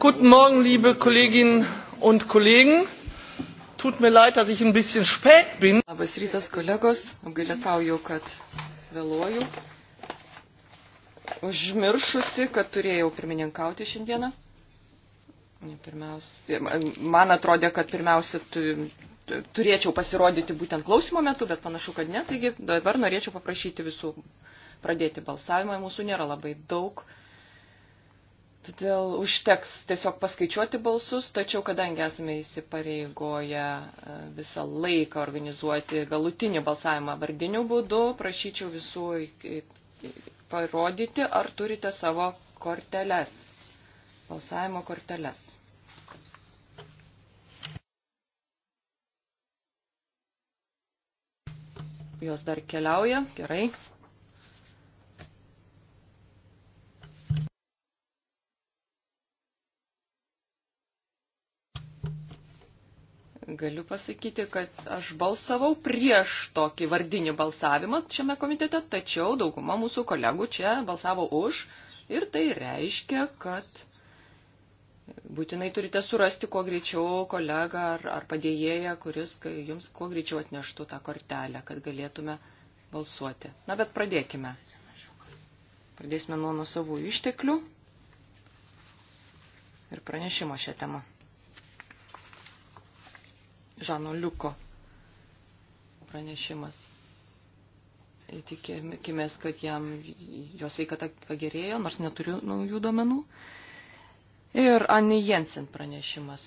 Guten Morgen, liebe Kolleginnen und Kollegen. Tut mir leid, dass ich ein bisschen spät bin. Labas rytas, kolegos. Apgailestauju, kad vėluoju. Užmiršusi, kad turėjau pirmininkauti šiandieną. Pirmiausia, man atrodė, kad pirmiausia tu, turėčiau pasirodyti būtent klausimo metu, bet panašu, kad ne. Taigi dabar norėčiau paprašyti visų pradėti balsavimą. Mūsų nėra labai daug. Todėl užteks tiesiog paskaičiuoti balsus, tačiau kadangi esame įsipareigoję e, visą laiką organizuoti galutinį balsavimą vardiniu būdu, prašyčiau visų parodyti, ar turite savo korteles, balsavimo korteles. Jos dar keliauja, gerai. Galiu pasakyti, kad aš balsavau prieš tokį vardinį balsavimą šiame komitete, tačiau dauguma mūsų kolegų čia balsavo už ir tai reiškia, kad būtinai turite surasti kuo greičiau kolegą ar, ar padėjėją, kuris jums kuo greičiau atneštų tą kortelę, kad galėtume balsuoti. Na, bet pradėkime. Pradėsime nuo nuo savų išteklių ir pranešimo šią temą. Žano Liuko pranešimas. Tikimės, kad jam jos veikata pagerėjo, nors neturiu naujų domenų. Ir Anni Jensen pranešimas.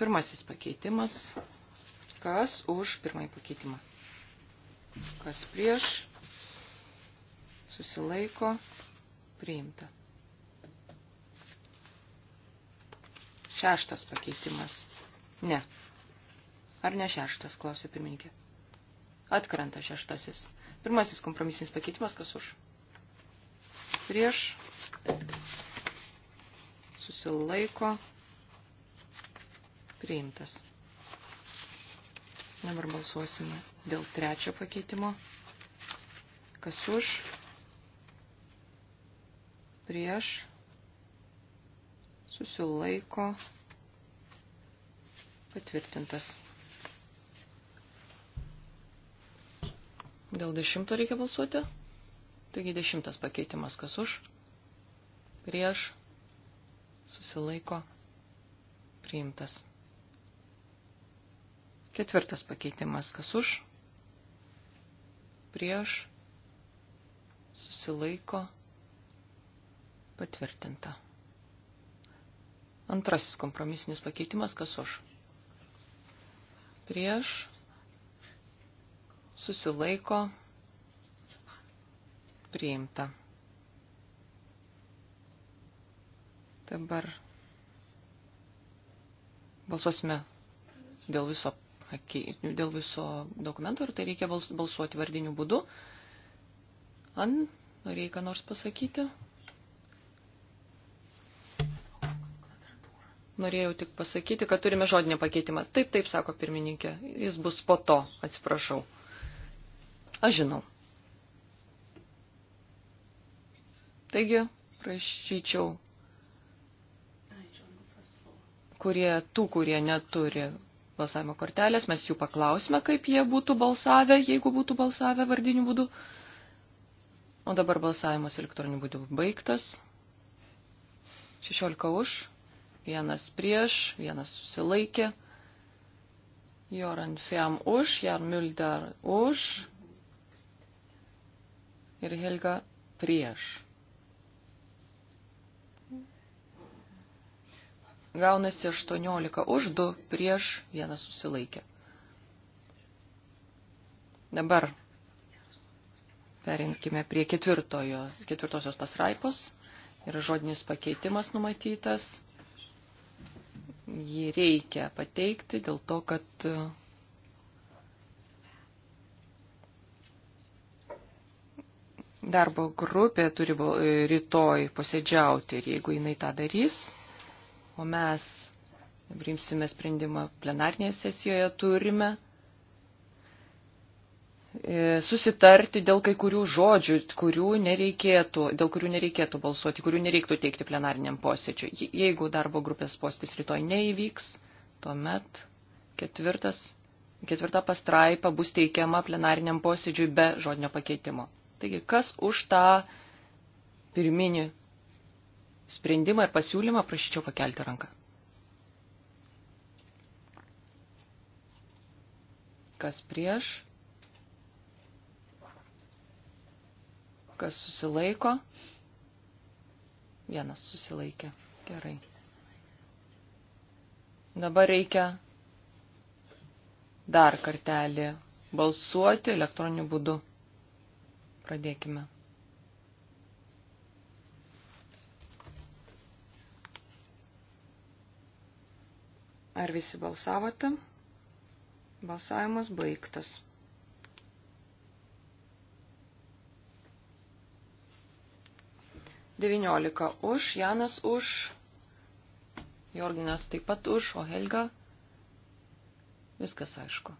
Pirmasis pakeitimas. Kas už pirmąjį pakeitimą? Kas prieš? Susilaiko. Priimta. Šeštas pakeitimas. Ne, Ar ne šeštas, klausė pirmininkė. Atkrenta šeštasis. Pirmasis kompromisinis pakeitimas, kas už? Prieš. Susilaiko. Priimtas. Dabar balsuosime dėl trečio pakeitimo. Kas už? Prieš. Susilaiko. Patvirtintas. Dėl dešimto reikia balsuoti. Taigi dešimtas pakeitimas kas už. Prieš. Susilaiko. Priimtas. Ketvirtas pakeitimas kas už. Prieš. Susilaiko. Patvirtinta. Antrasis kompromisinis pakeitimas kas už. Prieš susilaiko, priimta. Dabar balsuosime dėl viso, dėl viso dokumento ir tai reikia balsuoti vardiniu būdu. An, norėjai ką nors pasakyti? Norėjau tik pasakyti, kad turime žodinį pakeitimą. Taip, taip, sako pirmininkė. Jis bus po to, atsiprašau. Aš žinau. Taigi, prašyčiau, kurie, tų, kurie neturi balsavimo kortelės, mes jų paklausime, kaip jie būtų balsavę, jeigu būtų balsavę vardiniu būdu. O dabar balsavimas elektroniniu būdu baigtas. 16 už, vienas prieš, vienas susilaikė. Joran Fiam už, Jan Mulder už, ir Helga prieš. Gaunasi 18 už 2 prieš vieną susilaikę. Dabar perinkime prie ketvirtojo, ketvirtosios pasraipos. Yra žodinis pakeitimas numatytas. Jį reikia pateikti dėl to, kad Darbo grupė turi e, rytoj posėdžiauti ir jeigu jinai tą darys, o mes priimsime sprendimą plenarnėje sesijoje, turime e, susitarti dėl kai kurių žodžių, kurių nereikėtų, dėl kurių nereikėtų balsuoti, kurių nereiktų teikti plenariniam posėdžiui. Jeigu darbo grupės postis rytoj neįvyks, tuomet ketvirtas, ketvirta pastraipa bus teikiama plenariniam posėdžiui be žodinio pakeitimo. Taigi, kas už tą pirminį sprendimą ir pasiūlymą, prašyčiau pakelti ranką. Kas prieš? Kas susilaiko? Vienas susilaikė. Gerai. Dabar reikia dar kartelį balsuoti elektroniniu būdu pradėkime. Ar visi balsavote? Balsavimas baigtas. Devyniolika už, Janas už, Jorginas taip pat už, o Helga viskas aišku.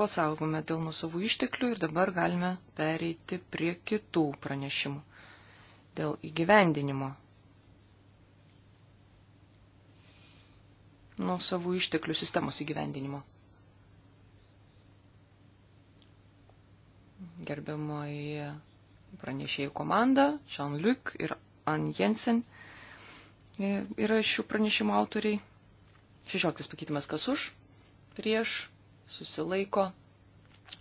Balsavome dėl nusavų išteklių ir dabar galime pereiti prie kitų pranešimų. Dėl įgyvendinimo. Nusavų išteklių sistemos įgyvendinimo. Gerbiamoji pranešėjų komanda, Jean-Luc ir Ann Jensen e, yra šių pranešimų autoriai. 16 pakeitimas kas už, prieš susilaiko,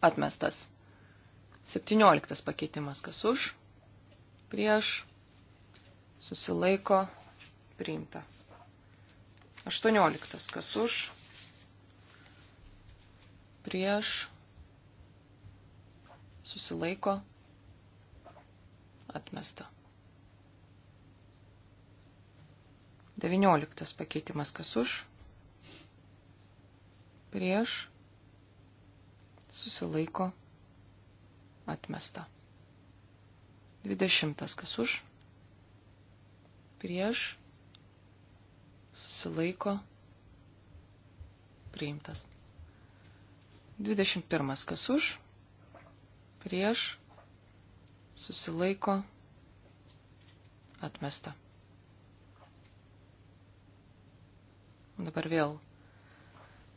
atmestas. 17 pakeitimas, kas už, prieš, susilaiko, priimta. 18 kas už, prieš, susilaiko, atmesta. 19 pakeitimas, kas už, prieš, susilaiko atmesta. 20. Kas už? Prieš susilaiko priimtas. 21. Kas už? Prieš susilaiko atmesta. Dabar vėl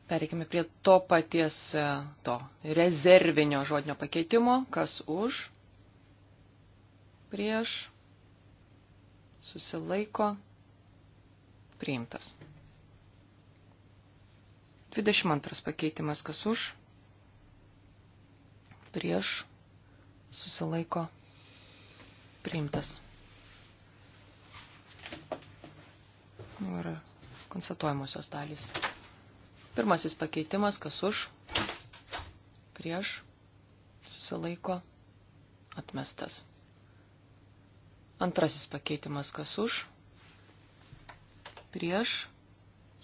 Pereikime prie to paties e, to rezervinio žodinio pakeitimo, kas už, prieš, susilaiko, priimtas. 22 pakeitimas, kas už, prieš, susilaiko, priimtas. Ir konstatuojamosios dalys. Pirmasis pakeitimas, kas už, prieš, susilaiko, atmestas. Antrasis pakeitimas, kas už, prieš,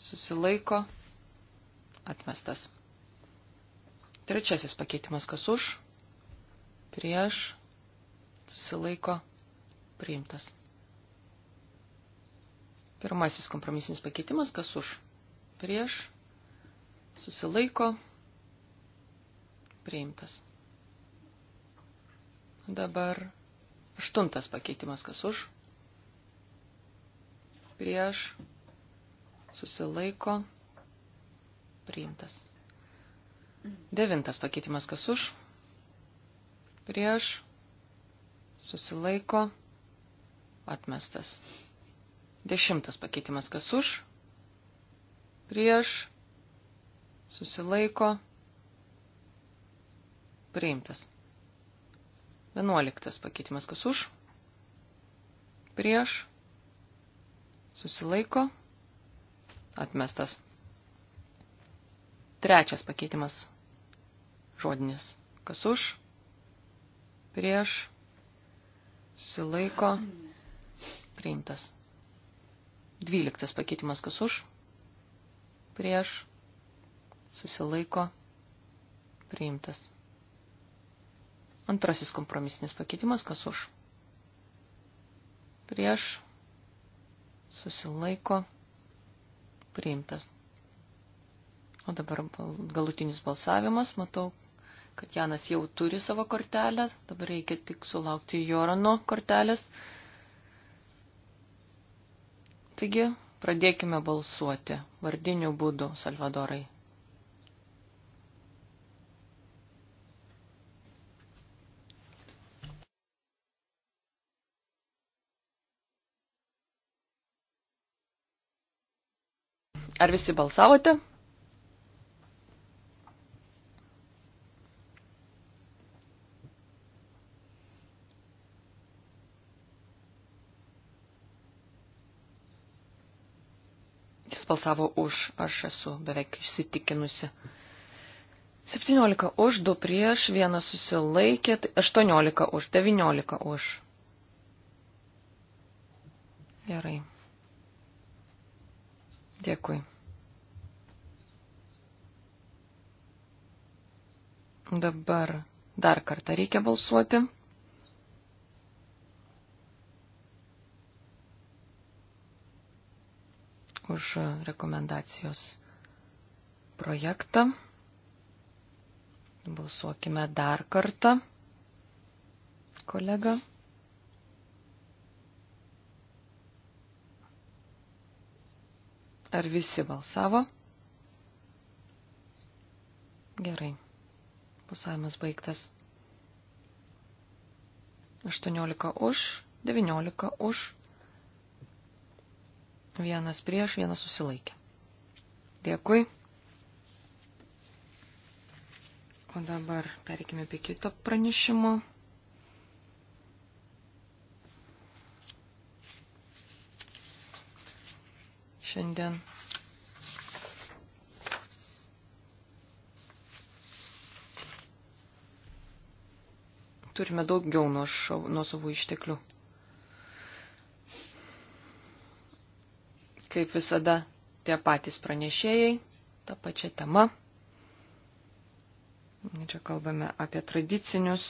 susilaiko, atmestas. Trečiasis pakeitimas, kas už, prieš, susilaiko, priimtas. Pirmasis kompromisinis pakeitimas, kas už, prieš, susilaiko susilaiko, priimtas. Dabar aštuntas pakeitimas, kas už, prieš, susilaiko, priimtas. Devintas pakeitimas, kas už, prieš, susilaiko, atmestas. Dešimtas pakeitimas, kas už, prieš, susilaiko, priimtas. Vienuoliktas pakeitimas kas už, prieš, susilaiko, atmestas. Trečias pakeitimas žodinis kas už, prieš, susilaiko, priimtas. Dvyliktas pakeitimas kas už, prieš, susilaiko priimtas. Antrasis kompromisinis pakeitimas, kas už. Prieš susilaiko priimtas. O dabar galutinis balsavimas, matau, kad Janas jau turi savo kortelę, dabar reikia tik sulaukti Jorano kortelės. Taigi, pradėkime balsuoti vardiniu būdu, Salvadorai. Ar visi balsavote? Jis balsavo už, aš esu beveik įsitikinusi. 17 už, 2 prieš, 1 susilaikė, 18 tai už, 19 už. Gerai. Dėkui. Dabar dar kartą reikia balsuoti. Už rekomendacijos projektą. Balsuokime dar kartą, kolega. Ar visi balsavo? Gerai. Balsavimas baigtas. 18 už, 19 už, vienas prieš, vienas susilaikė. Dėkui. O dabar perikime prie kito pranešimo. Šiandien turime daugiau nuo, šau, nuo savų išteklių. Kaip visada, tie patys pranešėjai, ta pačia tema. Čia kalbame apie tradicinius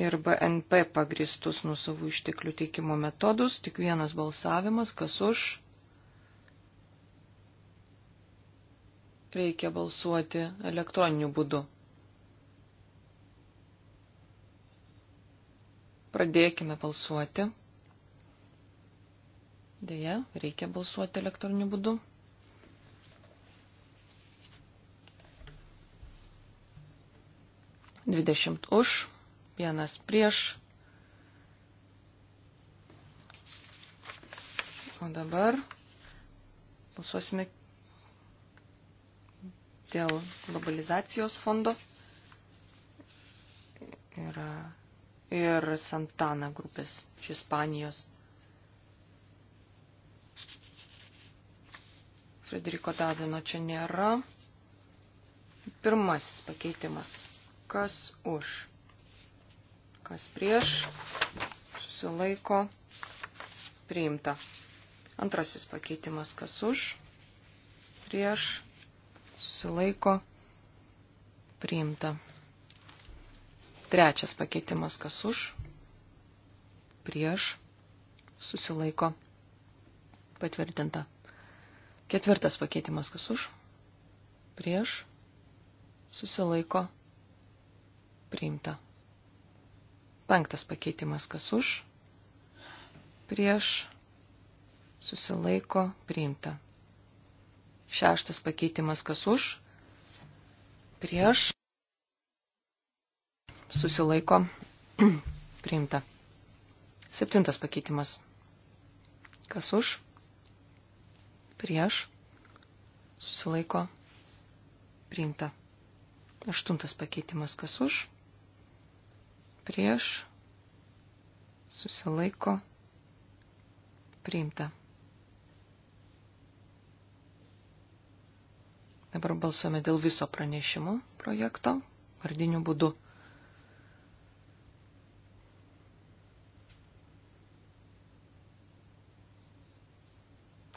ir BNP pagristus nuo savų išteklių teikimo metodus, tik vienas balsavimas, kas už. Reikia balsuoti elektroniniu būdu. Pradėkime balsuoti. Deja, reikia balsuoti elektroniniu būdu. Dvidešimt už, vienas prieš. O dabar balsuosime dėl globalizacijos fondo. Yra ir Santana grupės iš Ispanijos. Frederiko Dadino čia nėra. Pirmasis pakeitimas. Kas už? Kas prieš? Susilaiko. Priimta. Antrasis pakeitimas. Kas už? Prieš. Susilaiko. Priimta. Trečias pakeitimas kas už, prieš, susilaiko, patvirtinta. Ketvirtas pakeitimas kas už, prieš, susilaiko, priimta. Penktas pakeitimas kas už, prieš, susilaiko, priimta. Šeštas pakeitimas kas už, prieš, susilaiko priimta. Septintas pakeitimas. Kas už, prieš, susilaiko priimta. Aštuntas pakeitimas. Kas už, prieš, susilaiko priimta. Dabar balsuojame dėl viso pranešimo projekto vardiniu būdu.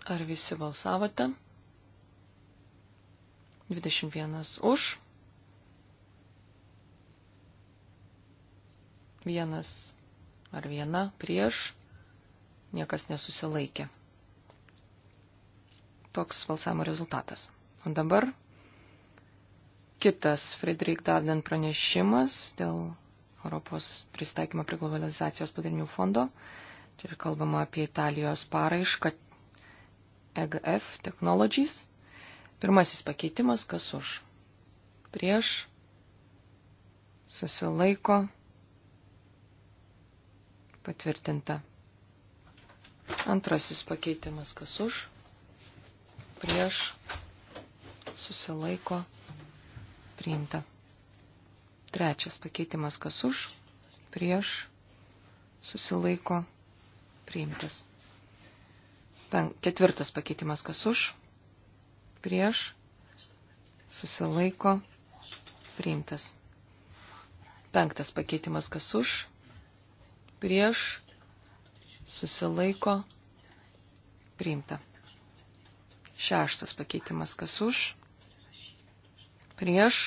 Ar visi balsavote? 21 už. Vienas ar viena prieš. Niekas nesusilaikė. Toks balsavimo rezultatas. O dabar kitas Frederik Darden pranešimas dėl Europos pristaikymo prie globalizacijos padarinių fondo. Čia ir kalbama apie Italijos paraišką EGF Technologies. Pirmasis pakeitimas, kas už. Prieš. Susilaiko. Patvirtinta. Antrasis pakeitimas, kas už. Prieš. Susilaiko. Priimta. Trečias pakeitimas, kas už. Prieš. Susilaiko. Priimtas. Pen, ketvirtas pakeitimas, kas už, prieš, susilaiko, priimtas. Penktas pakeitimas, kas už, prieš, susilaiko, priimta. Šeštas pakeitimas, kas už, prieš,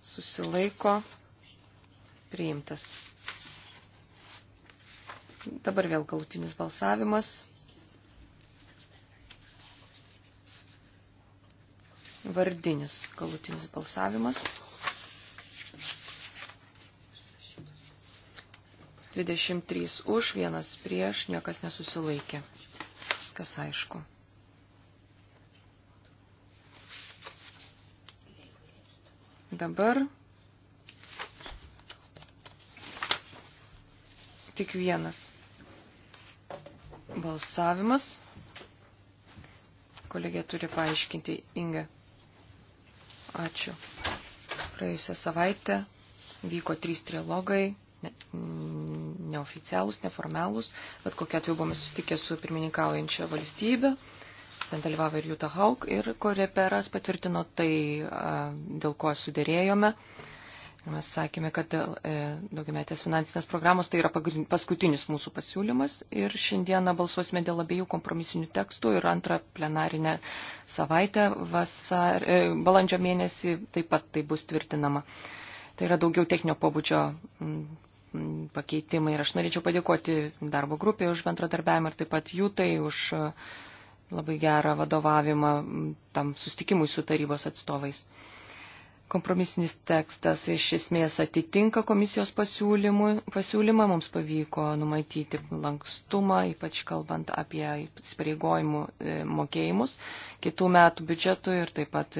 susilaiko, priimtas. Dabar vėl galutinis balsavimas. Vardinis galutinis balsavimas. 23 už, vienas prieš, niekas nesusilaikė. Viskas aišku. Dabar tik vienas balsavimas. Kolegė turi paaiškinti Inga. Ačiū. Praėjusią savaitę vyko trys trilogai, ne, neoficialūs, neformalūs, bet kokia atveju buvome susitikę su pirmininkaujančia valstybė. Ten dalyvavo ir Juta Hauk ir Koreperas patvirtino tai, dėl ko sudėrėjome. Mes sakėme, kad dėl e, daugiametės finansinės programos tai yra paskutinis mūsų pasiūlymas ir šiandieną balsuosime dėl abiejų kompromisinių tekstų ir antrą plenarinę savaitę vasar, e, balandžio mėnesį taip pat tai bus tvirtinama. Tai yra daugiau techninio pobūdžio pakeitimai ir aš norėčiau padėkoti darbo grupėje už bendradarbiavimą ir taip pat jų tai už e, labai gerą vadovavimą tam sustikimui su tarybos atstovais. Kompromisinis tekstas iš esmės atitinka komisijos pasiūlymą, mums pavyko numatyti lankstumą, ypač kalbant apie įsipareigojimų e, mokėjimus kitų metų biudžetų ir taip pat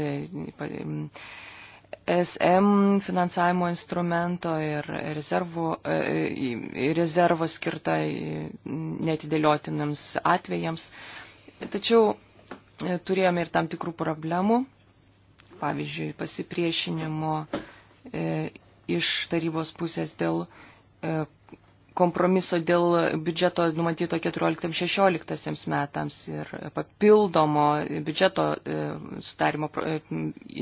SM e, finansavimo instrumento ir e, rezervo, rezervo skirta netidėliotinams atvejams. Tačiau turėjome ir tam tikrų problemų pavyzdžiui, pasipriešinimo e, iš tarybos pusės dėl e, kompromiso dėl biudžeto numatyto 14-16 metams ir papildomo biudžeto e, sudarimo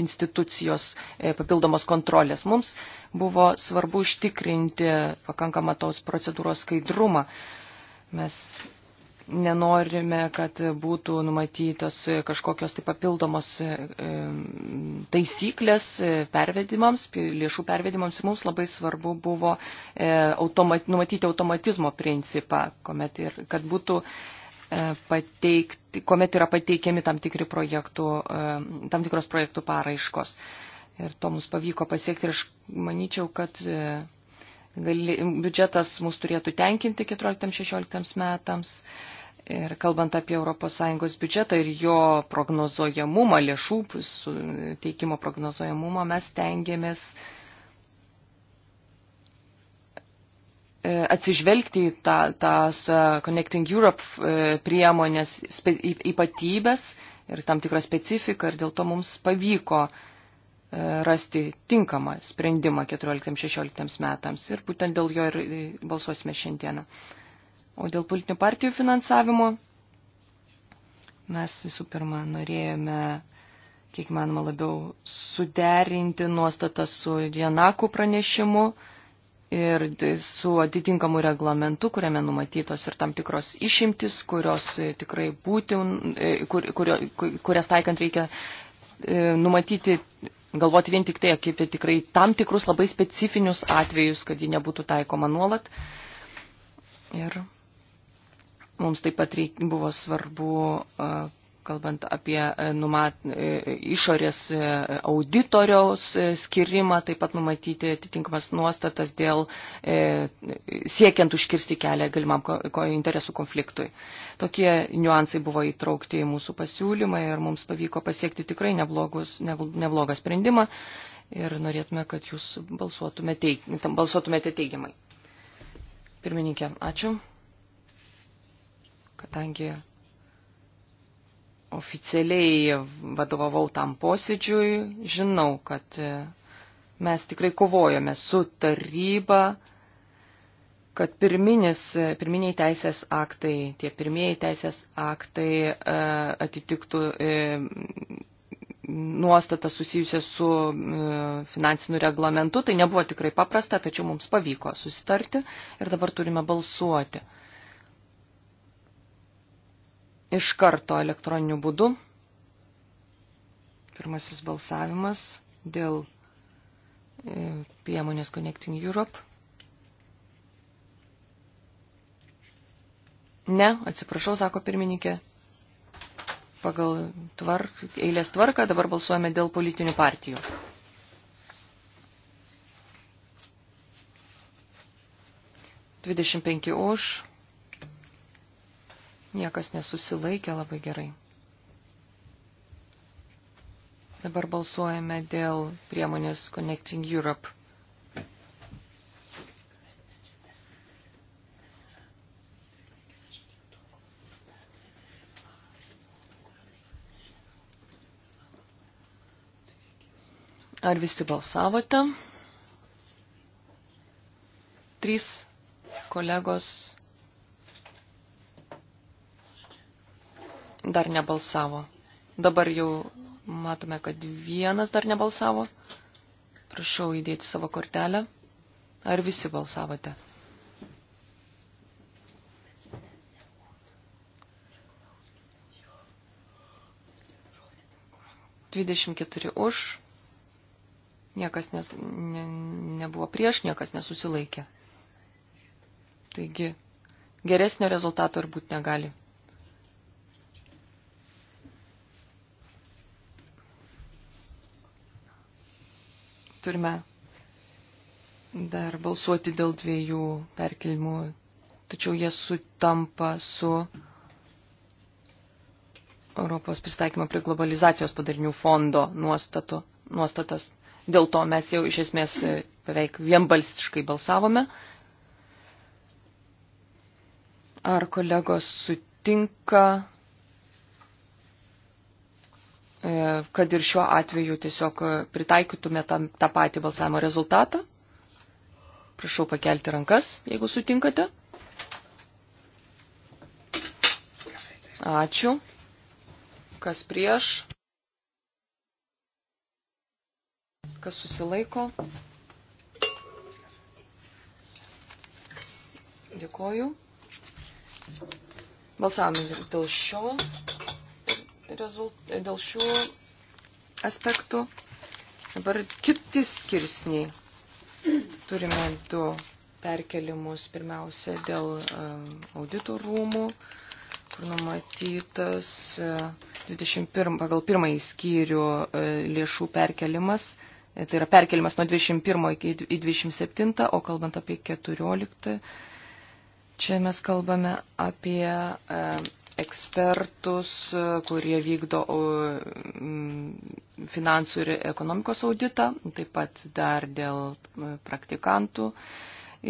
institucijos papildomos kontrolės. Mums buvo svarbu užtikrinti pakankamą tos procedūros skaidrumą. Mes nenorime, kad būtų numatytos kažkokios tai papildomos e, e, taisyklės pervedimams, lėšų pervedimams. Ir mums labai svarbu buvo e, automat, numatyti automatizmo principą, kuomet ir, kad būtų pateikti, kuomet yra pateikiami tam, projektų, tam tikros projektų paraiškos. Ir to mums pavyko pasiekti ir aš manyčiau, kad gali, biudžetas mus turėtų tenkinti 14-16 metams. Ir kalbant apie ES biudžetą ir jo prognozuojamumą, lėšų teikimo prognozuojamumą, mes tengiamės e, atsižvelgti į tą, tas e, Connecting Europe e, priemonės ypatybės ir tam tikrą specifiką ir dėl to mums pavyko uh, E, rasti tinkamą sprendimą 14-16 metams ir būtent dėl jo ir e, balsuosime šiandieną. O dėl politinių partijų finansavimo mes visų pirma norėjome kiek manoma labiau suderinti nuostatą su Janakų pranešimu ir su atitinkamu reglamentu, kuriame numatytos ir tam tikros išimtis, kurios e, tikrai būti, kur, kur, kur, kurias taikant reikia numatyti galvoti vien tik tai apie tikrai tam tikrus labai specifinius atvejus, kad ji nebūtų taikoma nuolat. Ir mums taip pat reik, buvo svarbu kalbant apie e, numat, e, išorės e, auditoriaus skirimą, taip pat numatyti atitinkamas nuostatas dėl siekiant užkirsti kelią galimam interesų konfliktui. Tokie niuansai buvo įtraukti į mūsų pasiūlymą ir mums pavyko pasiekti tikrai neblogus, neblogą sprendimą ir norėtume, kad jūs balsuotumėte, balsuotumėte teigiamai. Pirmininkė, ačiū. Kadangi oficialiai vadovavau tam posėdžiui, žinau, kad e, mes tikrai kovojame su taryba, kad pirminis, e, pirminiai teisės aktai, tie pirmieji teisės aktai e, atitiktų nuostatas susijusias su finansiniu reglamentu. Tai nebuvo tikrai paprasta, tačiau mums pavyko susitarti ir dabar turime balsuoti iš karto elektroniniu būdu. Pirmasis balsavimas dėl e, priemonės Connecting Europe. Ne, atsiprašau, sako pirmininkė. Pagal tvark, eilės tvarką dabar balsuojame dėl politinių partijų. Dvidešimt penki už, Niekas nesusilaikė labai gerai. Dabar balsuojame dėl priemonės Connecting Europe. Ar visi balsavote? Trys kolegos dar nebalsavo. Dabar jau matome, kad vienas dar nebalsavo. Prašau įdėti savo kortelę. Ar visi balsavote? Dvidešimt keturi už, niekas nes, ne, nebuvo prieš, niekas nesusilaikė. Taigi, geresnio rezultato ir būti negali. Turime dar balsuoti dėl dviejų perkelimų, tačiau jie sutampa su Europos pristaikymo prie globalizacijos padarinių fondo nuostato, nuostatas. Dėl to mes jau iš esmės beveik vienbalstiškai balsavome. Ar kolegos sutinka E, kad ir šiuo atveju tiesiog pritaikytume tam, tą patį balsavimo rezultatą. Prašau pakelti rankas, jeigu sutinkate. Ačiū. Kas prieš? Kas susilaiko? Dėkoju. Balsavimas dėl šio rezult, dėl šių aspektų. Dabar kiti skirsniai. Turime du perkelimus. Pirmiausia, dėl um, audito rūmų, kur numatytas 21, uh, pagal pirmąjį skyrių uh, lėšų perkelimas. E, tai yra perkelimas nuo 21 iki 27, o kalbant apie 14, čia mes kalbame apie um, ekspertus, kurie vykdo finansų ir ekonomikos auditą, taip pat dar dėl praktikantų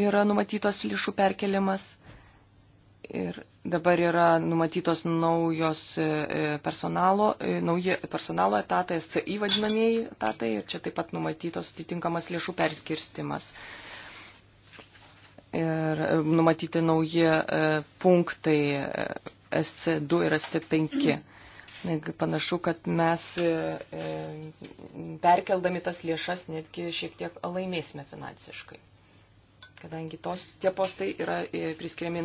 yra numatytas lėšų perkelimas. Ir dabar yra numatytos naujos e, personalo, e, nauji personalo etatai, SCI vadinamieji etatai, ir čia taip pat numatytos atitinkamas lėšų perskirstimas ir e, numatyti nauji e, punktai e, SC2 ir SC5. Panašu, kad mes perkeldami tas lėšas netgi šiek tiek laimėsime finansiškai, kadangi tos, tie postai yra priskiriami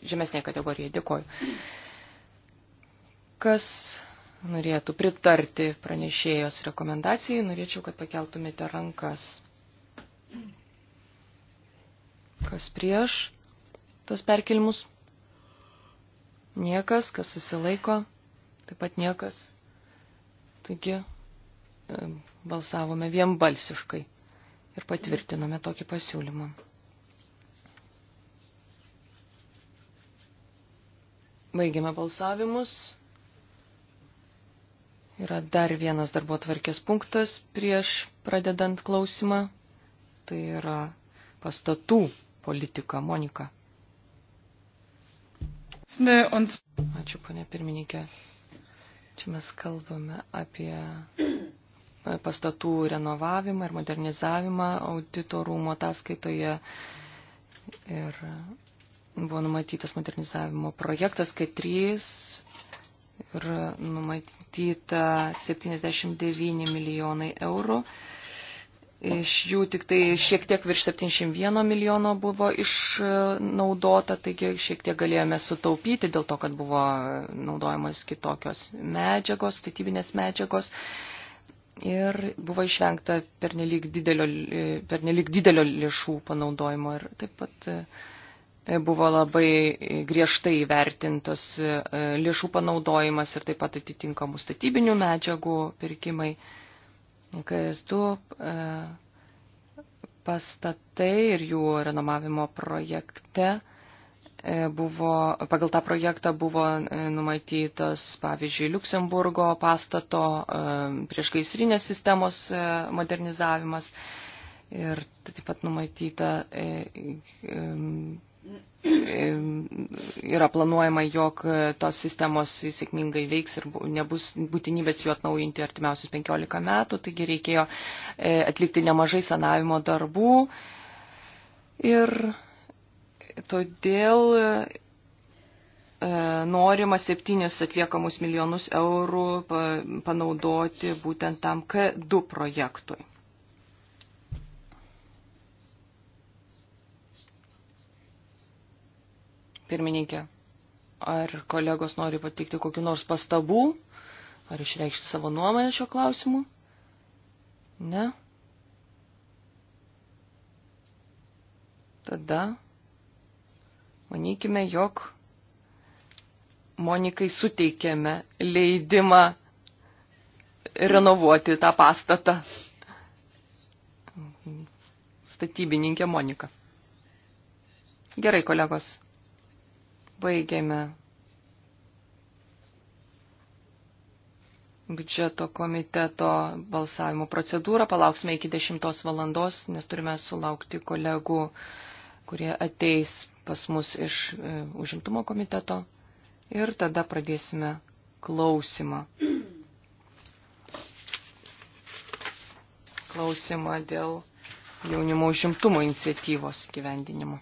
žemesnė kategorija. Dėkoju. Kas norėtų pritarti pranešėjos rekomendacijai, norėčiau, kad pakeltumėte rankas. Thank you. Kas prieš tos perkelimus? Niekas, kas susilaiko, taip pat niekas. Taigi e, balsavome vienbalsiškai ir patvirtinome tokį pasiūlymą. Baigiame balsavimus. Yra dar vienas darbo tvarkės punktas prieš pradedant klausimą. Tai yra pastatų politiką. Monika. Ačiū, ponė pirmininkė. Čia mes kalbame apie e, pastatų renovavimą ir modernizavimą audito rūmo ataskaitoje. Ir buvo numatytas modernizavimo projektas K3 ir numatyta 79 milijonai eurų. Iš jų tik tai šiek tiek virš 71 milijono buvo išnaudota, taigi šiek tiek galėjome sutaupyti dėl to, kad buvo naudojamos kitokios medžiagos, statybinės medžiagos. Ir buvo išvengta pernelyg didelio, pernelyg didelio lėšų panaudojimo ir taip pat e, buvo labai griežtai vertintos e, lėšų panaudojimas ir taip pat atitinkamų statybinių medžiagų pirkimai. KS2 e, pastatai ir jų renomavimo projekte e, buvo, pagal tą projektą buvo e, numatytas, pavyzdžiui, Luksemburgo pastato priešgaisrinės sistemos modernizavimas ir taip pat numatyta yra planuojama, jog tos sistemos sėkmingai veiks ir nebus būtinybės jų atnaujinti artimiausius 15 metų, taigi reikėjo e, atlikti nemažai sanavimo darbų. Ir todėl e, norima 7 atliekamus milijonus eurų panaudoti būtent tam K2 projektui. Pirmininkė, ar kolegos nori patikti kokiu nors pastabų, ar išreikšti savo nuomonę šio klausimu? Ne? Tada manykime, jog Monikai suteikėme leidimą renovuoti tą pastatą. Statybininkė Monika. Gerai, kolegos. Baigėme biudžeto komiteto balsavimo procedūrą. Palauksime iki 10 valandos, nes turime sulaukti kolegų, kurie ateis pas mus iš e, užimtumo komiteto. Ir tada pradėsime klausimą. Klausimą dėl jaunimo užimtumo iniciatyvos gyvendinimo.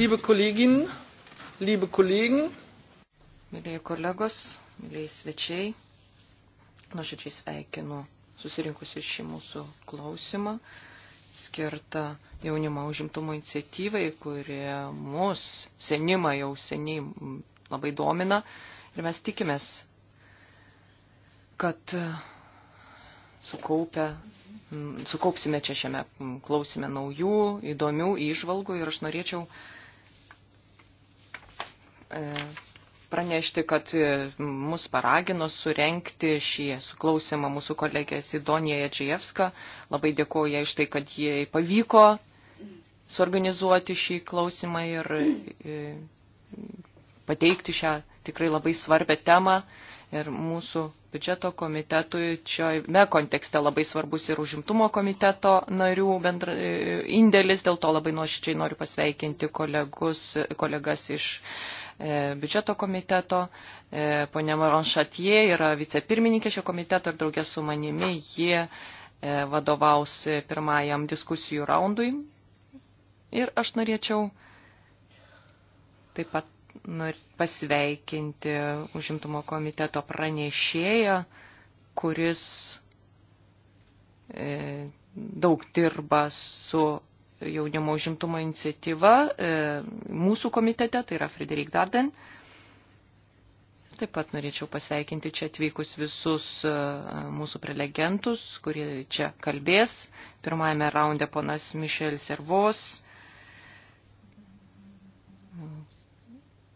Liebe Kolleginnen, liebe Kollegen, mėlyje kolegos, mėlyje svečiai, nuoširdžiai sveikinu susirinkusi šį mūsų klausimą skirtą jaunimo užimtumo iniciatyvai, kuri mus, senimą jau seniai labai domina ir mes tikimės, kad sukaupę, sukaupsime čia šiame klausime naujų, įdomių įžvalgų ir aš norėčiau E, pranešti, kad e, mus paragino surenkti šį suklausimą mūsų kolegė Sidonija Jadžievska. Labai dėkoju jai iš tai, kad jai pavyko suorganizuoti šį klausimą ir e, pateikti šią tikrai labai svarbę temą. Ir mūsų biudžeto komitetui čia me kontekste labai svarbus ir užimtumo komiteto narių bendra, indėlis, dėl to labai nuoširdžiai noriu pasveikinti kolegus, kolegas iš E, biudžeto komiteto. E, Pone Maron Šatie yra vicepirmininkė šio komiteto ir draugė su manimi jie vadovaus pirmajam diskusijų raundui. Ir aš norėčiau taip pat pasveikinti užimtumo komiteto pranešėją, kuris e, daug dirba su jaunimo užimtumo iniciatyva e, mūsų komitete, tai yra Frederik Darden. Taip pat norėčiau pasveikinti čia atvykus visus e, mūsų prelegentus, kurie čia kalbės. Pirmajame raunde ponas Mišel Servos,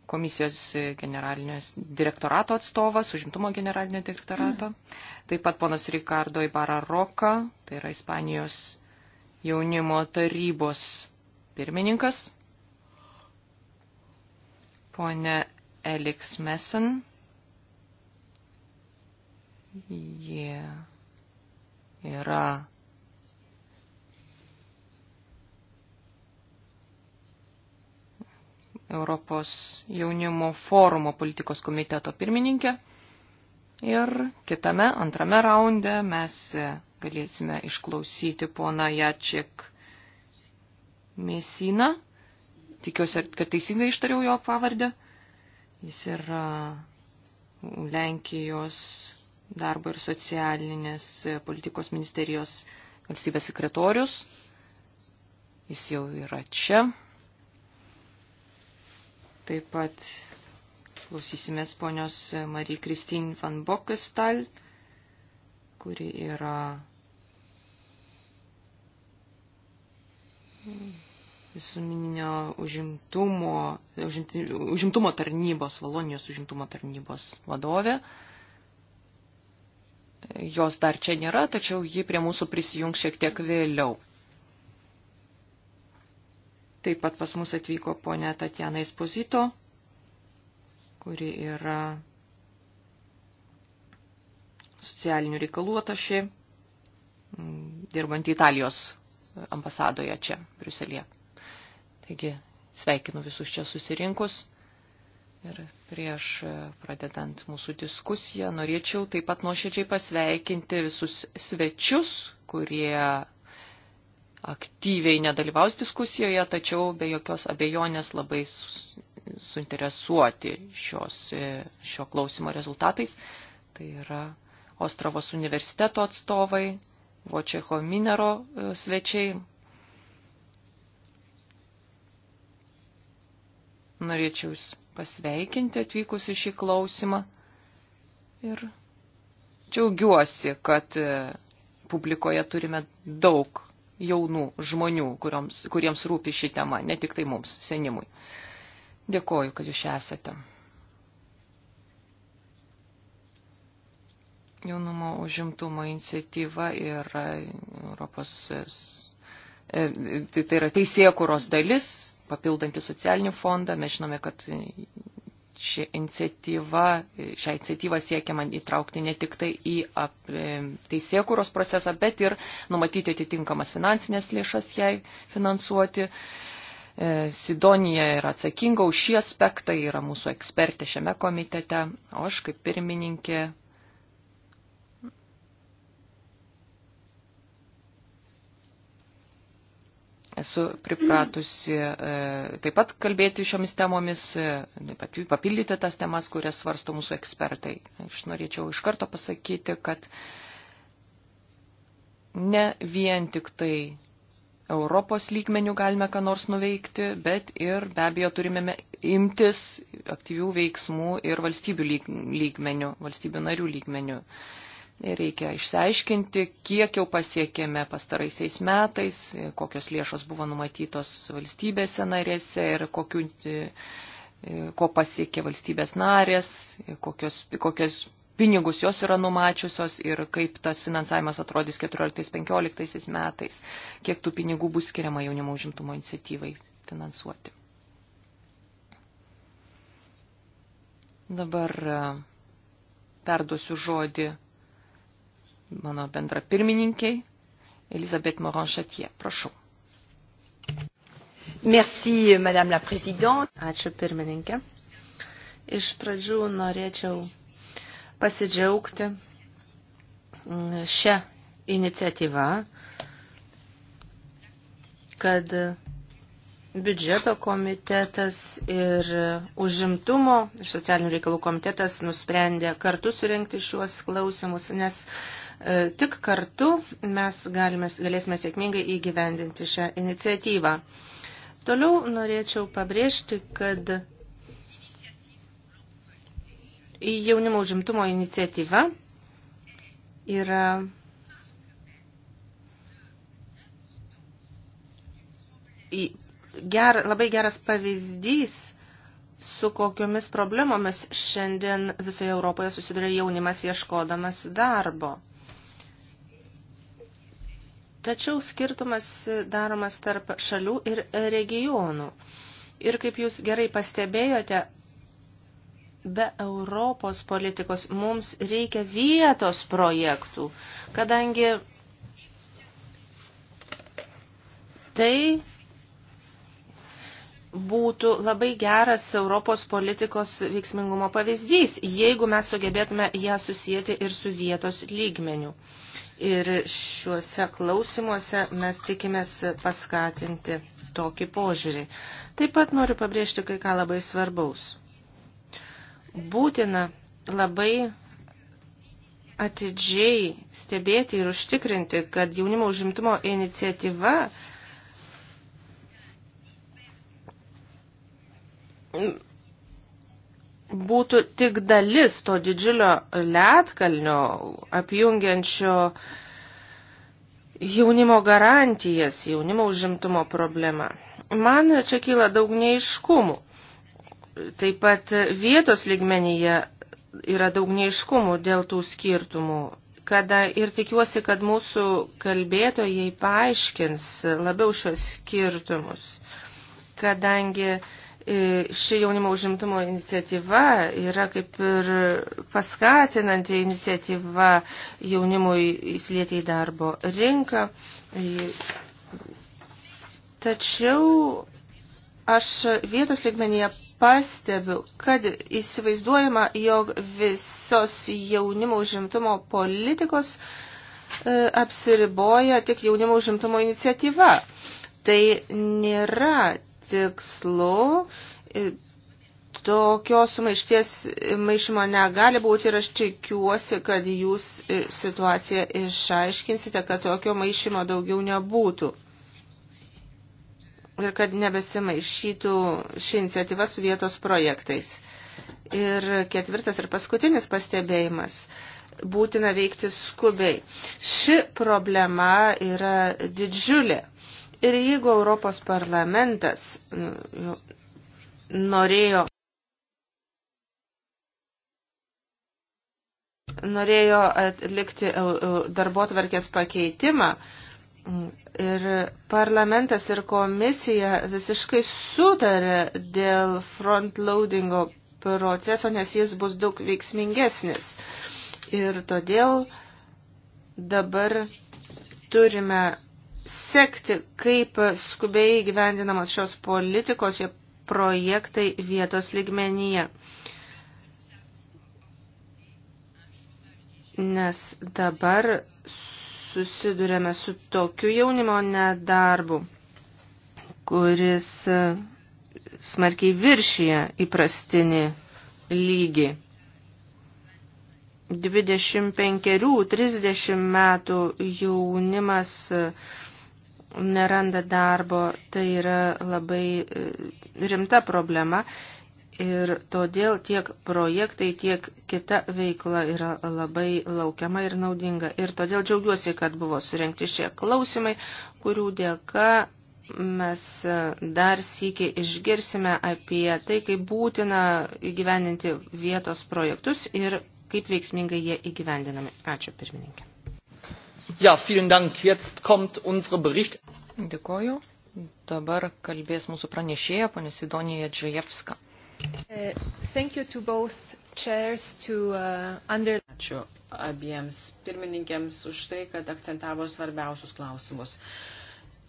komisijos generalinio direktorato atstovas, užimtumo generalinio direktorato. Taip pat ponas Ricardo Ibarra Roka, tai yra Ispanijos jaunimo tarybos pirmininkas, ponė Elix Mesen. Jie yra Europos jaunimo forumo politikos komiteto pirmininkė. Ir kitame, antrame raunde mes galėsime išklausyti poną Jaček Mesiną. Tikiuosi, kad teisingai ištariau jo pavardę. Jis yra Lenkijos darbo ir socialinės politikos ministerijos valstybės sekretorius. Jis jau yra čia. Taip pat klausysimės ponios Marie Kristin van Bokestal, kuri yra visuminio užimtumo, užimti, užimtumo tarnybos, Valonijos užimtumo tarnybos vadovė. Jos dar čia nėra, tačiau ji prie mūsų prisijungs šiek tiek vėliau. Taip pat pas mus atvyko ponė Tatjana Espozito, kuri yra socialinių reikalų atašė, dirbant Italijos ambasadoje čia, Briuselėje. Taigi sveikinu visus čia susirinkus. Ir prieš pradedant mūsų diskusiją norėčiau taip pat nuoširdžiai pasveikinti visus svečius, kurie aktyviai nedalyvaus diskusijoje, tačiau be jokios abejonės labai suinteresuoti šios, šio klausimo rezultatais. Tai yra Ostravos universiteto atstovai, Vočeho Minero e, svečiai. Norėčiau Jūs pasveikinti atvykus į šį klausimą ir džiaugiuosi, kad e, publikoje turime daug jaunų žmonių, kuriems, kuriems rūpi ši tema, ne tik tai mums, senimui. Dėkoju, kad Jūs esate. jaunimo užimtumo iniciatyva yra Europos, e, tai, tai yra teisėkuros dalis, papildanti socialinį fondą. Mes žinome, kad ši iniciatyva, šią iniciatyvą siekiama įtraukti ne tik tai į e, teisėkuros procesą, bet ir numatyti atitinkamas finansinės lėšas jai finansuoti. E, Sidonija yra atsakinga už šį aspektą, yra mūsų ekspertė šiame komitete, o aš kaip pirmininkė Esu pripratusi e, taip pat kalbėti šiomis temomis, e, papildyti tas temas, kurias svarsto mūsų ekspertai. Aš norėčiau iš karto pasakyti, kad ne vien tik tai Europos lygmenių galime ką nors nuveikti, bet ir be abejo turime imtis aktyvių veiksmų ir valstybių lygmenių, valstybių narių lygmenių. Uh, Reikia išsiaiškinti, kiek jau pasiekėme pastaraisiais metais, kokios lėšos buvo numatytos valstybėse narėse ir kokiu, ko pasiekė valstybės narės, kokios, kokios pinigus jos yra numačiusios ir kaip tas finansavimas atrodys 14-15 metais, kiek tų pinigų bus skiriama jaunimo užimtumo iniciatyvai finansuoti. Dabar e, perduosiu žodį mano bendra pirmininkiai Elizabeth Moranšatie. Prašau. Merci, Madame la Présidente. Ačiū pirmininkė. Iš pradžių norėčiau pasidžiaugti šią iniciatyvą, kad biudžeto komitetas ir užimtumo ir socialinių reikalų komitetas nusprendė kartu surinkti šiuos klausimus, nes e, tik kartu mes galime, galėsime sėkmingai įgyvendinti šią iniciatyvą. Toliau norėčiau pabrėžti, kad jaunimo užimtumo iniciatyva yra ger, labai geras pavyzdys, su kokiomis problemomis šiandien visoje Europoje susiduria jaunimas ieškodamas darbo. Tačiau skirtumas daromas tarp šalių ir regionų. Ir kaip jūs gerai pastebėjote, be Europos politikos mums reikia vietos projektų, kadangi tai būtų labai geras Europos politikos veiksmingumo pavyzdys, jeigu mes sugebėtume ją susijęti ir su vietos lygmeniu. Ir šiuose klausimuose mes tikimės paskatinti tokį požiūrį. Taip pat noriu pabrėžti kai ką labai svarbaus. Būtina labai atidžiai stebėti ir užtikrinti, kad jaunimo užimtumo iniciatyva būtų tik dalis to didžiulio ledkalnio apjungiančio jaunimo garantijas, jaunimo užimtumo problemą. Man čia kyla daug neiškumų. Taip pat vietos ligmenyje yra daug neiškumų dėl tų skirtumų, kada ir tikiuosi, kad mūsų kalbėtojai paaiškins labiau šios skirtumus, kadangi uh, E, ši jaunimo užimtumo iniciatyva yra kaip ir paskatinanti iniciatyva jaunimui įsilieti į darbo rinką. E, tačiau aš vietos ligmenyje pastebiu, kad įsivaizduojama, jog visos jaunimo užimtumo politikos e, apsiriboja tik jaunimo užimtumo iniciatyva. Tai nėra tikslu tokios maišties maišymo negali būti ir aš tikiuosi, kad jūs situaciją išaiškinsite, kad tokio maišymo daugiau nebūtų. Ir kad nebesimaišytų ši iniciatyva su vietos projektais. Ir ketvirtas ir paskutinis pastebėjimas. Būtina veikti skubiai. Ši problema yra didžiulė Ir jeigu Europos parlamentas nu, norėjo norėjo atlikti darbotvarkės pakeitimą mm, ir parlamentas ir komisija visiškai sutarė dėl frontloadingo proceso, nes jis bus daug veiksmingesnis. Ir todėl dabar turime sekti, kaip skubiai gyvendinamos šios politikos ir projektai vietos ligmenyje. Nes dabar susidurėme su tokiu jaunimo nedarbu, kuris smarkiai viršyje įprastinį lygį. 25-30 metų jaunimas uh, neranda darbo, tai yra labai e, rimta problema ir todėl tiek projektai, tiek kita veikla yra labai laukiama ir naudinga. Ir todėl džiaugiuosi, kad buvo surinkti šie klausimai, kurių dėka mes e, dar sėkiai išgirsime apie tai, kaip būtina įgyvendinti vietos projektus ir kaip veiksmingai jie įgyvendinami. Ačiū pirmininkė. Ja, vielen Dank. Jetzt kommt unsere Bericht. Dėkoju. Dabar kalbės mūsų pranešėja, ponė Sidonija Džajevska. Uh, uh, Ačiū abiems pirmininkėms už tai, kad akcentavo svarbiausius klausimus.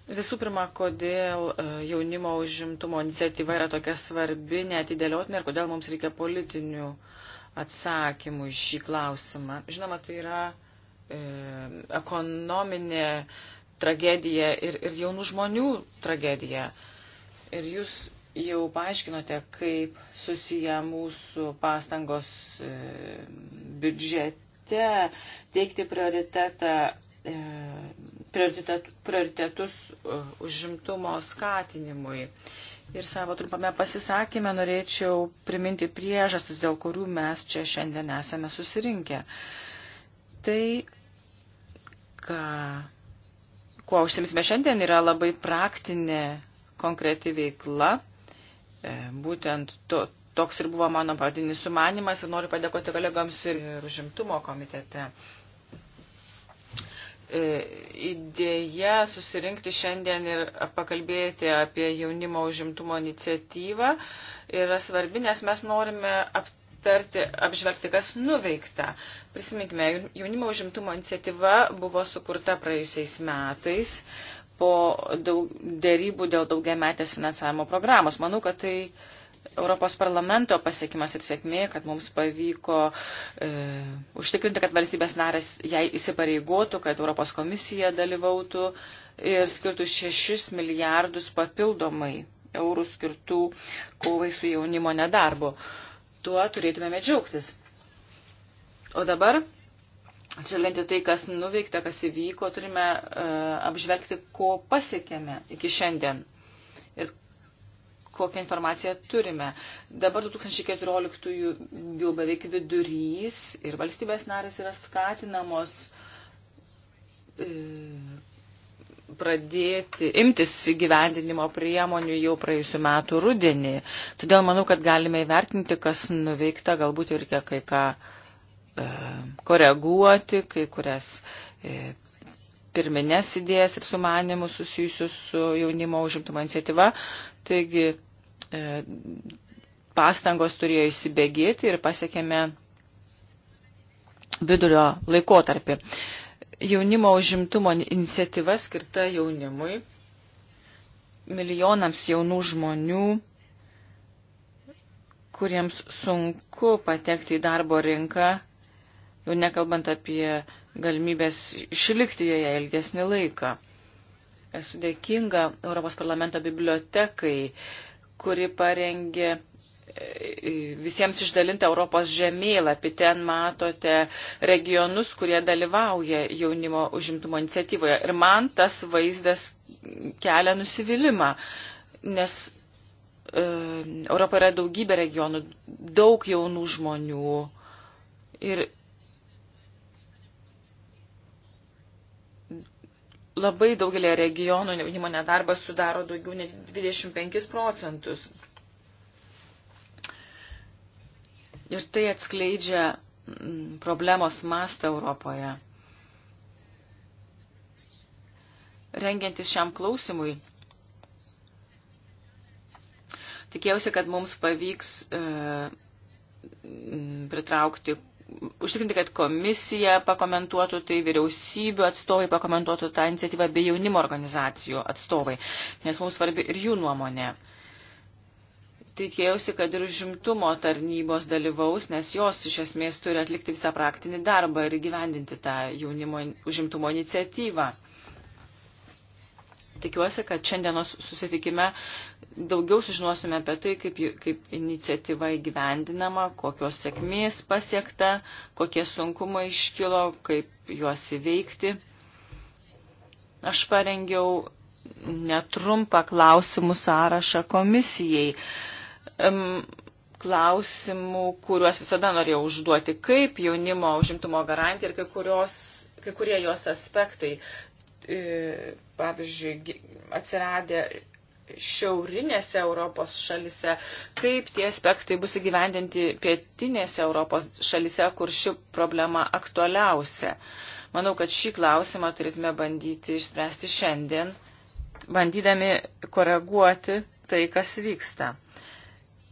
Visų pirma, kodėl uh, jaunimo užimtumo iniciatyva yra tokia svarbi, netidėliotinė ir kodėl mums reikia politinių atsakymų į šį klausimą. Žinoma, tai yra E, ekonominė tragedija ir, ir jaunų žmonių tragedija. Ir jūs jau paaiškinote, kaip susiję mūsų pastangos e, biudžete teikti prioritetą e, prioritet, prioritetus užimtumo skatinimui. Ir savo trumpame pasisakymę norėčiau priminti priežastis, dėl kurių mes čia šiandien esame susirinkę. Tai ką, kuo užsimsime šiandien, yra labai praktinė, konkreti veikla. E, būtent to, toks ir buvo mano pradinis sumanimas ir noriu padėkoti kolegoms ir, ir užimtumo komitete. E, idėja susirinkti šiandien ir pakalbėti apie jaunimo užimtumo iniciatyvą yra svarbi, nes mes norime aptarti aptarti, apžvelgti, kas nuveikta. Prisiminkime, jaunimo užimtumo iniciatyva buvo sukurta praėjusiais metais po daug, dėrybų dėl daugiametės finansavimo programos. Manau, kad tai Europos parlamento pasiekimas ir sėkmė, kad mums pavyko e, užtikrinti, kad valstybės narės jai įsipareigotų, kad Europos komisija dalyvautų ir skirtų 6 milijardus papildomai eurų skirtų kovai su jaunimo nedarbu. E, tuo turėtumėme džiaugtis. O dabar, atšalinti tai, kas nuveikta, kas įvyko, turime uh, apžvelgti, ko pasiekėme iki šiandien ir kokią informaciją turime. Dabar 2014 jau beveik vidurys ir valstybės narės yra skatinamos uh, pradėti imtis gyvendinimo priemonių jau praėjusiu metu rudenį. Todėl manau, kad galime įvertinti, kas nuveikta, galbūt jau reikia kai ką e, koreguoti, kai kurias e, pirminės idėjas ir sumanimus susijusius su jaunimo užimtumo iniciatyva. Taigi e, pastangos turėjo įsibėgėti ir pasiekėme vidurio laikotarpį. E, jaunimo užimtumo iniciatyva skirta jaunimui, milijonams jaunų žmonių, kuriems sunku patekti į darbo rinką, jau nekalbant apie galimybės išlikti joje ilgesnį laiką. Esu dėkinga Europos parlamento bibliotekai, kuri parengė E, visiems išdalinta Europos žemėlapį. Ten matote regionus, kurie dalyvauja jaunimo užimtumo iniciatyvoje. Ir man tas vaizdas kelia nusivylimą, nes e, Europoje yra daugybė regionų, daug jaunų žmonių. Ir labai daugelį regionų jaunimo nedarbas sudaro daugiau nei 25 procentus. Ir tai atskleidžia mm, problemos mastą Europoje. Rengiantis šiam klausimui, tikėjausi, kad mums pavyks e, mm, pritraukti, užtikrinti, kad komisija pakomentuotų, tai vyriausybių atstovai pakomentuotų tą iniciatyvą bei jaunimo organizacijų atstovai, nes mums svarbi ir jų nuomonė. E, tikėjausi, kad ir žimtumo tarnybos dalyvaus, nes jos iš esmės turi atlikti visą praktinį darbą ir gyvendinti tą jaunimo užimtumo iniciatyvą. Tikiuosi, kad šiandienos susitikime daugiau sužinosime apie tai, kaip, kaip iniciatyva įgyvendinama, kokios sėkmės pasiekta, kokie sunkumai iškilo, kaip juos įveikti. Aš parengiau netrumpą klausimų sąrašą komisijai um, klausimų, kuriuos visada norėjau užduoti, kaip jaunimo užimtumo garantija ir kai, kurios, kai kurie jos aspektai, e, pavyzdžiui, atsiradę šiaurinėse Europos šalise, kaip tie aspektai bus įgyvendinti pietinėse Europos šalise, kur ši problema aktualiausia. Manau, kad šį klausimą turėtume bandyti išspręsti šiandien, bandydami koreguoti tai, kas vyksta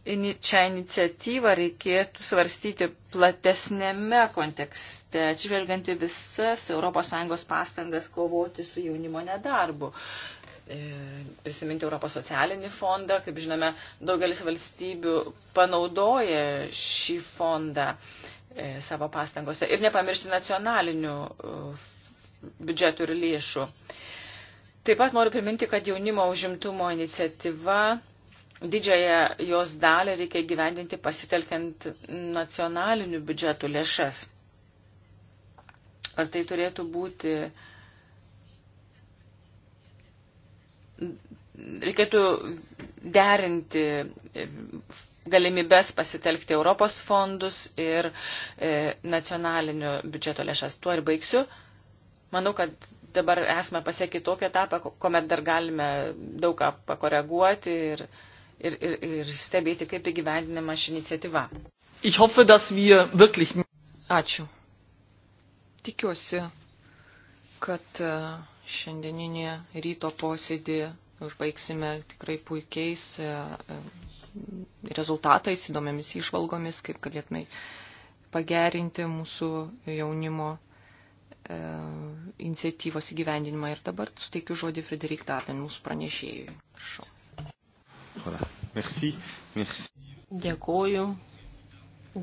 šią iniciatyvą reikėtų svarstyti platesnėme kontekste, atsižvelgiant į visas ES pastangas kovoti su jaunimo nedarbu. E, prisiminti Europos socialinį fondą, kaip žinome, daugelis valstybių panaudoja šį fondą e, savo pastangose ir nepamiršti nacionalinių e, biudžetų ir lėšų. Taip pat noriu priminti, kad jaunimo užimtumo iniciatyva didžiąją jos dalį reikia gyvendinti pasitelkiant nacionalinių biudžetų lėšas. Ar tai turėtų būti. Reikėtų derinti galimybės pasitelkti Europos fondus ir e, nacionalinių biudžeto lėšas. Tuo ir baigsiu. Manau, kad dabar esame pasiekę tokį etapą, kuomet dar galime daug ką pakoreguoti ir e, ir, ir, ir stebėti, kaip įgyvendinama ši iniciatyva. Ich hoffe, dass wir wirklich. Ačiū. Tikiuosi, kad e, šiandieninį ryto posėdį užbaigsime tikrai puikiais e, e, rezultatais, įdomiamis išvalgomis, kaip galėtume pagerinti mūsų jaunimo iniciatyvos įgyvendinimą. Ir dabar suteikiu žodį Frederik Daten, mūsų pranešėjui. Prašau. Merci. Merci. Dėkoju.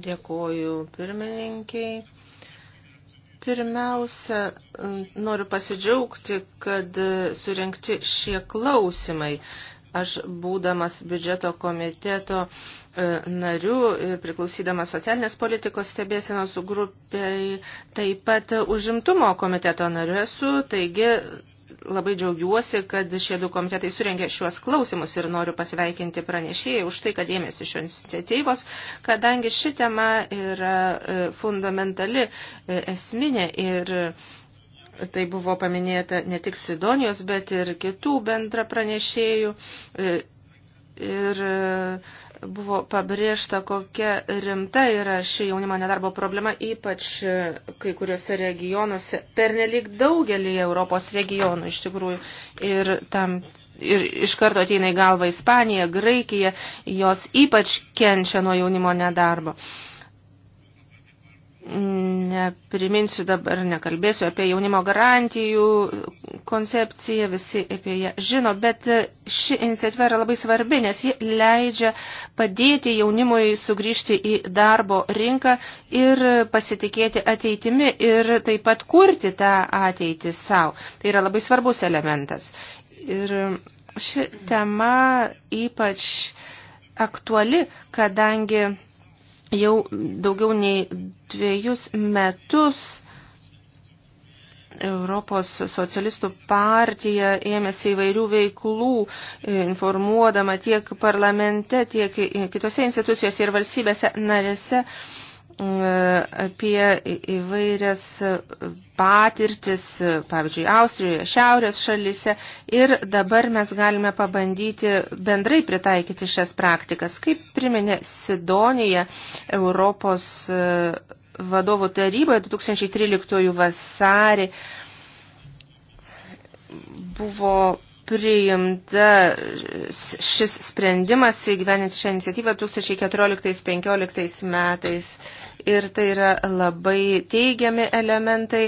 Dėkoju pirmininkiai. Pirmiausia, noriu pasidžiaugti, kad surinkti šie klausimai. Aš būdamas biudžeto komiteto e, nariu, e, priklausydamas socialinės politikos stebėsienos grupiai, taip pat užimtumo komiteto nariu esu, taigi labai džiaugiuosi, kad šie du komitetai surengė šiuos klausimus ir noriu pasveikinti pranešėjai už tai, kad ėmėsi šios iniciatyvos, kadangi ši tema yra e, fundamentali, e, esminė ir tai buvo paminėta ne tik Sidonijos, bet ir kitų bendra pranešėjų. E, ir buvo pabrėžta, kokia rimta yra ši jaunimo nedarbo problema, ypač e, kai kuriuose regionuose, pernelyg daugelį Europos regionų iš tikrųjų. Ir, tam, ir iš karto ateina į galvą Ispanija, Graikija, jos ypač kenčia nuo jaunimo nedarbo. Uh, Nepriminsiu dabar, nekalbėsiu apie jaunimo garantijų koncepciją, visi apie ją žino, bet ši iniciatyva yra labai svarbi, nes ji leidžia padėti jaunimui sugrįžti į darbo rinką ir pasitikėti ateitimi ir taip pat kurti tą ateitį savo. Tai yra labai svarbus elementas. Ir ši tema ypač aktuali, kadangi jau daugiau nei dviejus metus Europos socialistų partija ėmėsi įvairių veiklų, e, informuodama tiek parlamente, tiek kitose institucijose ir valstybėse narėse apie įvairias patirtis, pavyzdžiui, Austrijoje, Šiaurės šalyse ir dabar mes galime pabandyti bendrai pritaikyti šias praktikas. Kaip priminė Sidonija Europos e, vadovų taryboje 2013 vasarį buvo priimta šis sprendimas įgyveninti šią iniciatyvą 2014-2015 metais ir tai yra labai teigiami elementai.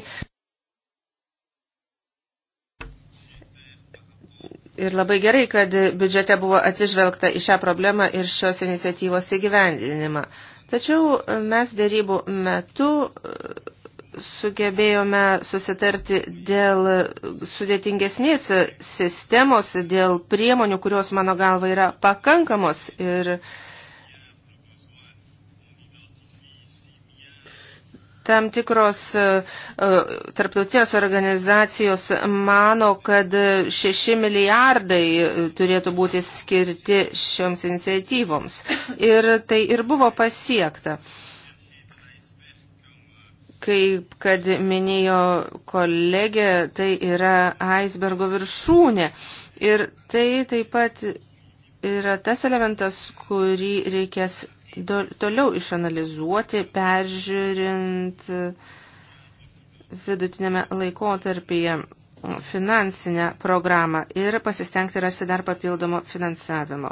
Ir labai gerai, kad biudžete buvo atsižvelgta į šią problemą ir šios iniciatyvos įgyvendinimą. Tačiau mes dėrybų metu sugebėjome susitarti dėl sudėtingesnės sistemos, dėl priemonių, kurios mano galva yra pakankamos ir tam tikros e, e, tarptautinės organizacijos mano, kad 6 milijardai e, turėtų būti skirti šioms iniciatyvoms. Ir tai ir buvo pasiekta. Kaip kad minėjo kolegė, tai yra aisbergo viršūnė. Ir tai taip pat yra tas elementas, kurį reikės toliau išanalizuoti, peržiūrint vidutinėme laikotarpyje finansinę programą ir pasistengti rasti dar papildomo finansavimo.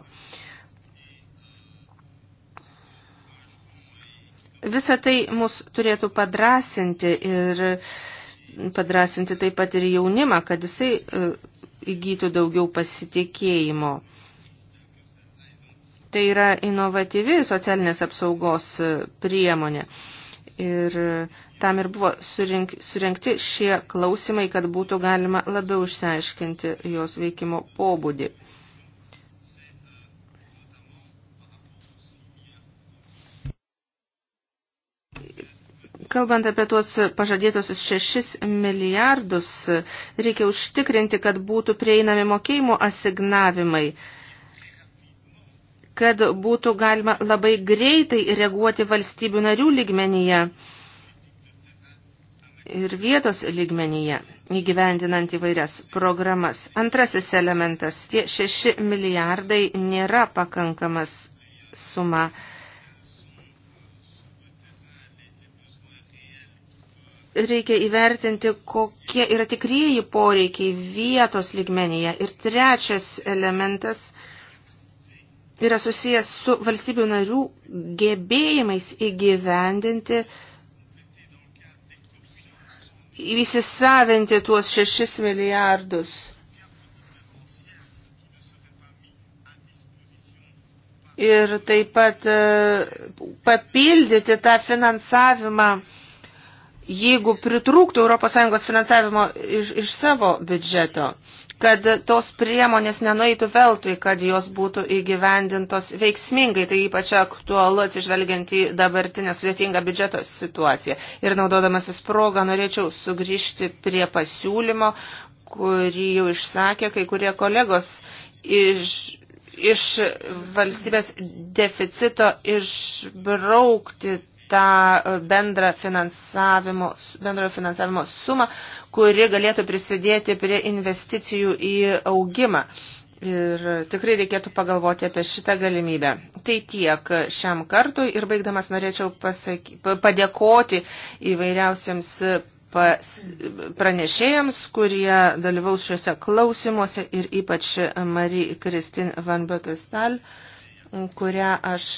Visą tai mus turėtų padrasinti ir padrasinti taip pat ir jaunimą, kad jisai e, įgytų daugiau pasitikėjimo. Tai yra inovatyvi socialinės apsaugos e, priemonė. Ir e, tam ir buvo surink, surinkti šie klausimai, kad būtų galima labiau išsiaiškinti jos veikimo pobūdį. Kalbant apie tuos pažadėtosius 6 milijardus, reikia užtikrinti, kad būtų prieinami mokėjimo asignavimai, kad būtų galima labai greitai reaguoti valstybių narių lygmenyje ir vietos lygmenyje, įgyvendinant įvairias programas. Antrasis elementas, tie 6 milijardai nėra pakankamas suma. reikia įvertinti, kokie yra tikrieji poreikiai vietos lygmenyje. Ir trečias elementas yra susijęs su valstybių narių gebėjimais įgyvendinti, įsisavinti tuos šešis milijardus. Ir taip pat e, papildyti tą finansavimą jeigu pritrūktų ES finansavimo iš, iš savo biudžeto, kad tos priemonės nenueitų veltui, kad jos būtų įgyvendintos veiksmingai, tai ypač aktualu atsižvelgiant į dabartinę sudėtingą biudžeto situaciją. Ir naudodamasis progą norėčiau sugrįžti prie pasiūlymo, kurį jau išsakė kai kurie kolegos iš, iš valstybės deficito išbraukti tą bendrą finansavimo, bendrojo finansavimo sumą, kuri galėtų prisidėti prie investicijų į augimą. Ir tikrai reikėtų pagalvoti apie šitą galimybę. Tai tiek šiam kartui ir baigdamas norėčiau pasaky, padėkoti įvairiausiams pas, pranešėjams, kurie dalyvaus šiuose klausimuose ir ypač Marie Kristin Van Bekestal, kurią aš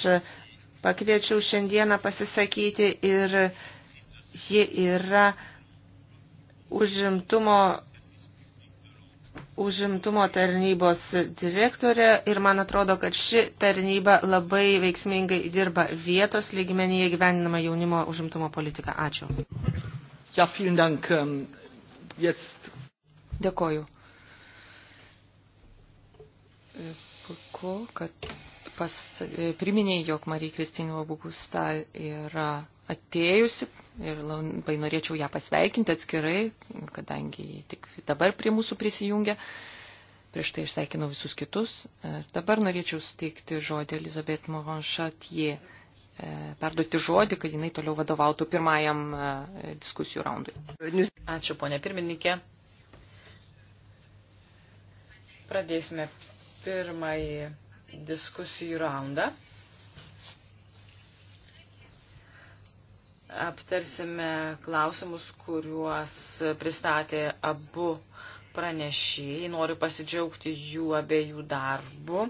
pakviečiau šiandieną pasisakyti ir ji yra užimtumo, užimtumo tarnybos direktorė ir man atrodo, kad ši tarnyba labai veiksmingai dirba vietos lygmenyje gyveninama jaunimo užimtumo politika. Ačiū. Ja, vielen Dank. Ähm, jetzt. Dėkoju. E, puiku, kad pas, e, priminėjai, jog Marija Kristinė Obugusta yra atėjusi ir labai norėčiau ją pasveikinti atskirai, kadangi ji tik dabar prie mūsų prisijungia. Prieš tai išsveikinau visus kitus. Ir e, dabar norėčiau suteikti žodį Elizabet Moronšatie, e, perduoti žodį, kad jinai toliau vadovautų pirmajam diskusijų raundui. Ačiū, ponė pirmininkė. Pradėsime pirmąjį diskusijų raundą. Aptarsime klausimus, kuriuos pristatė abu pranešėjai. Noriu pasidžiaugti jų abiejų darbų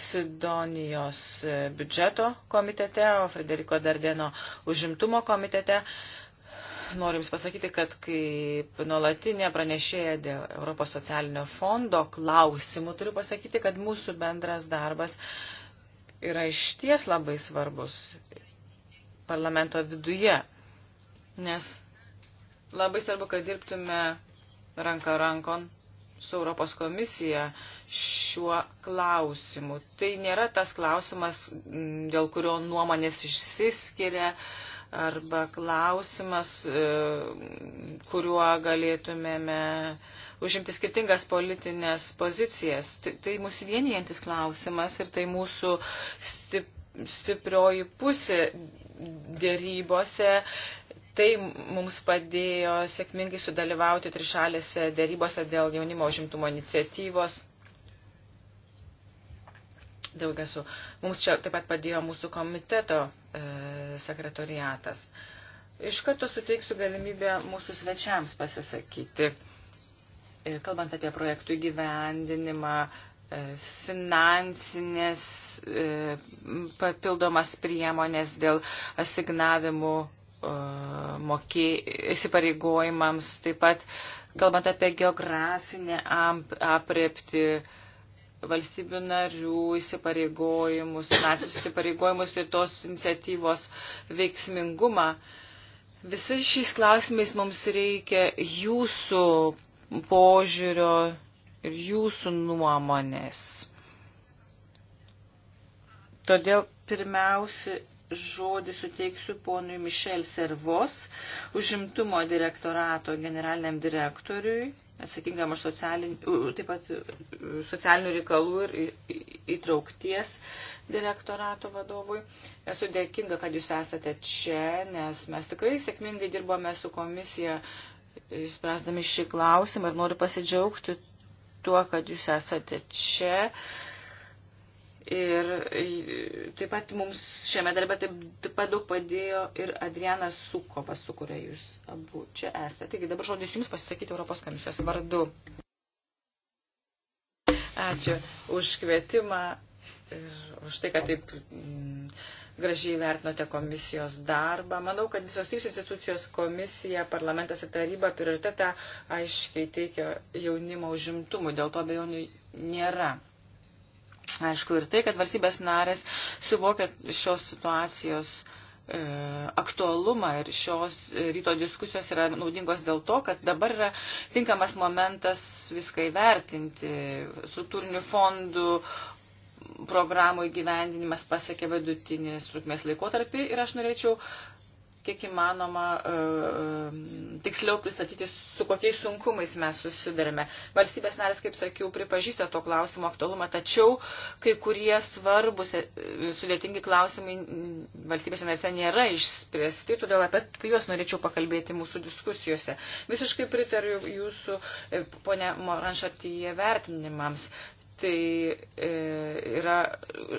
Sidonijos biudžeto komitete, o Frederiko Dardeno užimtumo komitete. Uh, noriu Jums pasakyti, kad kaip nuolatinė pranešėja dėl Europos socialinio fondo klausimų, turiu pasakyti, kad mūsų bendras darbas yra išties labai svarbus parlamento viduje, nes labai svarbu, kad dirbtume ranka rankon su Europos komisija šiuo klausimu. Tai nėra tas klausimas, dėl kurio nuomonės išsiskiria, uh, arba klausimas, e, kuriuo galėtumėme užimti skirtingas politinės pozicijas. Tai, tai mūsų vienijantis klausimas ir tai mūsų stip, stiprioji pusė dėrybose. Tai mums padėjo sėkmingai sudalyvauti trišalėse dėrybose dėl jaunimo užimtumo iniciatyvos daug esu. Mums čia taip pat padėjo mūsų komiteto e, sekretoriatas. Iš karto suteiksiu galimybę mūsų svečiams pasisakyti. E, kalbant apie projektų įgyvendinimą, e, finansinės e, papildomas priemonės dėl asignavimų e, mokė, įsipareigojimams, taip pat kalbant apie geografinę aprepti. Ap valstybių narių įsipareigojimus, finansinius įsipareigojimus ir tos iniciatyvos veiksmingumą. Visi šiais klausimais mums reikia jūsų požiūrio ir jūsų nuomonės. Todėl pirmiausia žodį suteiksiu ponui Mišel Servos, užimtumo direktorato generaliniam direktoriui, atsakingam už socialin, taip pat socialinių reikalų ir įtraukties direktorato vadovui. Esu dėkinga, kad jūs esate čia, nes mes tikrai sėkmingai dirbome su komisija, spręsdami šį klausimą ir noriu pasidžiaugti tuo, kad jūs esate čia. Uh, Ir taip pat mums šiame darbe taip, taip pat daug padėjo ir Adrianas Sukovas, su kuria jūs abu čia esate. Taigi dabar žodis jums pasisakyti Europos komisijos vardu. Ačiū už kvietimą ir už tai, kad taip m, mm, gražiai vertinote komisijos darbą. Manau, kad visos trys institucijos komisija, parlamentas ir taryba prioritetą aiškiai teikia jaunimo užimtumui, dėl to bejonių nėra Aišku ir tai, kad valstybės narės suvokia šios situacijos e, aktualumą ir šios ryto diskusijos yra naudingos dėl to, kad dabar yra tinkamas momentas viską įvertinti. Struktūrinių fondų programų įgyvendinimas pasiekė vidutinės trukmės laikotarpį ir aš norėčiau kiek įmanoma e, e, tiksliau pristatyti, su kokiais sunkumais mes susidarėme. Valstybės narės, kaip sakiau, pripažįsta to klausimo aktualumą, tačiau kai kurie svarbus e, sudėtingi klausimai valstybės narėse nėra išspręsti, todėl apie juos norėčiau pakalbėti mūsų diskusijose. Visiškai pritariu jūsų, ponė Moranšartyje, vertinimams. Tai e, yra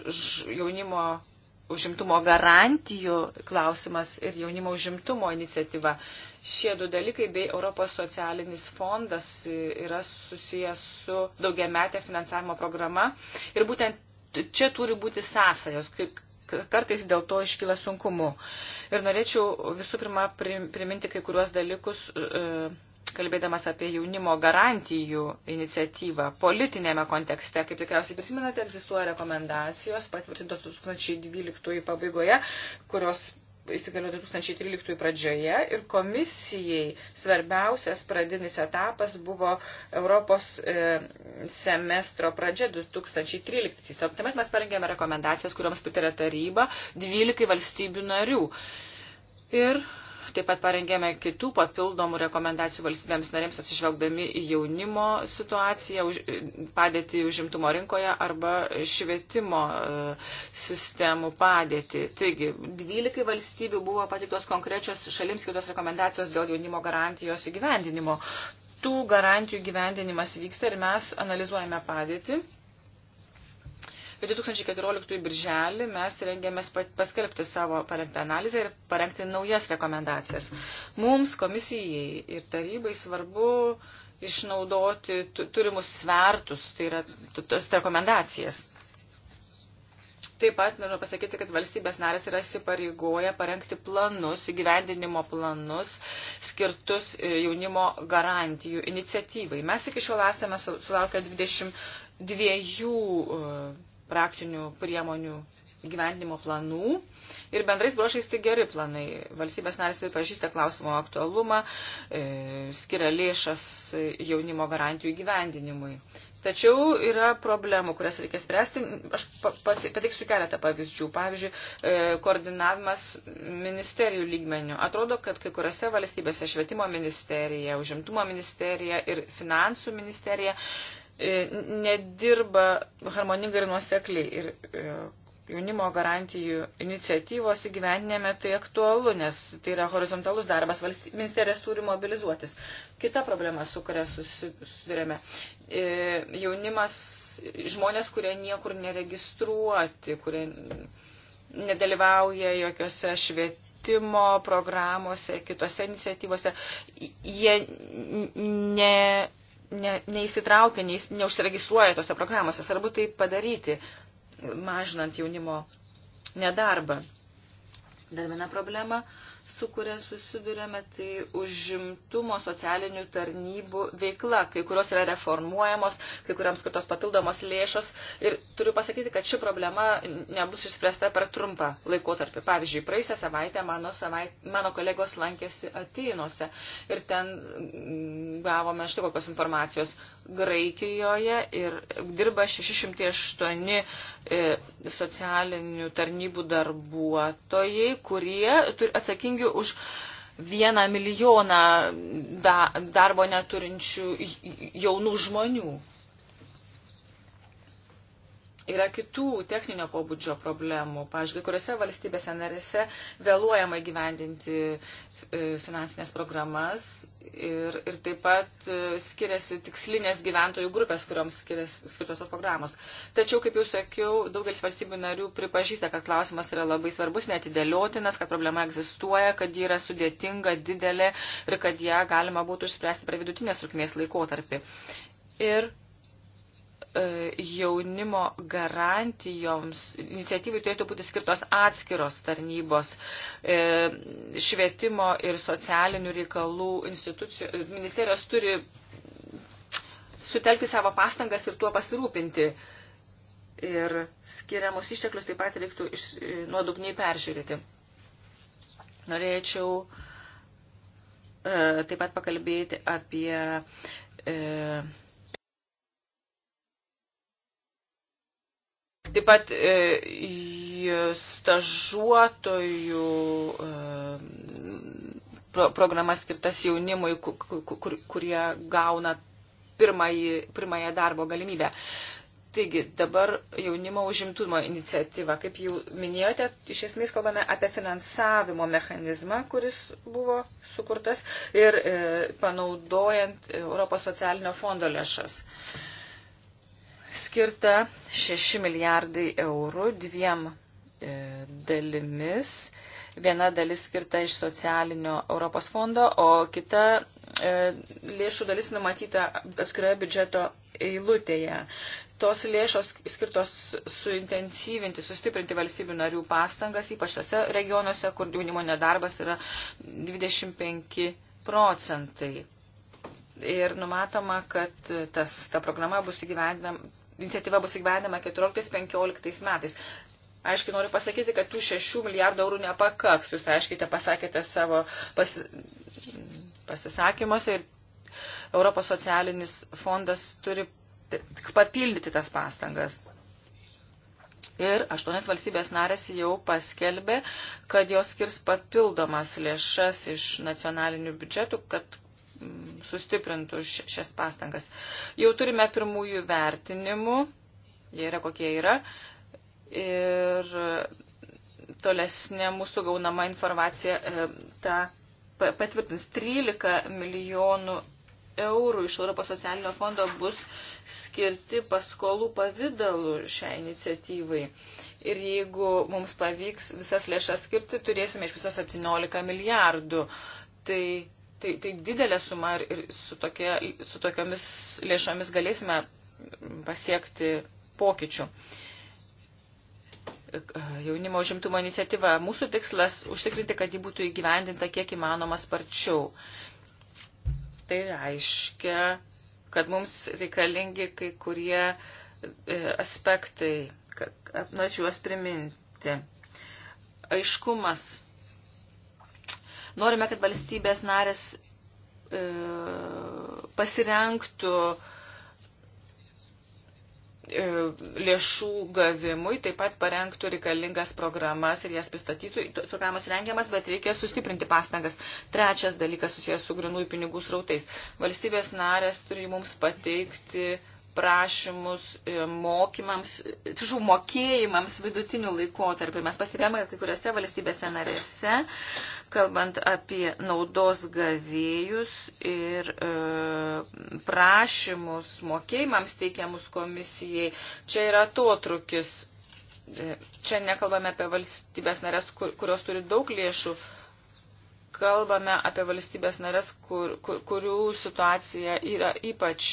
ž, jaunimo užimtumo garantijų klausimas ir jaunimo užimtumo iniciatyva. Šie du dalykai bei Europos socialinis fondas yra susijęs su daugiametė finansavimo programa ir būtent čia turi būti sąsajos, kartais dėl to iškyla sunkumu. Ir norėčiau visų pirma priminti kai kuriuos dalykus, e, kalbėdamas apie jaunimo garantijų iniciatyvą politinėme kontekste. Kaip tikriausiai prisimenate, egzistuoja rekomendacijos patvirtintos 2012 pabaigoje, kurios įsigaliojo 2013 pradžioje ir komisijai svarbiausias pradinis etapas buvo Europos e, semestro pradžia 2013. Tuomet mes parengėme rekomendacijas, kuriams pritarė taryba 12 valstybių narių. Ir Taip pat parengėme kitų papildomų rekomendacijų valstybėms narėms atsižvelgdami į jaunimo situaciją, už, padėtį užimtumo rinkoje arba švietimo e, sistemų padėtį. Taigi, 12 valstybių buvo patiktos konkrečios šalims kitos rekomendacijos dėl jaunimo garantijos įgyvendinimo. Tų garantijų gyvendinimas vyksta ir mes analizuojame padėtį Bet 2014 birželį mes rengėmės paskelbti savo parengtą analizę ir parengti naujas rekomendacijas. Mums, komisijai ir tarybai svarbu išnaudoti turimus svertus, tai yra tas rekomendacijas. Taip pat noriu pasakyti, kad valstybės narės yra įsipareigoję parengti planus, įgyvendinimo planus, skirtus e, jaunimo garantijų iniciatyvai. Mes iki šiol esame sulaukę 22 praktinių priemonių gyvendimo planų ir bendrais brošais tai geri planai. Valstybės narės pripažįsta klausimo aktualumą, e, skiria lėšas jaunimo garantijų gyvendinimui. Tačiau yra problemų, kurias reikia spręsti. Aš pateiksiu keletą pavyzdžių. Pavyzdžiui, e, koordinavimas ministerijų lygmenių. Atrodo, kad kai kuriuose valstybėse švietimo ministerija, užimtumo ministerija ir finansų ministerija E, nedirba harmoningai ir nuosekliai. Ir e, jaunimo garantijų iniciatyvos įgyvendinėme tai aktualu, nes tai yra horizontalus darbas, ministerijas turi mobilizuotis. Kita problema, su kuria susidurėme, e, jaunimas, žmonės, kurie niekur neregistruoti, kurie nedalyvauja jokiose švietimo švietimo programuose, kitose iniciatyvose, jie ne, ne, neįsitraukia, neįs, neužsiregistruoja tose programuose. Svarbu tai padaryti, mažinant jaunimo nedarbą. Dar viena problema su kuria susidurėme, tai užimtumo socialinių tarnybų veikla, kai kurios yra reformuojamos, kai kuriams skirtos papildomos lėšos. Ir turiu pasakyti, kad ši problema nebus išspręsta per trumpą laikotarpį. Pavyzdžiui, praėjusią savaitę mano, savait, mano kolegos lankėsi Atynuose ir ten mm, gavome štai kokios informacijos. Graikijoje ir dirba 608 e, socialinių tarnybų darbuotojai, kurie atsakingi daugiau už vieną milijoną darbo neturinčių jaunų žmonių. Yra kitų techninio pobūdžio problemų, pažiūrėjau, kuriuose valstybėse narėse vėluojama įgyvendinti e, finansinės programas ir, ir taip pat e, skiriasi tikslinės gyventojų grupės, kurioms skiriasi skirtosios programos. Tačiau, kaip jau sakiau, daugelis valstybių narių pripažįsta, kad klausimas yra labai svarbus, netidėliotinas, kad problema egzistuoja, kad ji yra sudėtinga, didelė ir kad ją galima būtų išspręsti per vidutinės trukmės laikotarpį. Ir E, jaunimo garantijoms iniciatyvai turėtų būti skirtos atskiros tarnybos e, švietimo ir socialinių reikalų institucijų. Ministerijos turi sutelkti savo pastangas ir tuo pasirūpinti. Ir skiriamus išteklius taip pat reiktų iš, e, nuodugniai peržiūrėti. Norėčiau e, taip pat pakalbėti apie e, Taip pat e, stažuotojų e, programa skirtas jaunimui, kur, kurie gauna pirmąjį, pirmąją darbo galimybę. Taigi, dabar jaunimo užimtumo iniciatyva. Kaip jau minėjote, iš esmės kalbame apie finansavimo mechanizmą, kuris buvo sukurtas ir e, panaudojant Europos socialinio fondo lėšas. E, skirta 6 milijardai eurų dviem e, dalimis. Viena dalis skirta iš socialinio Europos fondo, o kita e, lėšų dalis numatyta atskiroje biudžeto eilutėje. Tos lėšos skirtos suintensyvinti, sustiprinti valstybių narių pastangas, ypač tose regionuose, kur jaunimo nedarbas yra 25 procentai. Ir numatoma, kad tas, ta programa bus įgyvendinama iniciatyva bus įgyvendama 14-15 metais. Aiškiai noriu pasakyti, kad tų 6 milijardų eurų nepakaks. Jūs aiškiai pasakėte savo pas, pasisakymuose ir Europos socialinis fondas turi tik papildyti tas pastangas. Ir aštuonias valstybės narės jau paskelbė, kad jos skirs papildomas lėšas iš nacionalinių biudžetų, kad Mm, sustiprintų šias pastangas. Jau turime pirmųjų vertinimų, jie yra kokie yra, ir tolesnė mūsų gaunama informacija e, tą patvirtins 13 milijonų eurų iš Europos socialinio fondo bus skirti paskolų pavydalu šiai iniciatyvai. Ir jeigu mums pavyks visas lėšas skirti, turėsime iš viso 17 milijardų. Tai tai, tai didelė suma ir, ir su, tokia, su tokiamis lėšomis galėsime pasiekti pokyčių. Jaunimo užimtumo iniciatyva. Mūsų tikslas užtikrinti, kad ji būtų įgyvendinta kiek įmanoma sparčiau. Tai reiškia, kad mums reikalingi kai kurie e, aspektai, kad norėčiau juos priminti. Aiškumas Norime, kad valstybės narės e, pasirenktų e, lėšų gavimui, taip pat parengtų reikalingas programas ir jas pristatytų. Programas rengiamas, bet reikia sustiprinti pastangas. Trečias dalykas susijęs su grinųjų pinigų srautais. Valstybės narės turi mums pateikti uh, prašymus e, mokymams, atsiprašau, mokėjimams vidutinių laikotarpių. Mes pastebėjome, kad kai kuriuose valstybėse narėse, kalbant apie naudos gavėjus ir e, prašymus mokėjimams teikiamus komisijai, čia yra totrukis. E, čia nekalbame apie valstybės narės, kur, kurios turi daug lėšų kalbame apie valstybės narės, kur, kur, kurių situacija yra ypač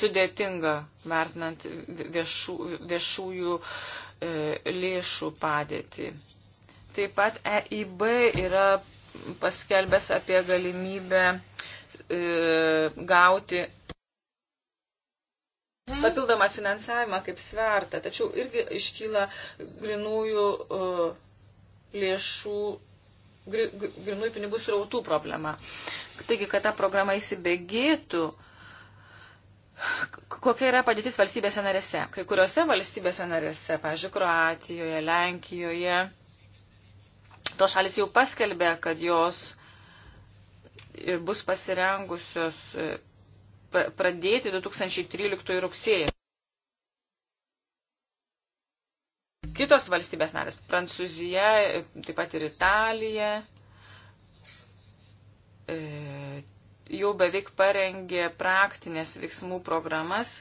sudėtinga, vertinant viešų, viešųjų e, lėšų padėtį. Taip pat EIB yra paskelbęs apie galimybę e, gauti papildomą finansavimą kaip svertą, tačiau irgi iškyla grinųjų e, lėšų grinųjų pinigų srautų problema. Taigi, kad ta programa įsibėgėtų, kokia yra padėtis valstybėse narėse. Kai kuriuose valstybėse narėse, pavyzdžiui, Kroatijoje, Lenkijoje, tos šalis jau paskelbė, kad jos bus pasirengusios e, pradėti 2013 rugsėjį. kitos valstybės narės, Prancūzija, taip pat ir Italija, e, jau beveik parengė praktinės veiksmų programas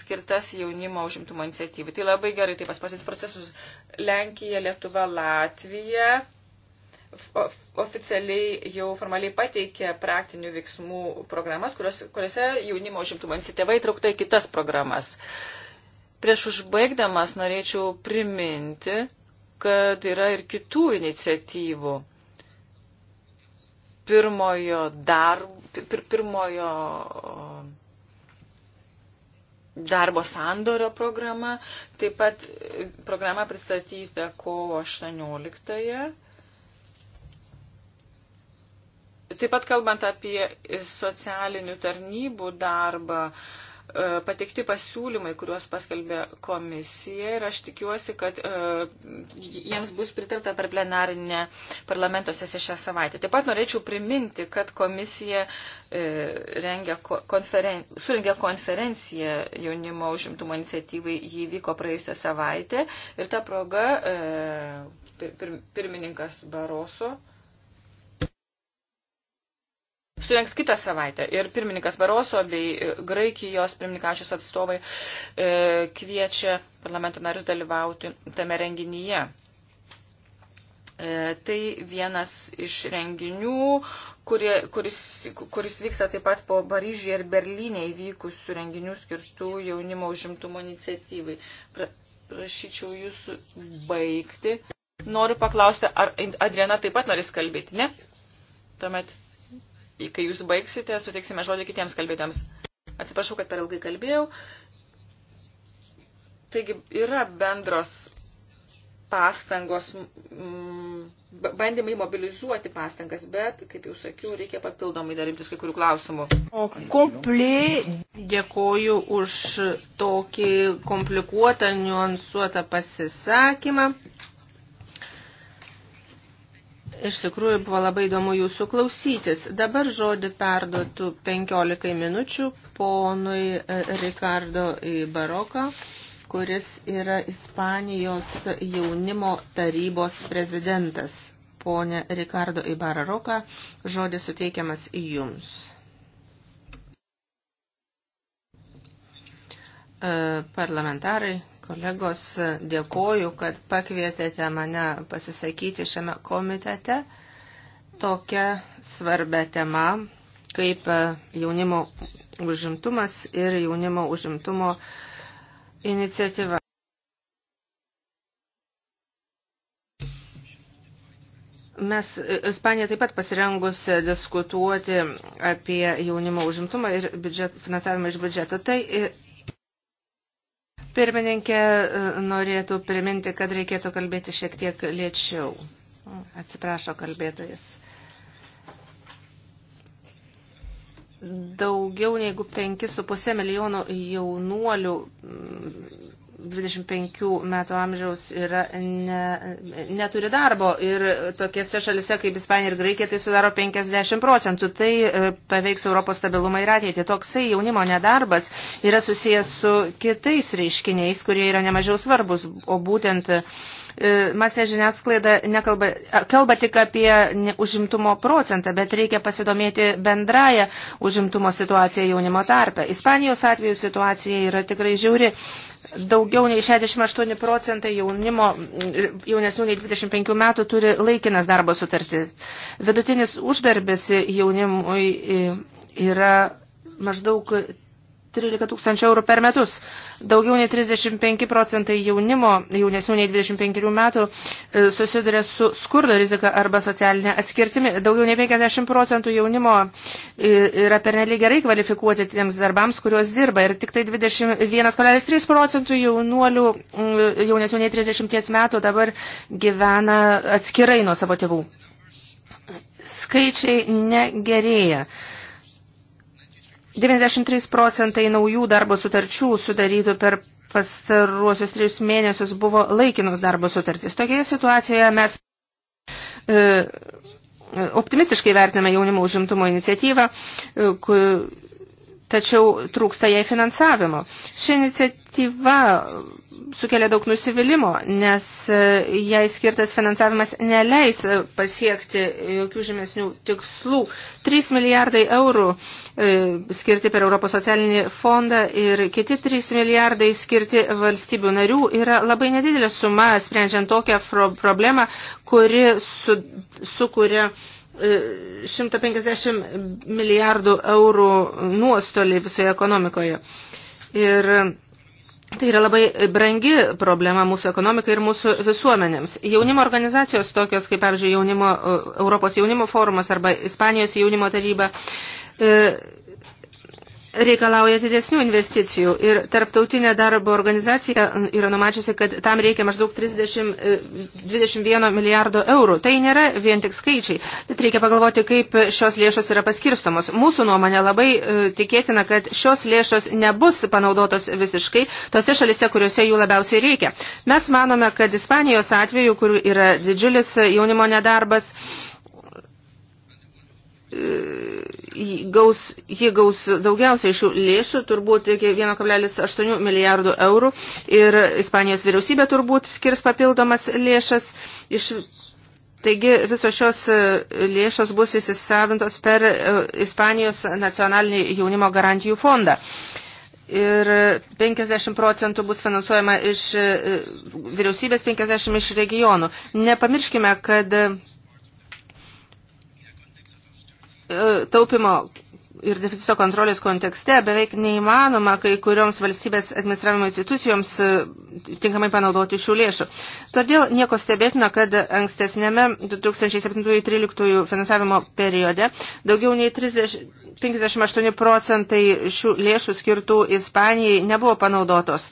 skirtas jaunimo užimtumo iniciatyvai. Tai labai gerai, tai paspartins procesus Lenkija, Lietuva, Latvija oficialiai jau formaliai pateikė praktinių veiksmų programas, kurios, kuriuose jaunimo užimtumo iniciatyva įtraukta į kitas programas. Uh, Prieš užbaigdamas norėčiau priminti, kad yra ir kitų iniciatyvų. Pirmojo darbo, pir, pirmojo darbo sandorio programa, taip pat e, programa pristatyta kovo 18. -ąją. Taip pat kalbant apie socialinių tarnybų darbą, uh, E, pateikti pasiūlymai, kuriuos paskelbė komisija ir aš tikiuosi, kad e, jiems bus pritarta per plenarinę parlamento sesiją šią savaitę. Taip pat norėčiau priminti, kad komisija e, rengia konferen... surengė konferenciją jaunimo užimtumo iniciatyvai, jį vyko praėjusią savaitę ir ta proga pirmininkas Baroso surenks kitą savaitę. Ir pirmininkas Baroso bei e, Graikijos pirmininkačios atstovai e, kviečia parlamento narius dalyvauti tame renginyje. E, tai vienas iš renginių, kurie, kuris, kuris vyksta taip pat po Paryžiuje ir Berlyne įvykusių renginių skirtų jaunimo užimtumo iniciatyvai. Pra, prašyčiau jūsų baigti. Noriu paklausti, ar Adriana taip pat norės kalbėti, ne? Tuomet kai jūs baigsite, suteiksime žodį kitiems kalbėtėms. Atsiprašau, kad per ilgai kalbėjau. Taigi yra bendros pastangos, bandymai mobilizuoti pastangas, bet, kaip jau sakiau, reikia papildomai dar imtis kai kurių klausimų. O komplė, dėkoju už tokį komplikuotą, niuansuotą pasisakymą. Iš tikrųjų buvo labai įdomu jūsų klausytis. Dabar žodį perduotų 15 minučių ponui e, Ricardo Baroka, kuris yra Ispanijos jaunimo tarybos prezidentas. Pone Ricardo Ibararoka, žodis suteikiamas jums. E, parlamentarai, Kolegos, dėkoju, kad pakvietėte mane pasisakyti šiame komitete tokią svarbę temą kaip jaunimo užimtumas ir jaunimo užimtumo iniciatyva. Mes, Ispanija taip pat pasirengusi diskutuoti apie jaunimo užimtumą ir biudžet, finansavimą iš biudžeto. Tai Pirmininkė e, norėtų priminti, kad reikėtų kalbėti šiek tiek lėčiau. Atsiprašo kalbėtojas. Daugiau negu 5,5 milijonų jaunuolių 25 metų amžiaus yra ne, neturi darbo ir tokiose šalise kaip Ispanija ir Graikija tai sudaro 50 procentų. Tai e, paveiks Europos stabilumą ir ateitį. Toksai jaunimo nedarbas yra susijęs su kitais reiškiniais, kurie yra nemažiau svarbus, o būtent e, masinė žiniasklaida nekalba, kalba tik apie užimtumo procentą, bet reikia pasidomėti bendrąją užimtumo situaciją jaunimo tarpe. Ispanijos atveju situacija yra tikrai žiauri. Daugiau nei 68 procentai jaunimo jaunesnių nei 25 metų turi laikinas darbo sutartis. Vidutinis uždarbis jaunimui yra maždaug 13 tūkstančių eurų per metus. Daugiau nei 35 procentai jaunimo, jaunesnių nei 25 metų, e, susiduria su skurdo rizika arba socialinė atskirtimi. Daugiau nei 50 procentų jaunimo e, yra pernelyg gerai kvalifikuoti tiems darbams, kuriuos dirba. Ir tik tai 21,3 procentų jaunuolių jaunesnių nei 30 metų dabar gyvena atskirai nuo savo tėvų skaičiai negerėja. 93 procentai naujų darbo sutarčių sudarytų per pastaruosius trijus mėnesius buvo laikinos darbo sutartys. Tokioje situacijoje mes e, optimistiškai vertiname jaunimo užimtumo iniciatyvą, e, tačiau trūksta jai finansavimo. Ši iniciatyva sukelia daug nusivylimų, nes e, jai skirtas finansavimas neleis e, pasiekti jokių žemesnių tikslų. 3 milijardai eurų e, skirti per Europos socialinį fondą ir kiti 3 milijardai skirti valstybių narių yra labai nedidelė suma, sprendžiant tokią problemą, kuri su, sukuria 150 milijardų eurų nuostolį visoje ekonomikoje. Ir Tai yra labai brangi problema mūsų ekonomikai ir mūsų visuomenėms. Jaunimo organizacijos tokios, kaip pavyzdžiui, jaunimo, Europos jaunimo forumas arba Ispanijos jaunimo taryba, e, reikalauja didesnių investicijų ir tarptautinė darbo organizacija yra numačiusi, kad tam reikia maždaug 30, 21 e, milijardo eurų. Tai nėra vien tik skaičiai, bet reikia pagalvoti, kaip šios lėšos yra paskirstomos. Mūsų nuomonė labai e, tikėtina, kad šios lėšos nebus panaudotos visiškai tose šalise, kuriuose jų labiausiai reikia. Mes manome, kad Ispanijos atveju, kur yra didžiulis jaunimo nedarbas, gaus, ji gaus daugiausiai šių lėšų, turbūt iki 1,8 milijardų eurų ir Ispanijos vyriausybė turbūt skirs papildomas lėšas. Iš, taigi visos šios e, lėšos bus įsisavintos per e, Ispanijos nacionalinį jaunimo garantijų fondą. Ir 50 procentų bus finansuojama iš e, vyriausybės, 50 iš regionų. Nepamirškime, kad E, taupimo ir deficito kontrolės kontekste beveik neįmanoma kai kurioms valstybės administravimo institucijoms e, tinkamai panaudoti šių lėšų. Todėl nieko stebėtina, kad ankstesnėme 2007-2013 finansavimo periode daugiau nei 30, 58 procentai šių lėšų skirtų Ispanijai nebuvo panaudotos.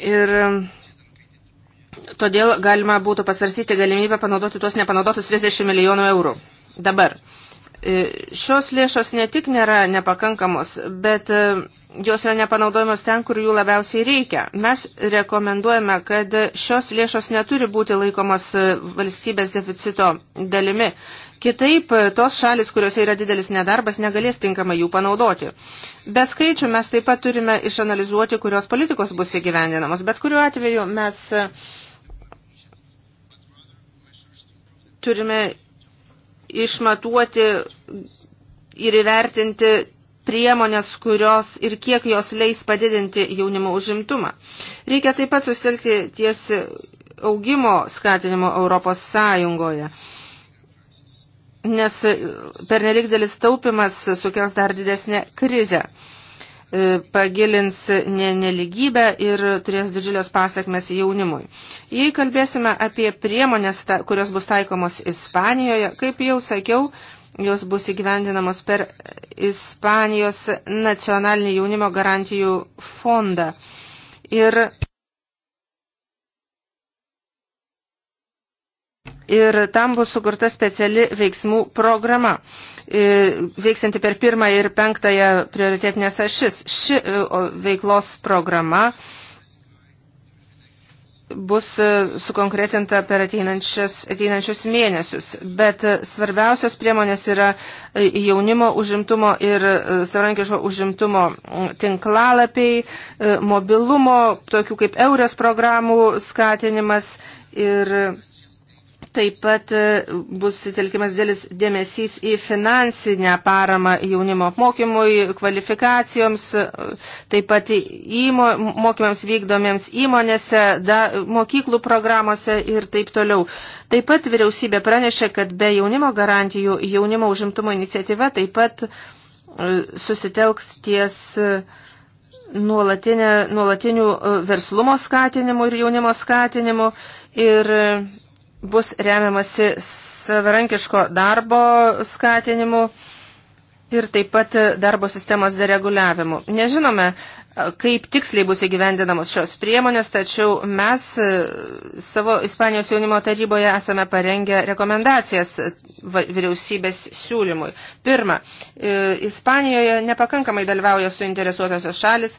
Ir Todėl galima būtų pasvarsyti galimybę panaudoti tuos nepanaudotus 30 milijonų eurų. Dabar, e, šios lėšos ne tik nėra nepakankamos, bet e, jos yra nepanaudojamos ten, kur jų labiausiai reikia. Mes rekomenduojame, kad šios lėšos neturi būti laikomos e, valstybės deficito dalimi. Kitaip, tos šalis, kuriuose yra didelis nedarbas, negalės tinkamai jų panaudoti. Be skaičių mes taip pat turime išanalizuoti, kurios politikos bus įgyvendinamos. Bet kuriuo atveju mes turime išmatuoti ir įvertinti priemonės, kurios ir kiek jos leis padidinti jaunimo užimtumą. Reikia taip pat susitelkti ties augimo skatinimo Europos Sąjungoje, nes pernelik dėlis taupimas sukels dar didesnę krizę. E, pagilins neligybę ir turės didžiulės pasiekmes jaunimui. Jei kalbėsime apie priemonės, kurios bus taikomos Ispanijoje, kaip jau sakiau, jos bus įgyvendinamos per Ispanijos nacionalinį jaunimo garantijų fondą. Ir ir tam bus sukurta speciali veiksmų programa, e, veiksianti per pirmąją ir penktąją prioritetinės ašis. Ši e, veiklos programa bus e, sukonkretinta per ateinančius, ateinančius mėnesius. Bet svarbiausios priemonės yra jaunimo užimtumo ir savarankiško užimtumo tinklalapiai, mobilumo, tokių kaip eurės programų skatinimas ir Taip pat e, bus sutelkimas dėlis dėmesys į finansinę paramą jaunimo apmokymui, kvalifikacijoms, e, taip pat įmo, mokymams vykdomiems įmonėse, da, mokyklų programuose ir taip toliau. Taip pat vyriausybė pranešė, kad be jaunimo garantijų jaunimo užimtumo iniciatyva taip pat e, susitelks ties nuolatinių verslumo skatinimu ir jaunimo skatinimu ir bus remiamasi savarankiško darbo skatinimu ir taip pat darbo sistemos dereguliavimu. Nežinome, kaip tiksliai bus įgyvendinamos šios priemonės, tačiau mes e, savo Ispanijos jaunimo taryboje esame parengę rekomendacijas vyriausybės siūlymui. Pirma, e, Ispanijoje nepakankamai dalyvauja suinteresuotosios šalis,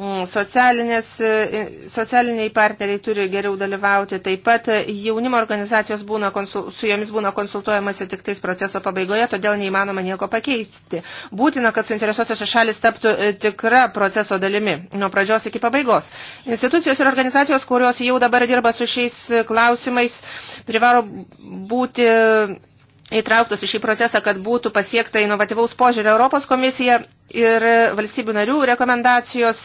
Mm, e, e, socialiniai partneriai turi geriau dalyvauti. Taip pat e, jaunimo organizacijos būna konsul, su jomis būna konsultuojamasi tik tais proceso pabaigoje, todėl neįmanoma nieko pakeisti. Būtina, kad suinteresuotosios šalis taptų tikra proceso dalimi nuo pradžios iki pabaigos. Institucijos ir organizacijos, kurios jau dabar dirba su šiais klausimais, privaro būti įtrauktos į šį procesą, kad būtų pasiekta inovatyvaus požiūrė Europos komisija ir valstybių narių rekomendacijos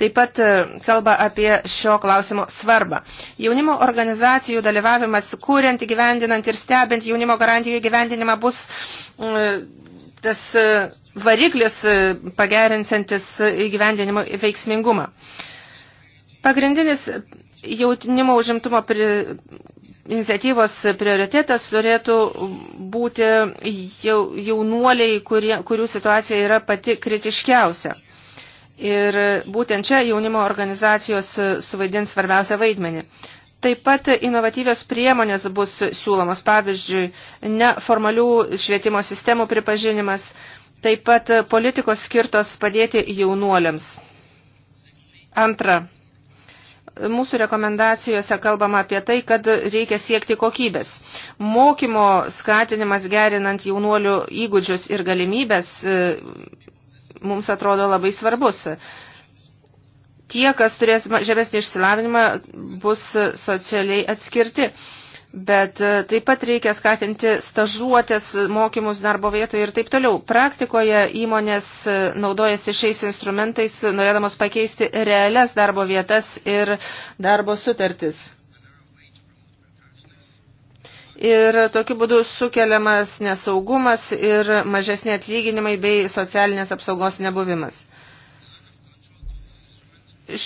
taip pat e, kalba apie šio klausimo svarbą. Jaunimo organizacijų dalyvavimas kūrent, įgyvendinant ir stebint jaunimo garantijų įgyvendinimą bus tas e, variklis e, pagerinsantis įgyvendinimo veiksmingumą. Pagrindinis jaunimo užimtumo pri, iniciatyvos prioritetas turėtų būti jaunuoliai, kurie, kurių situacija yra pati kritiškiausia. Ir būtent čia jaunimo organizacijos suvaidins svarbiausią vaidmenį. Taip pat inovatyvios priemonės bus siūlomos, pavyzdžiui, neformalių švietimo sistemų pripažinimas, taip pat politikos skirtos padėti jaunuoliams. Antra, mūsų rekomendacijose kalbama apie tai, kad reikia siekti kokybės. Mokymo skatinimas gerinant jaunuolių įgūdžius ir galimybės e, mums atrodo labai svarbus. Tie, kas turės žemesnį išsilavinimą, bus socialiai atskirti. Bet e, taip pat reikia skatinti stažuotės, e, mokymus darbo vietoje ir taip toliau. Praktikoje įmonės e, naudojasi šiais instrumentais, norėdamos pakeisti realias darbo vietas ir darbo sutartis. Ir tokiu būdu sukeliamas nesaugumas ir mažesni atlyginimai bei socialinės apsaugos nebuvimas.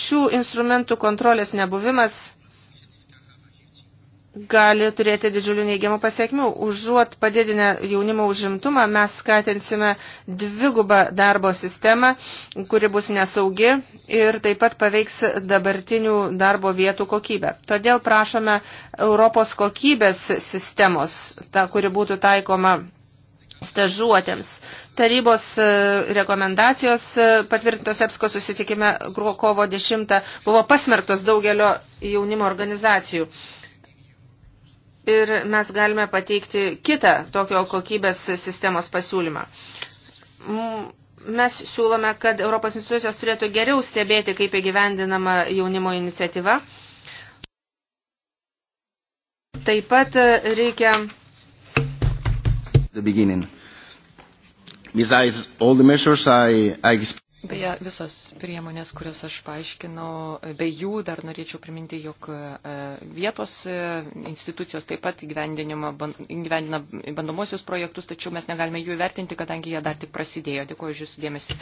Šių instrumentų kontrolės nebuvimas gali turėti didžiulių neigiamų pasiekmių. Užuot padidinę jaunimo užimtumą, mes skatinsime dvigubą darbo sistemą, kuri bus nesaugi ir taip pat paveiks dabartinių darbo vietų kokybę. Todėl prašome Europos kokybės sistemos, ta, kuri būtų taikoma stažuotėms. Tarybos e, rekomendacijos e, patvirtintos EPSCO susitikime kovo 10 buvo pasmerktos daugelio jaunimo organizacijų ir mes galime pateikti kitą tokio kokybės sistemos pasiūlymą. Mes siūlome, kad Europos institucijos turėtų geriau stebėti, kaip įgyvendinama jaunimo iniciatyva. Taip pat e, reikia. The beginning. Besides all the measures I, I Beje, visos priemonės, kurias aš paaiškinau, be jų dar norėčiau priminti, jog e, vietos e, institucijos taip pat įgyvendina bandomosius projektus, tačiau mes negalime jų įvertinti, kadangi jie dar tik prasidėjo. Dėkuoju už jūsų dėmesį.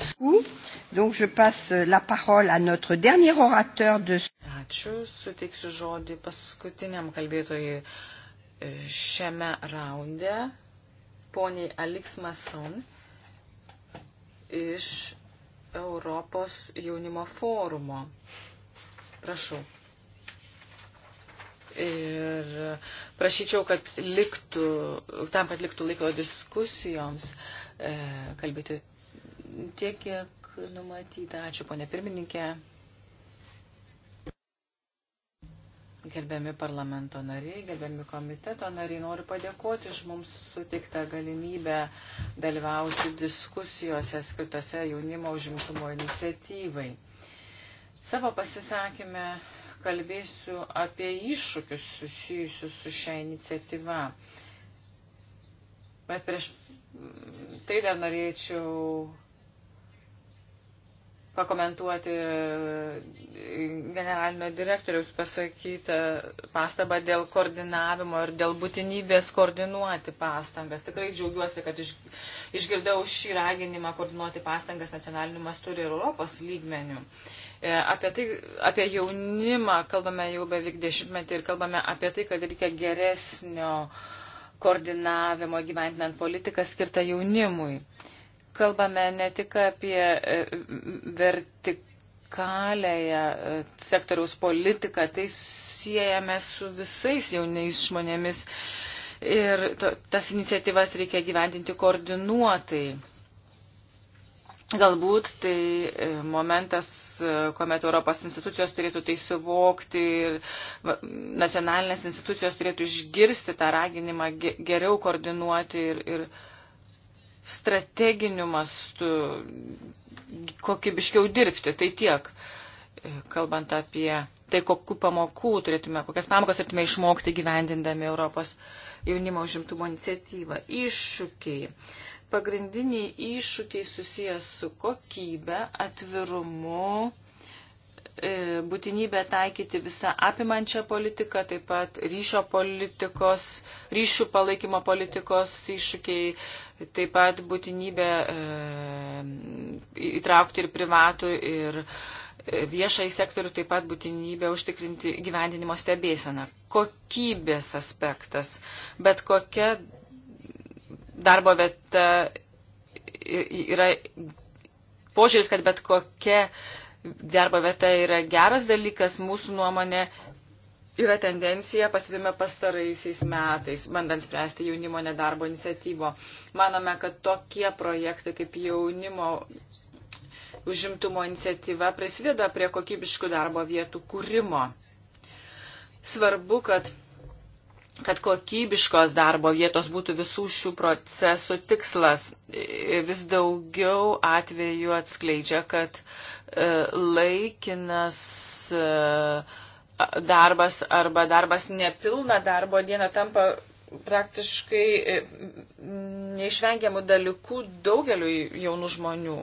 Ačiū, suteiksiu žodį paskutiniam kalbėtojui e, šiame raunde, poniai Aliks Mason iš Europos jaunimo forumo. Prašau. Ir prašyčiau, kad liktų, tam, kad liktų laiko diskusijoms, e, kalbėti tiek, kiek numatyta. Ačiū, ponė pirmininkė. Gerbiami parlamento nariai, gerbiami komiteto nariai, noriu padėkoti už mums suteiktą galimybę dalyvauti diskusijose skirtose jaunimo užimtumo iniciatyvai. Savo pasisakymę kalbėsiu apie iššūkius susijusius su šią iniciatyvą. Bet prieš tai dar norėčiau pakomentuoti generalinio direktoriaus pasakytą pastabą dėl koordinavimo ir dėl būtinybės koordinuoti pastangas. Tikrai džiaugiuosi, kad iš, išgirdau šį raginimą koordinuoti pastangas nacionaliniu mastu ir Europos lygmeniu. E, apie, tai, apie jaunimą kalbame jau beveik dešimtmetį ir kalbame apie tai, kad reikia geresnio koordinavimo gyventinant politiką skirtą jaunimui kalbame ne tik apie e, vertikalėje e, sektoriaus politiką, tai siejame su visais jaunais žmonėmis ir to, tas iniciatyvas reikia gyventinti koordinuotai. Galbūt tai e, momentas, kuomet Europos institucijos turėtų tai suvokti ir nacionalinės institucijos turėtų išgirsti tą raginimą geriau koordinuoti ir, ir strateginiu mastu kokybiškiau dirbti. Tai tiek, kalbant apie tai, kokiu pamokų turėtume, kokias pamokas turėtume išmokti gyvendindami Europos jaunimo užimtumo iniciatyvą. Iššūkiai. Pagrindiniai iššūkiai susijęs su kokybe, atvirumu E, būtinybę taikyti visą apimančią politiką, taip pat ryšio politikos, ryšių palaikymo politikos iššūkiai, taip pat būtinybę e, įtraukti ir privatų, ir e, viešai sektorių, taip pat būtinybę užtikrinti gyvendinimo stebėseną. Kokybės aspektas, bet kokia darbo vieta yra požiūris, kad bet kokia darbo vieta yra geras dalykas, mūsų nuomonė yra tendencija pasivime pastaraisiais metais, bandant spręsti jaunimo nedarbo iniciatyvo. Manome, kad tokie projektai kaip jaunimo užimtumo iniciatyva prisideda prie kokybiškų darbo vietų kūrimo. Svarbu, kad kad kokybiškos darbo vietos būtų visų šių procesų tikslas. Vis daugiau atvejų atskleidžia, kad e, laikinas e, darbas arba darbas nepilna darbo diena tampa praktiškai e, neišvengiamų dalykų daugeliu jaunų žmonių.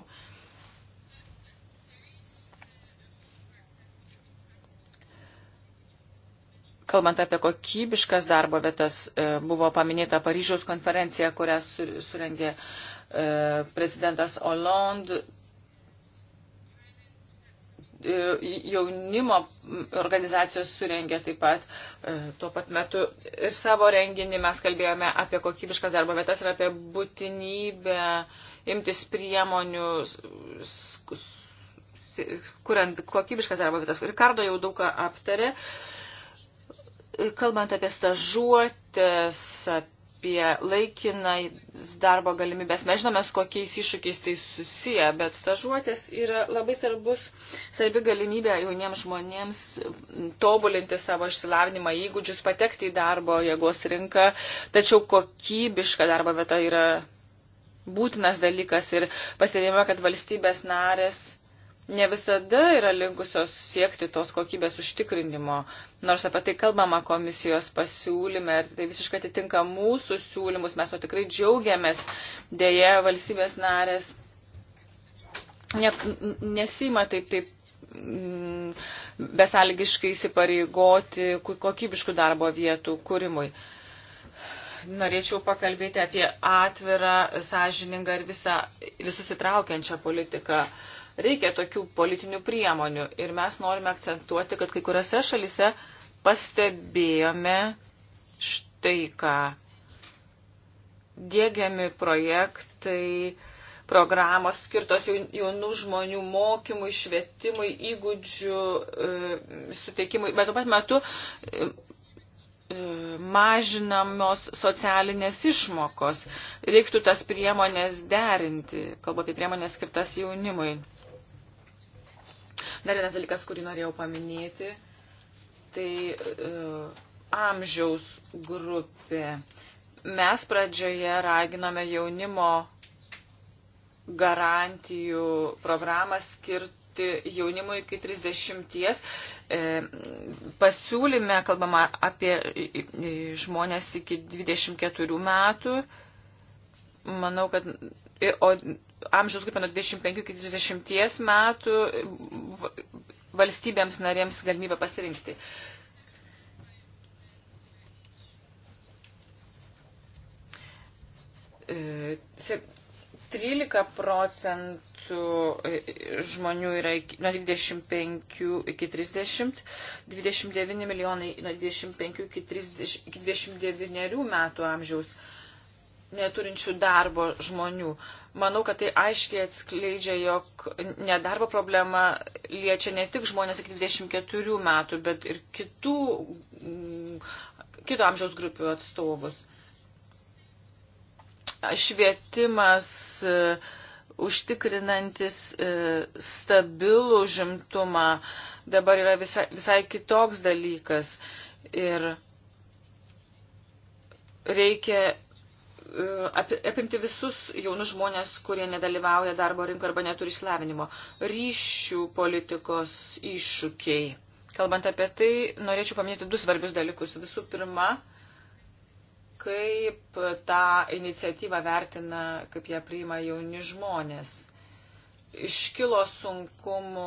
Kalbant apie kokybiškas darbo vietas, e, buvo paminėta Paryžiaus konferencija, kurią surengė e, prezidentas Hollande. E, jaunimo organizacijos surengė taip pat tuo pat metu ir savo renginį mes kalbėjome apie kokybiškas darbo vietas ir apie būtinybę imtis priemonių kuriant kokybiškas darbo vietas. Rikardo jau daug ką aptarė. E, Kalbant apie stažuotės, apie laikiną darbo galimybės, mes žinome, su kokiais iššūkiais tai susiję, bet stažuotės yra labai svarbus, svarbi galimybė jauniems žmonėms tobulinti savo išsilavinimą, įgūdžius, patekti į darbo jėgos rinką, tačiau kokybiška darbo vieta yra būtinas dalykas ir pastebėjome, kad valstybės narės ne visada yra linkusios siekti tos kokybės užtikrinimo, nors apie tai kalbama komisijos pasiūlyme ir tai visiškai atitinka mūsų siūlymus, mes to tikrai džiaugiamės, dėje valstybės narės ne, nesima taip taip mm, besalgiškai įsipareigoti kokybiškų darbo vietų kūrimui norėčiau pakalbėti apie atvirą, sąžiningą ir visą, visus įtraukiančią politiką. Uh, Reikia tokių politinių priemonių ir mes norime akcentuoti, kad kai kuriuose šalise pastebėjome štai ką. Dėgiami projektai, programos skirtos jaunų žmonių mokymui, švietimui, įgūdžių e, suteikimui, bet tuo pat metu e, e, mažinamos socialinės išmokos. Reiktų tas priemonės derinti, kalbu apie priemonės skirtas jaunimui. Dar vienas dalykas, kurį norėjau paminėti, tai uh, amžiaus grupė. Mes pradžioje raginome jaunimo garantijų programą skirti jaunimui iki 30 E, pasiūlyme kalbama apie e, e, žmonės iki 24 metų. Manau, kad o amžiaus grupė nuo 25 iki 30 metų valstybėms narėms galimybę pasirinkti. E, 13 procentų amžiaus e, žmonių yra nuo 25 iki 30, 29 milijonai nuo 25 iki, 30, iki 29 metų amžiaus neturinčių darbo žmonių. Manau, kad tai aiškiai atskleidžia, jog nedarbo problema liečia ne tik žmonės iki 24 metų, bet ir kitų, kito amžiaus grupių atstovus. Švietimas, uh, užtikrinantis e, stabilų žimtumą, dabar yra visai, visai kitoks dalykas. Ir reikia e, apimti visus jaunus žmonės, kurie nedalyvauja darbo rinkoje arba neturi išsilavinimo. Ryšių politikos iššūkiai. Kalbant apie tai, norėčiau paminėti du svarbius dalykus. Visų pirma, kaip tą iniciatyvą vertina, kaip ją priima jauni žmonės. Iškilo sunkumų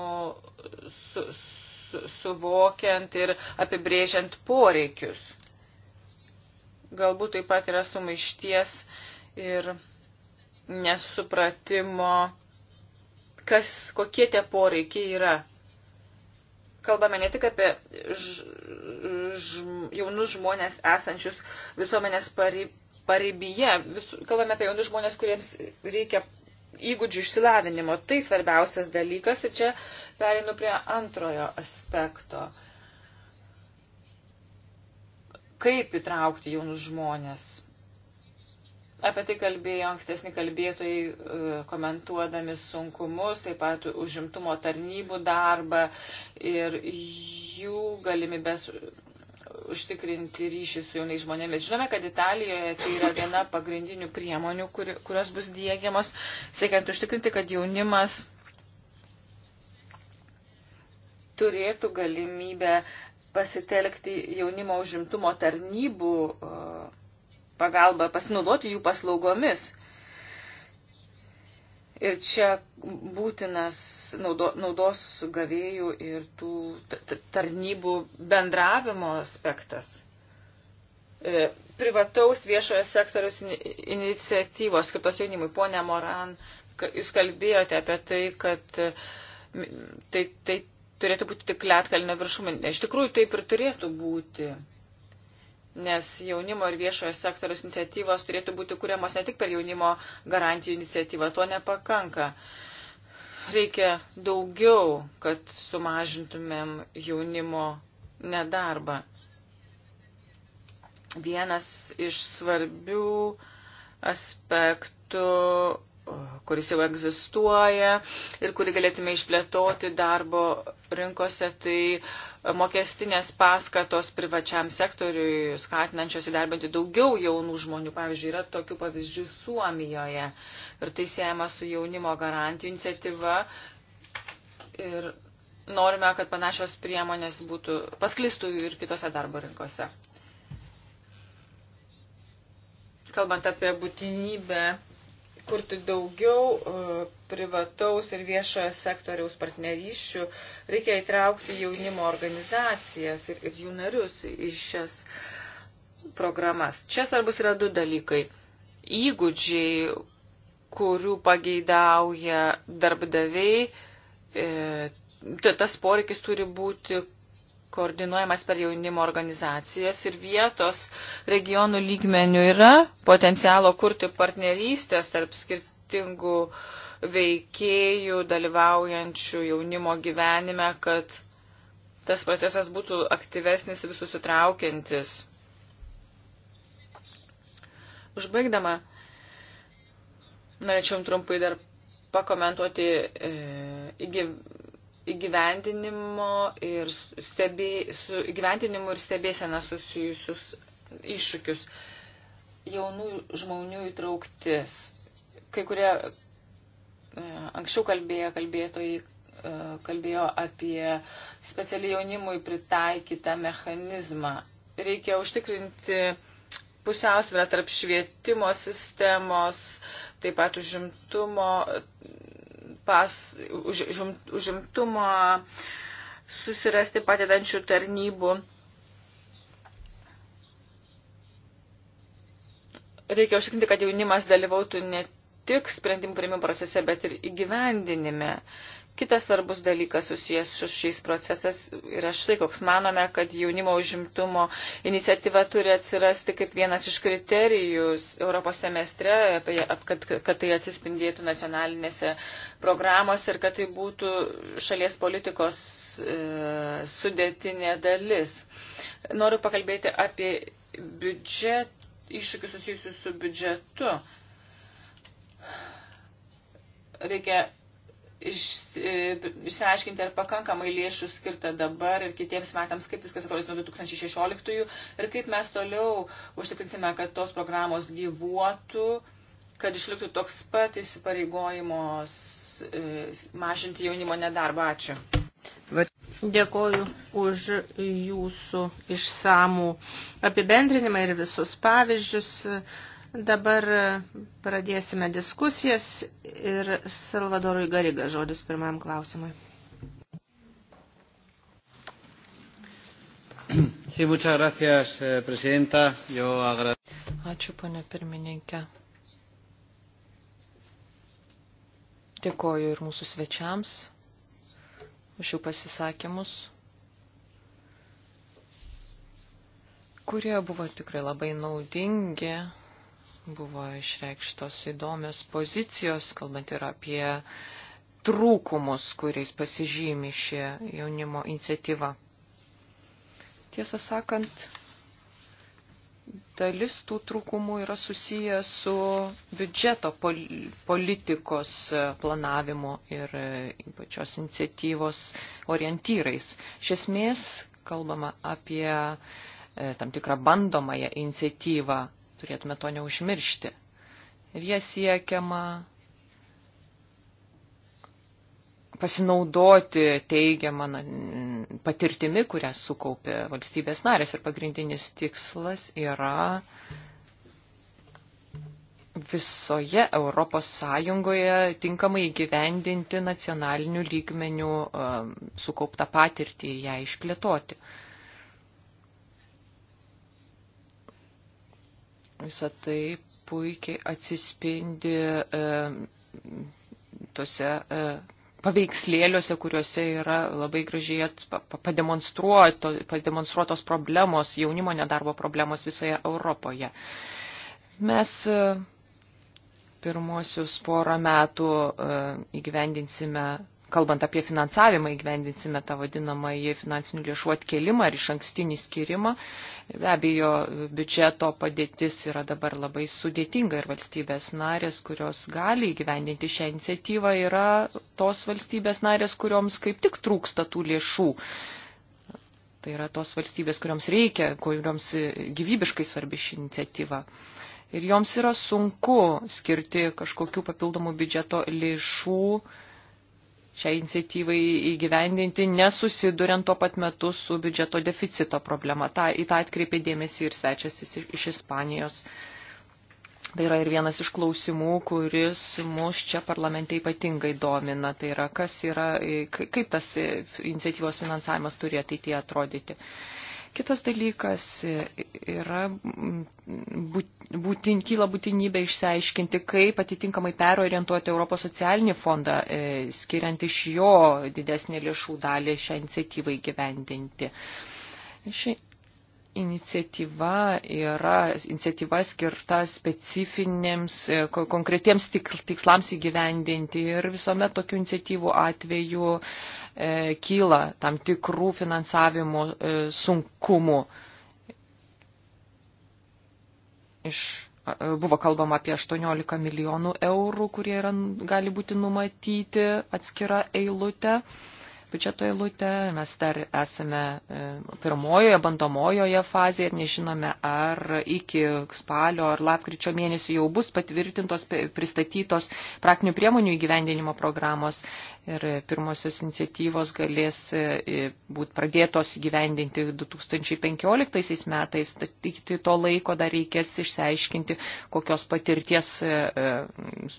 su, su, suvokiant ir apibrėžiant poreikius. Galbūt taip pat yra sumaišties ir nesupratimo, kas, kokie tie poreikiai yra kalbame ne tik apie ž, ž, jaunus žmonės esančius visuomenės pari, paribyje, vis, kalbame apie jaunus žmonės, kuriems reikia įgūdžių išsilavinimo. Tai svarbiausias dalykas ir čia perinu prie antrojo aspekto. Kaip įtraukti jaunus žmonės Apie tai kalbėjo ankstesni kalbėtojai, e, komentuodami sunkumus, taip pat užimtumo tarnybų darbą ir jų galimybės užtikrinti ryšį su jaunais žmonėmis. Žinome, kad Italijoje tai yra viena pagrindinių priemonių, kur, kurios bus diegiamos, siekiant užtikrinti, kad jaunimas turėtų galimybę pasitelkti jaunimo užimtumo tarnybų e, pagalba, pasinaudoti jų paslaugomis. Ir čia būtinas naudo, naudos gavėjų ir tų tarnybų bendravimo aspektas. E, privataus viešojo sektoriaus iniciatyvos skirtos jaunimui. Pone Moran, jūs kalbėjote apie tai, kad e, tai, tai turėtų būti tik lietkalnio viršuminė. Iš tikrųjų taip ir turėtų būti nes jaunimo ir viešojo sektoriaus iniciatyvos turėtų būti kuriamos ne tik per jaunimo garantijų iniciatyvą, to nepakanka. Reikia daugiau, kad sumažintumėm jaunimo nedarbą. Vienas iš svarbių aspektų kuris jau egzistuoja ir kurį galėtume išplėtoti darbo rinkose, tai mokestinės paskatos privačiam sektoriui, skatinančios įdarbinti daugiau jaunų žmonių. Pavyzdžiui, yra tokių pavyzdžių Suomijoje ir tai siejama su jaunimo garantijų iniciatyva. Ir norime, kad panašios priemonės būtų pasklistų ir kitose darbo rinkose. Kalbant apie būtinybę kurti daugiau e, privataus ir viešojo sektoriaus partnerysčių, reikia įtraukti jaunimo organizacijas ir, ir jų narius į šias programas. Čia svarbus yra du dalykai. Įgūdžiai, kurių pageidauja darbdaviai, e, tas poreikis turi būti koordinuojamas per jaunimo organizacijas ir vietos regionų lygmenių yra potencialo kurti partnerystės tarp skirtingų veikėjų, dalyvaujančių jaunimo gyvenime, kad tas procesas būtų aktyvesnis ir susitraukiantis. Užbaigdama, norėčiau trumpai dar pakomentuoti e, įgyvendinimo ir, stebė, su įgyvendinimu ir stebėsena susijusius iššūkius. Jaunų žmonių įtrauktis. Kai kurie e, anksčiau kalbėjo kalbėtojai e, kalbėjo apie specialiai jaunimui pritaikytą mechanizmą. Reikia užtikrinti pusiausvę tarp švietimo sistemos, taip pat užimtumo pas, už, žum, užimtumo, susirasti padedančių tarnybų. Reikia užtikrinti, kad jaunimas dalyvautų ne tik sprendimų prieimimo procese, bet ir įgyvendinime. Kitas svarbus dalykas susijęs su šiais procesas yra štai, koks manome, kad jaunimo užimtumo iniciatyva turi atsirasti kaip vienas iš kriterijų Europos semestre, kad, kad tai atsispindėtų nacionalinėse programose ir kad tai būtų šalies politikos e, sudėtinė dalis. Noriu pakalbėti apie biudžet, iššūkius susijusius su biudžetu. E, reikia iš, e, išsiaiškinti, ar pakankamai lėšų skirta dabar ir kitiems metams, kaip viskas atrodys nuo 2016 ir kaip mes toliau užtikrinsime, kad tos programos gyvuotų, kad išliktų toks pat įsipareigojimos e, mažinti jaunimo nedarbą. Ačiū. Dėkoju už jūsų išsamų apibendrinimą ir visus pavyzdžius. Dabar pradėsime diskusijas ir Salvadorui Gariga žodis pirmam klausimui. Sí, muchas gracias, eh, presidenta. Yo agradezco. Ačiū, ponė pirmininkė. Dėkoju ir mūsų svečiams už jų pasisakymus, kurie buvo tikrai labai naudingi Buvo išreikštos įdomios pozicijos, kalbant ir apie trūkumus, kuriais pasižymi ši jaunimo iniciatyva. Tiesą sakant, dalis tų trūkumų yra susiję su biudžeto pol politikos planavimu ir e, pačios iniciatyvos orientyrais. Iš esmės kalbama apie e, tam tikrą bandomąją iniciatyvą, Turėtume to neužmiršti. Ir jie siekiama pasinaudoti teigiamą patirtimi, kurią sukaupė valstybės narės. Ir pagrindinis tikslas yra visoje Europos Sąjungoje tinkamai įgyvendinti nacionalinių lygmenių um, sukauptą patirtį ir ją išplėtoti. Uh, Visą tai puikiai atsispindi e, tose e, paveikslėliuose, kuriuose yra labai gražiai pademonstruoto, pademonstruotos problemos, jaunimo nedarbo problemos visoje Europoje. Mes e, pirmosius porą metų e, įgyvendinsime kalbant apie finansavimą, įgyvendinsime tą vadinamąjį finansinių lėšų atkelimą ir iš ankstinį skirimą. Be abejo, biudžeto padėtis yra dabar labai sudėtinga ir valstybės narės, kurios gali įgyvendinti šią iniciatyvą, yra tos valstybės narės, kurioms kaip tik trūksta tų lėšų. Tai yra tos valstybės, kurioms reikia, kurioms gyvybiškai svarbi ši iniciatyva ir joms yra sunku skirti kažkokių papildomų biudžeto lėšų šiai iniciatyvai įgyvendinti, nesusiduriant tuo pat metu su biudžeto deficito problema. Ta, į tą atkreipė dėmesį ir svečias iš, iš Ispanijos. Tai yra ir vienas iš klausimų, kuris mus čia parlamente ypatingai domina. Tai yra, kas yra, e, kaip tas iniciatyvos finansavimas turi ateityje atrodyti. Uh, Kitas dalykas e, yra, būtin, kyla būtinybė išsiaiškinti, kaip atitinkamai perorientuoti Europos socialinį fondą, e, skiriant iš jo didesnį lėšų dalį šią iniciatyvą įgyvendinti. Ši iniciatyva yra iniciatyva skirta specifinėms, e, konkretiems tikslams įgyvendinti ir visuomet tokių iniciatyvų atveju e, kyla tam tikrų finansavimo e, sunkumų. Iš, buvo kalbama apie 18 milijonų eurų, kurie yra, gali būti numatyti atskira eilutė. E, biudžeto eilutę. Mes dar esame e, pirmojoje, bandomojoje fazėje ir nežinome, ar iki spalio ar lapkričio mėnesio jau bus patvirtintos, pristatytos praktinių priemonių įgyvendinimo programos ir pirmosios iniciatyvos galės e, būti pradėtos įgyvendinti 2015 metais. Iki to laiko dar reikės išsiaiškinti, kokios patirties e,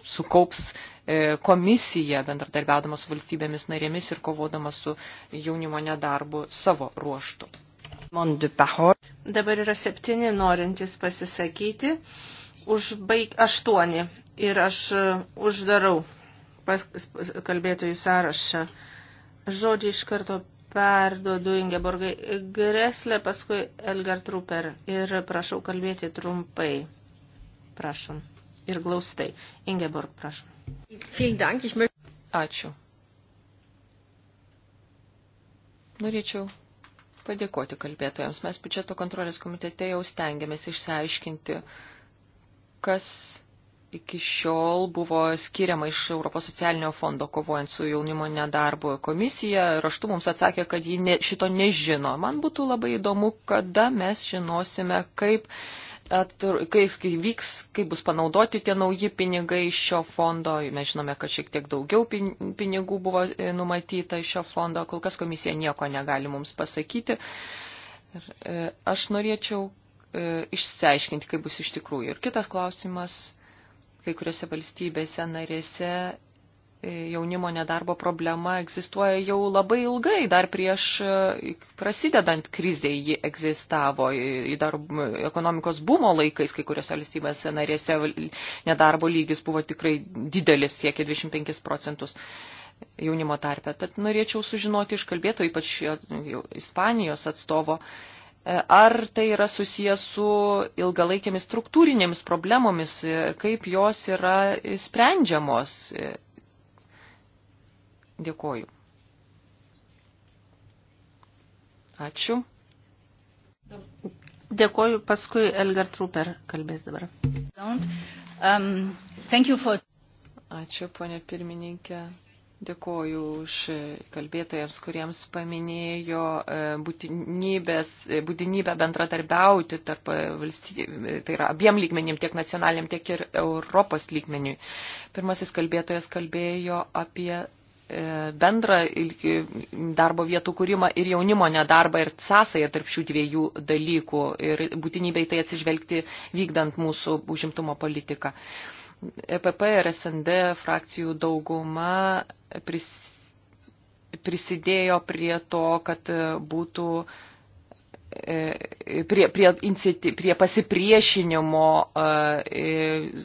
sukaups E, komisija, bendradarbiaudama su valstybėmis narėmis ir kovodama su jaunimo nedarbu savo ruoštų. Dabar yra septyni norintys pasisakyti, užbaig aštuoni ir aš e, uždarau pas, pas, kalbėtojų sąrašą. Žodį iš karto perduodu Ingeborgai Greslė, paskui Elgar Truper ir prašau kalbėti trumpai. Prašom ir glaustai. Ingeborg, prašom. Ačiū. Norėčiau padėkoti kalbėtojams. Mes biudžeto kontrolės komitete jau stengiamės išsiaiškinti, kas iki šiol buvo skiriama iš Europos socialinio fondo kovojant su jaunimo nedarbo komisija. Raštu mums atsakė, kad ji ne, šito nežino. Man būtų labai įdomu, kada mes žinosime, kaip atur, kai, kai vyks, kai bus panaudoti tie nauji pinigai iš šio fondo. Mes žinome, kad šiek tiek daugiau pinigų buvo e, numatyta iš šio fondo. Kol kas komisija nieko negali mums pasakyti. Ir, e, aš norėčiau e, išsiaiškinti, kaip bus iš tikrųjų. Ir kitas klausimas, kai kuriuose valstybėse narėse E, jaunimo nedarbo problema egzistuoja jau labai ilgai, dar prieš e, prasidedant kriziai ji egzistavo, dar ekonomikos bumo laikais, kai kuriuose valstybėse narėse nedarbo lygis buvo tikrai didelis, siekė 25 procentus jaunimo tarpe. Tad norėčiau sužinoti iš kalbėto, ypač Ispanijos atstovo, e, ar tai yra susijęs su ilgalaikėmis struktūrinėmis problemomis ir kaip jos yra sprendžiamos Dėkoju. Ačiū. Dėkoju, paskui Elgar Truper kalbės dabar. Um, for... Ačiū, ponė pirmininkė. Dėkoju už e, kalbėtojams, kuriems paminėjo e, e, būtinybę bendradarbiauti tarp valstybių, tai yra abiem lygmenim, tiek nacionaliniam, tiek ir Europos lygmeniui. Pirmasis kalbėtojas kalbėjo apie E, bendrą darbo vietų kūrimą ir jaunimo nedarbą ir sąsąją tarp šių dviejų dalykų ir būtinybę į tai atsižvelgti vykdant mūsų užimtumo politiką. EPP ir SND frakcijų dauguma pris, prisidėjo prie to, kad būtų uh, E, prie, prie, prie pasipriešinimo e, e,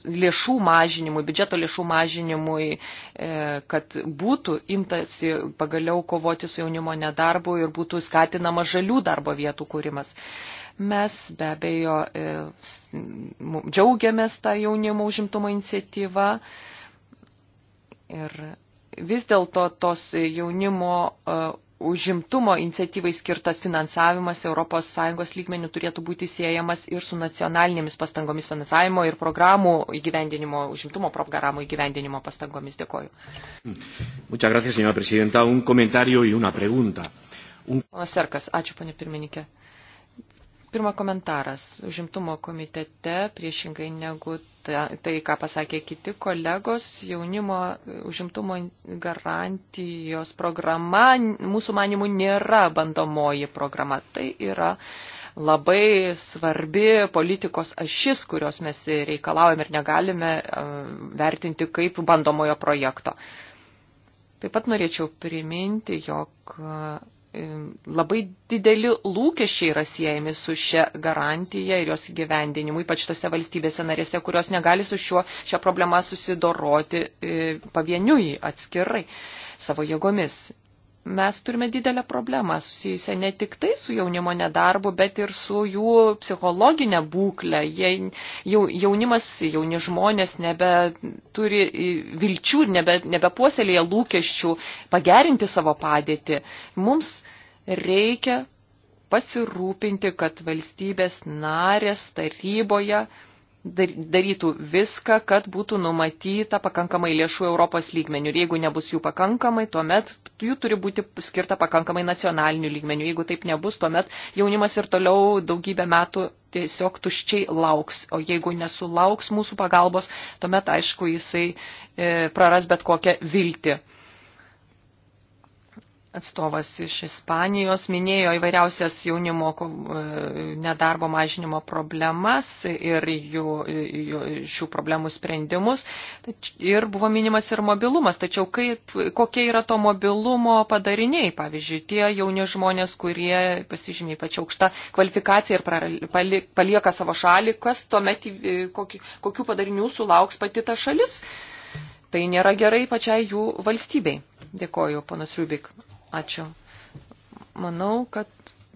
lėšų mažinimui, biudžeto lėšų mažinimui, kad būtų imtasi pagaliau kovoti su jaunimo nedarbu ir būtų skatinama žalių darbo vietų kūrimas. Mes be abejo džiaugiamės tą jaunimo užimtumo iniciatyvą ir vis dėlto tos jaunimo užimtumo iniciatyvai skirtas finansavimas ES lygmenių turėtų būti siejamas ir su nacionalinėmis pastangomis finansavimo ir programų įgyvendinimo, užimtumo programų įgyvendinimo pastangomis. Dėkoju. Muchas gracias, señora presidenta. Un comentario y una pregunta. Un... Ponas Serkas, ačiū, ponė pirmininkė. Pirma komentaras. Užimtumo komitete, priešingai negu tai, ką pasakė kiti kolegos, jaunimo užimtumo garantijos programa mūsų manimų nėra bandomoji programa. Tai yra labai svarbi politikos ašis, kurios mes reikalaujame ir negalime um, vertinti kaip bandomojo projekto. Taip pat norėčiau priminti, jog labai dideli lūkesčiai yra siejami su šia garantija ir jos gyvendinimu, ypač tose valstybėse narėse, kurios negali su šiuo, šia problema susidoroti e, pavieniui atskirai savo jėgomis mes turime didelę problemą susijusią ne tik tai su jaunimo nedarbu, bet ir su jų psichologinė būklė. Jie, jau, jaunimas, jauni žmonės nebeturi vilčių ir nebe, nebepuoselėja lūkesčių pagerinti savo padėtį. Mums reikia pasirūpinti, kad valstybės narės taryboje darytų viską, kad būtų numatyta pakankamai lėšų Europos lygmenių. Ir jeigu nebus jų pakankamai, tuomet jų turi būti skirta pakankamai nacionalinių lygmenių. Jeigu taip nebus, tuomet jaunimas ir toliau daugybę metų tiesiog tuščiai lauks. O jeigu nesulauks mūsų pagalbos, tuomet aišku jisai e, praras bet kokią viltį atstovas iš Ispanijos minėjo įvairiausias jaunimo e, nedarbo mažinimo problemas ir jų, jų, šių problemų sprendimus. Ir buvo minimas ir mobilumas. Tačiau kaip, kokie yra to mobilumo padariniai? Pavyzdžiui, tie jauni žmonės, kurie pasižymiai pačia aukšta kvalifikacija ir palieka savo šalį, kas tuomet, kokių padarinių sulauks pati ta šalis? Tai nėra gerai pačiai jų valstybei. Dėkoju, panas Rubik. Ačiū. Manau, kad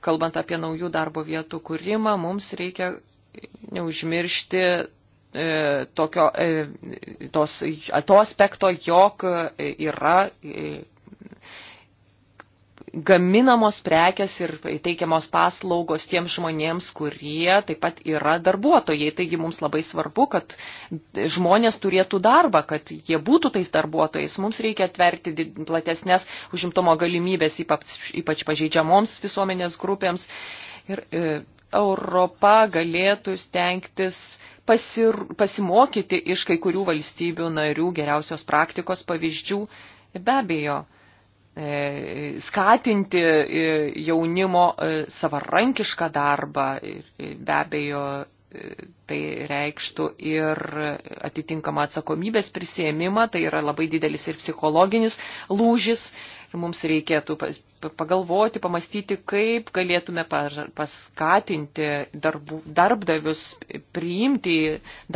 kalbant apie naujų darbo vietų kūrimą, mums reikia neužmiršti e, tokio, e, tos, to aspekto, jog yra e, gaminamos prekes ir teikiamos paslaugos tiems žmonėms, kurie taip pat yra darbuotojai. Taigi mums labai svarbu, kad žmonės turėtų darbą, kad jie būtų tais darbuotojais. Mums reikia atverti platesnės užimtumo galimybės, ypač, ypač pažeidžiamoms visuomenės grupėms. Ir e, Europa galėtų stengtis pasir, pasimokyti iš kai kurių valstybių narių geriausios praktikos pavyzdžių. Ir be abejo, E, skatinti e, jaunimo e, savarankišką darbą ir be abejo tai reikštų ir atitinkamą atsakomybės prisėmimą, tai yra labai didelis ir psichologinis lūžis ir mums reikėtų pagalvoti, pamastyti, kaip galėtume paskatinti darbų, darbdavius priimti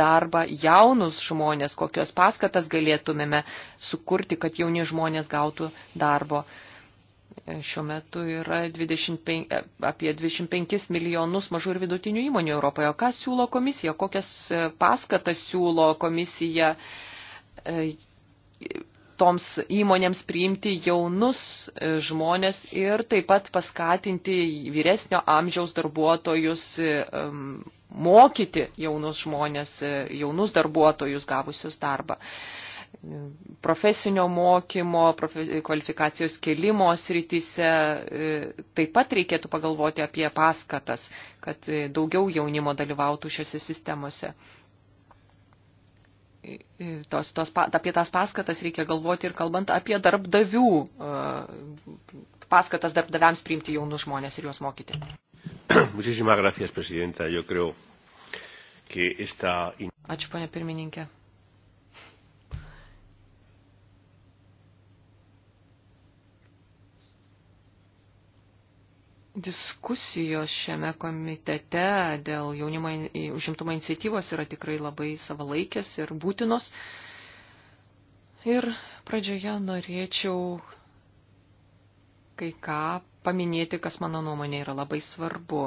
darbą jaunus žmonės, kokios paskatas galėtumėme sukurti, kad jauni žmonės gautų darbo. Šiuo metu yra 25, apie 25 milijonus mažų ir vidutinių įmonių Europoje. Ką siūlo komisija? Kokias e, paskatas siūlo komisija e, toms įmonėms priimti jaunus e, žmonės ir taip pat paskatinti vyresnio amžiaus darbuotojus e, mokyti jaunus žmonės, e, jaunus darbuotojus gavusius darbą. Profesinio mokymo, profe, kvalifikacijos kelimo srityse taip pat reikėtų pagalvoti apie paskatas, kad daugiau jaunimo dalyvautų šiuose sistemose tos, tos, apie tas paskatas reikia galvoti ir kalbant apie darbdavių e, paskatas darbdaviams priimti jaunus žmonės ir juos mokyti. Ačiū, ponia pirmininkė. diskusijos šiame komitete dėl jaunimo užimtumo iniciatyvos yra tikrai labai savalaikės ir būtinos. Ir pradžioje norėčiau kai ką paminėti, kas mano nuomonė yra labai svarbu.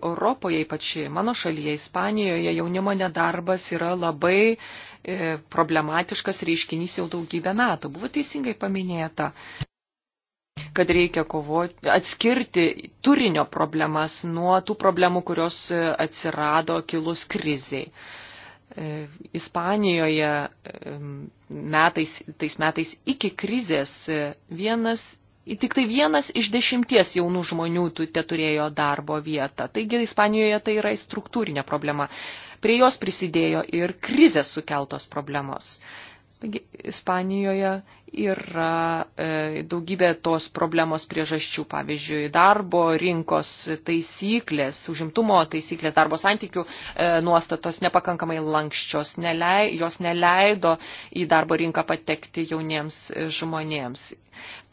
Europoje, ypač mano šalyje, Ispanijoje, jaunimo nedarbas yra labai e, problematiškas reiškinys jau daugybę metų. Buvo teisingai paminėta, kad reikia kovoti, atskirti turinio problemas nuo tų problemų, kurios e, atsirado kilus kriziai. E, Ispanijoje e, metais, tais metais iki krizės vienas, tik tai vienas iš dešimties jaunų žmonių te turėjo darbo vietą. Taigi Ispanijoje tai yra struktūrinė problema. Prie jos prisidėjo ir krizės sukeltos problemos. Taigi, Ispanijoje yra e, daugybė tos problemos priežasčių, pavyzdžiui, darbo rinkos taisyklės, užimtumo taisyklės, darbo santykių e, nuostatos nepakankamai lankščios, nelei, jos neleido į darbo rinką patekti jauniems e, žmonėms.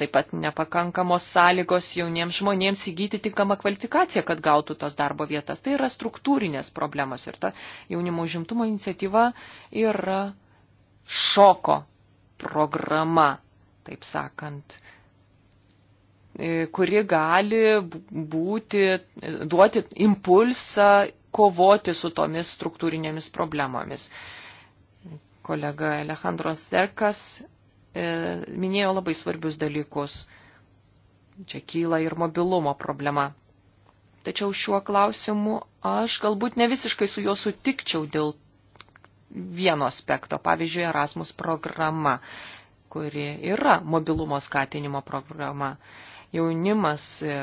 Taip pat nepakankamos sąlygos jauniems žmonėms įgyti tinkamą kvalifikaciją, kad gautų tas darbo vietas. Tai yra struktūrinės problemos ir ta jaunimo užimtumo iniciatyva yra šoko programa, taip sakant, e, kuri gali būti, e, duoti impulsą kovoti su tomis struktūrinėmis problemomis. Kolega Alejandros Serkas e, minėjo labai svarbius dalykus. Čia kyla ir mobilumo problema. Tačiau šiuo klausimu aš galbūt ne visiškai su juo sutikčiau dėl vieno aspekto, pavyzdžiui, Erasmus programa, kuri yra mobilumo skatinimo programa. Jaunimas e,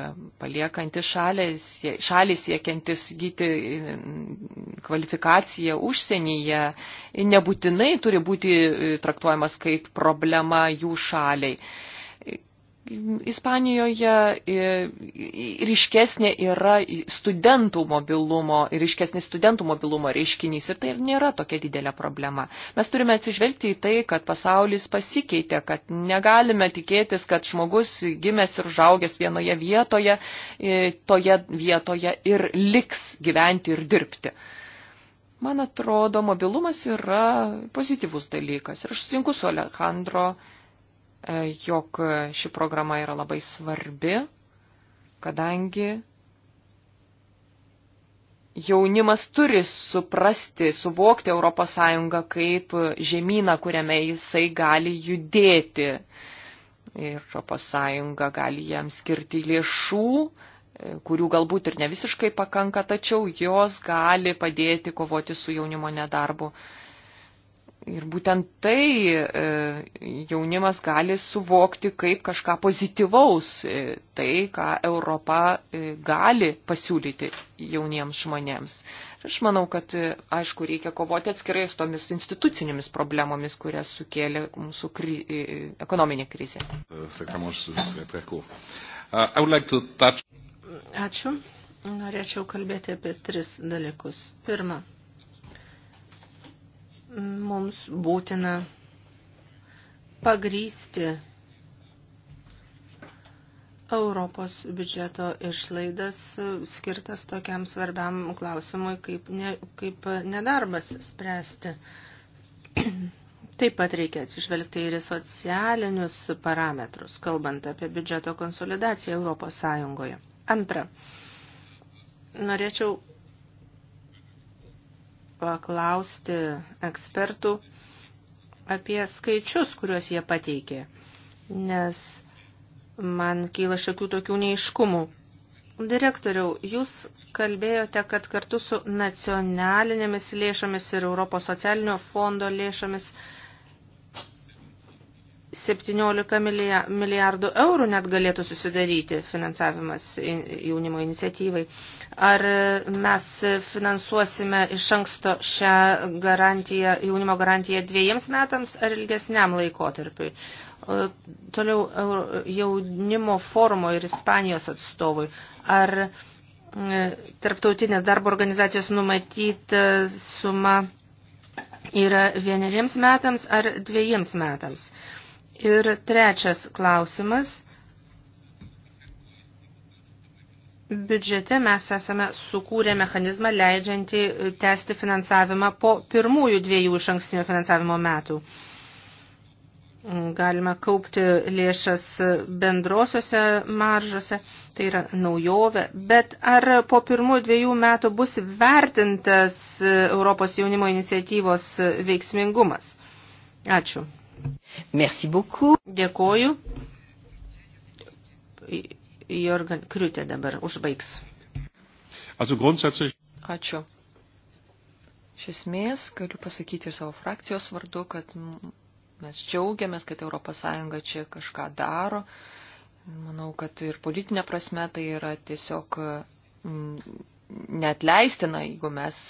paliekantis šalis, šalis siekiantis gyti e, kvalifikaciją užsienyje nebūtinai turi būti e, traktuojamas kaip problema jų šaliai Ispanijoje ryškesnė yra studentų mobilumo ir ryškesnė studentų mobilumo reiškinys ir tai nėra tokia didelė problema. Mes turime atsižvelgti į tai, kad pasaulis pasikeitė, kad negalime tikėtis, kad žmogus gimęs ir žaugęs vienoje vietoje, toje vietoje ir liks gyventi ir dirbti. Man atrodo, mobilumas yra pozityvus dalykas ir aš sutinku su Alejandro E, jog ši programa yra labai svarbi, kadangi jaunimas turi suprasti, suvokti ES kaip žemyną, kuriame jisai gali judėti. Ir ES gali jam skirti lėšų, e, kurių galbūt ir ne visiškai pakanka, tačiau jos gali padėti kovoti su jaunimo nedarbu. Ir būtent tai e, jaunimas gali suvokti kaip kažką pozityvaus, e, tai, ką Europa e, gali pasiūlyti jauniems žmonėms. Aš manau, kad, aišku, reikia kovoti atskirai su tomis institucinėmis problemomis, kurias sukėlė mūsų kri ekonominė krizė. Uh, Ačiū. Norėčiau kalbėti apie tris dalykus. Pirma, mums būtina pagrysti Europos biudžeto išlaidas skirtas tokiam svarbiam klausimui, kaip, ne, kaip nedarbas spręsti. Taip pat reikia atsižvelgti ir socialinius parametrus, kalbant apie biudžeto konsolidaciją Europos Sąjungoje. Antra, norėčiau paklausti ekspertų apie skaičius, kuriuos jie pateikė, nes man kyla šiokių tokių neiškumų. Direktoriau, jūs kalbėjote, kad kartu su nacionalinėmis lėšomis ir Europos socialinio fondo lėšomis uh, 17 milijardų eurų net galėtų susidaryti finansavimas jaunimo iniciatyvai. Ar mes finansuosime iš anksto šią garantiją, jaunimo garantiją dviejiems metams ar ilgesniam laikotarpiui? Toliau jaunimo forumo ir Ispanijos atstovui. Ar tarptautinės darbo organizacijos numatyta suma yra vieneriems metams ar dviejiems metams? Ir trečias klausimas. Biudžete mes esame sukūrę mechanizmą leidžiantį tęsti finansavimą po pirmųjų dviejų iš ankstinio finansavimo metų. Galima kaupti lėšas bendrosiose maržose, tai yra naujovė, bet ar po pirmų dviejų metų bus vertintas Europos jaunimo iniciatyvos veiksmingumas? Ačiū. Merci beaucoup. Dėkoju. Jorgan Kriutė dabar užbaigs. Also grundsätzlich... Ačiū. Iš esmės, galiu pasakyti ir savo frakcijos vardu, kad mes džiaugiamės, kad ES čia kažką daro. Manau, kad ir politinė prasme tai yra tiesiog netleistina, jeigu mes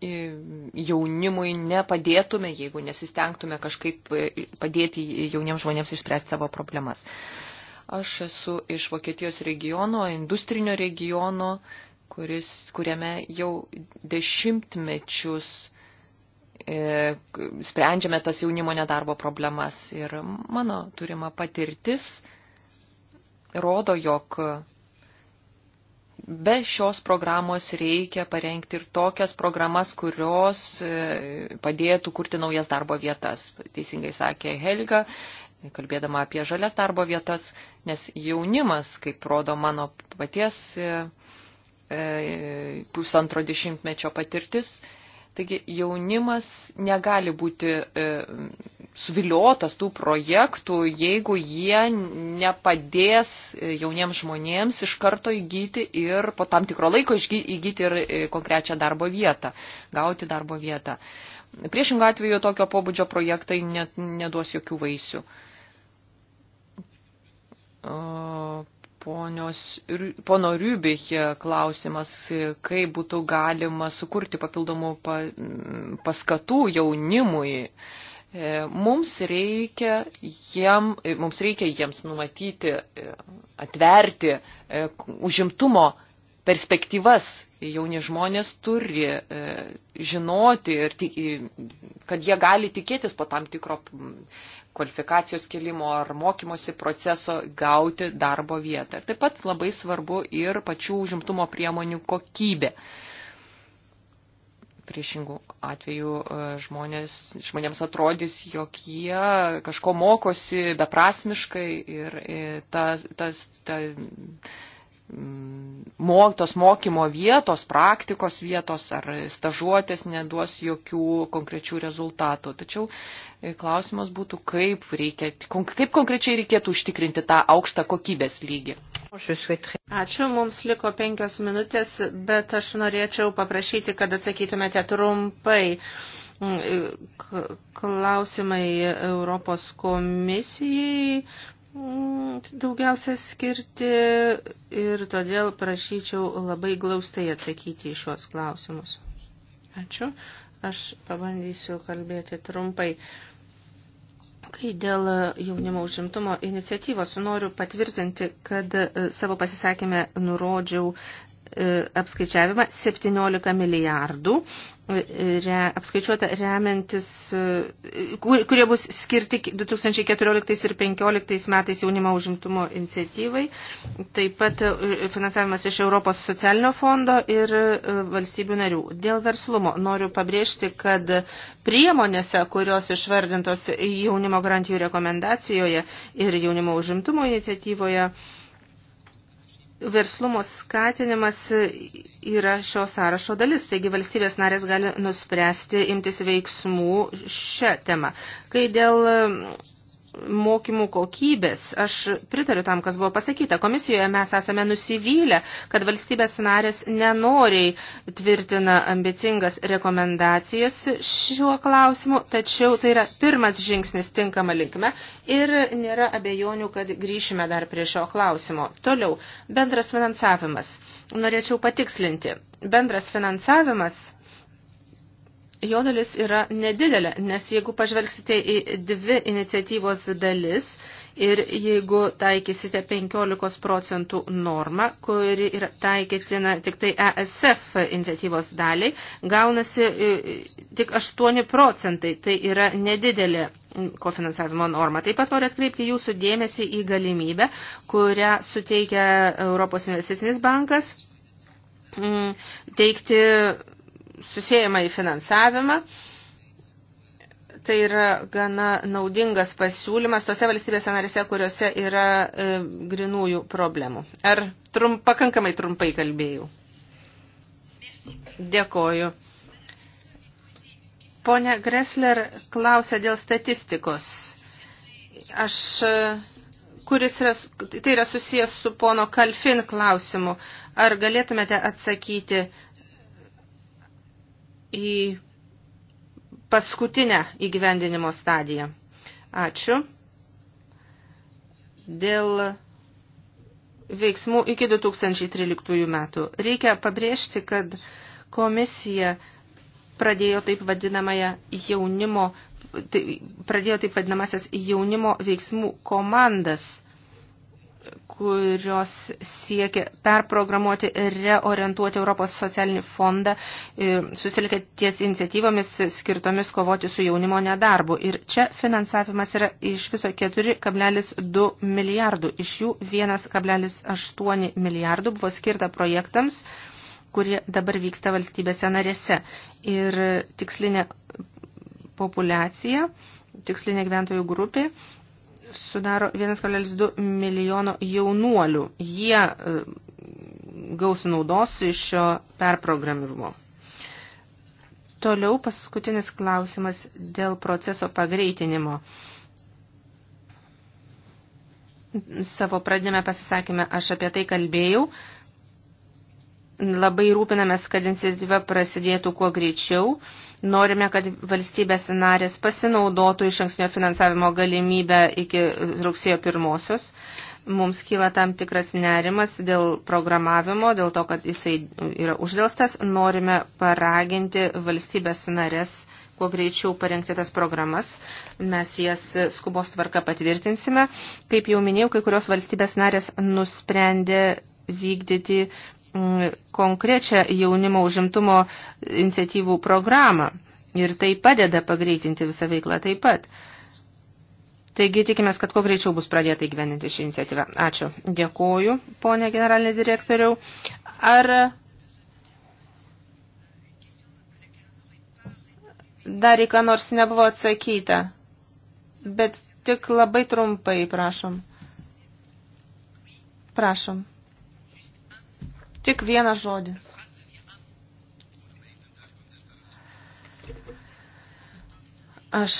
jaunimui nepadėtume, jeigu nesistengtume kažkaip e, padėti jauniems žmonėms išspręsti savo problemas. Aš esu iš Vokietijos regiono, industrinio regiono, kuris, kuriame jau dešimtmečius e, sprendžiame tas jaunimo nedarbo problemas. Ir mano turima patirtis rodo, jog be šios programos reikia parengti ir tokias programas, kurios e, padėtų kurti naujas darbo vietas. Teisingai sakė Helga, kalbėdama apie žalias darbo vietas, nes jaunimas, kaip rodo mano paties e, e, pusantro dešimtmečio patirtis, Taigi jaunimas negali būti e, suviliotas tų projektų, jeigu jie nepadės e, jauniems žmonėms iš karto įgyti ir po tam tikro laiko įgyti ir e, konkrečią darbo vietą, gauti darbo vietą. Priešingų atveju tokio pobūdžio projektai net neduos jokių vaisių. O ponios, pono Rybich klausimas, kaip būtų galima sukurti papildomų pa, paskatų jaunimui. E, mums reikia, jiem, mums reikia jiems numatyti, e, atverti e, užimtumo perspektyvas jauni žmonės turi e, žinoti ir tiki, kad jie gali tikėtis po tam tikro kvalifikacijos kelimo ar mokymosi proceso gauti darbo vietą. Ir taip pat labai svarbu ir pačių užimtumo priemonių kokybė. Priešingų atvejų e, žmonės, žmonėms atrodys, jog jie kažko mokosi beprasmiškai ir e, tas, tas ta, tos mokymo vietos, praktikos vietos ar stažuotės neduos jokių konkrečių rezultatų. Tačiau e, klausimas būtų, kaip, reikia, kaip konkrečiai reikėtų užtikrinti tą aukštą kokybės lygį. Ačiū, mums liko penkios minutės, bet aš norėčiau paprašyti, kad atsakytumėte trumpai. Mm, e, klausimai Europos komisijai, Mm, daugiausia skirti ir todėl prašyčiau labai glaustai atsakyti į šios klausimus. Ačiū. Aš pabandysiu kalbėti trumpai. Kai dėl jaunimo užimtumo iniciatyvos noriu patvirtinti, kad e, savo pasisakymę nurodžiau E, apskaičiavimą 17 milijardų, e, re, apskaičiuota remiantis, e, kur, kurie bus skirti 2014 ir 2015 metais jaunimo užimtumo iniciatyvai, taip pat finansavimas iš Europos socialinio fondo ir valstybių narių. Dėl verslumo noriu pabrėžti, kad priemonėse, kurios išvardintos jaunimo garantijų rekomendacijoje ir jaunimo užimtumo iniciatyvoje, verslumo skatinimas yra šio sąrašo dalis, taigi valstybės narės gali nuspręsti imtis veiksmų šią temą. Kai dėl mokymų kokybės. Aš pritariu tam, kas buvo pasakyta. Komisijoje mes esame nusivylę, kad valstybės narės nenoriai tvirtina ambicingas rekomendacijas šiuo klausimu, tačiau tai yra pirmas žingsnis tinkama linkme ir nėra abejonių, kad grįšime dar prie šio klausimo. Toliau, bendras finansavimas. Norėčiau patikslinti. Bendras finansavimas jo dalis yra nedidelė, nes jeigu pažvelgsite į dvi iniciatyvos dalis ir jeigu taikysite 15 procentų normą, kuri yra taikytina tik tai ESF iniciatyvos daliai, gaunasi e, tik 8 procentai, tai yra nedidelė kofinansavimo normą. Taip pat noriu atkreipti jūsų dėmesį į galimybę, kurią suteikia Europos investicinis bankas mm, teikti susijęjama į finansavimą. Tai yra gana naudingas pasiūlymas tose valstybės narėse, kuriuose yra e, grinųjų problemų. Ar trum, pakankamai trumpai kalbėjau? Dėkoju. Pone Gressler klausia dėl statistikos. Aš, e, kuris yra, tai yra susijęs su pono Kalfin klausimu. Ar galėtumėte atsakyti, į paskutinę įgyvendinimo stadiją. Ačiū. Dėl veiksmų iki 2013 metų. Reikia pabrėžti, kad komisija pradėjo taip vadinamąją jaunimo, tai, pradėjo taip vadinamasias jaunimo veiksmų komandas kurios siekia perprogramuoti ir reorientuoti Europos socialinį fondą, e, susiliekia ties iniciatyvomis skirtomis kovoti su jaunimo nedarbu. Ir čia finansavimas yra iš viso 4,2 milijardų, iš jų 1,8 milijardų buvo skirta projektams kurie dabar vyksta valstybėse narėse. Ir tikslinė populiacija, tikslinė gyventojų grupė sudaro 1,2 milijono jaunuolių. Jie e, gaus naudos iš šio perprogramavimo. Toliau paskutinis klausimas dėl proceso pagreitinimo. Savo pradinėme pasisakymę aš apie tai kalbėjau. Labai rūpinamės, kad iniciatyva prasidėtų kuo greičiau. Norime, kad valstybės narės pasinaudotų iš anksnio finansavimo galimybę iki rugsėjo pirmosios. Mums kyla tam tikras nerimas dėl programavimo, dėl to, kad jisai yra uždėlstas. Norime paraginti valstybės narės kuo greičiau parengti tas programas. Mes jas skubos tvarka patvirtinsime. Kaip jau minėjau, kai kurios valstybės narės nusprendė vykdyti Mm, konkrečią jaunimo užimtumo iniciatyvų programą ir tai padeda pagreitinti visą veiklą taip pat. Taigi tikimės, kad kuo greičiau bus pradėta įgyveninti šį iniciatyvą. Ačiū. Dėkuoju, ponė generalinė direktoriau. Ar dar į ką nors nebuvo atsakyta? Bet tik labai trumpai, prašom. Prašom. Tik vieną žodį. Aš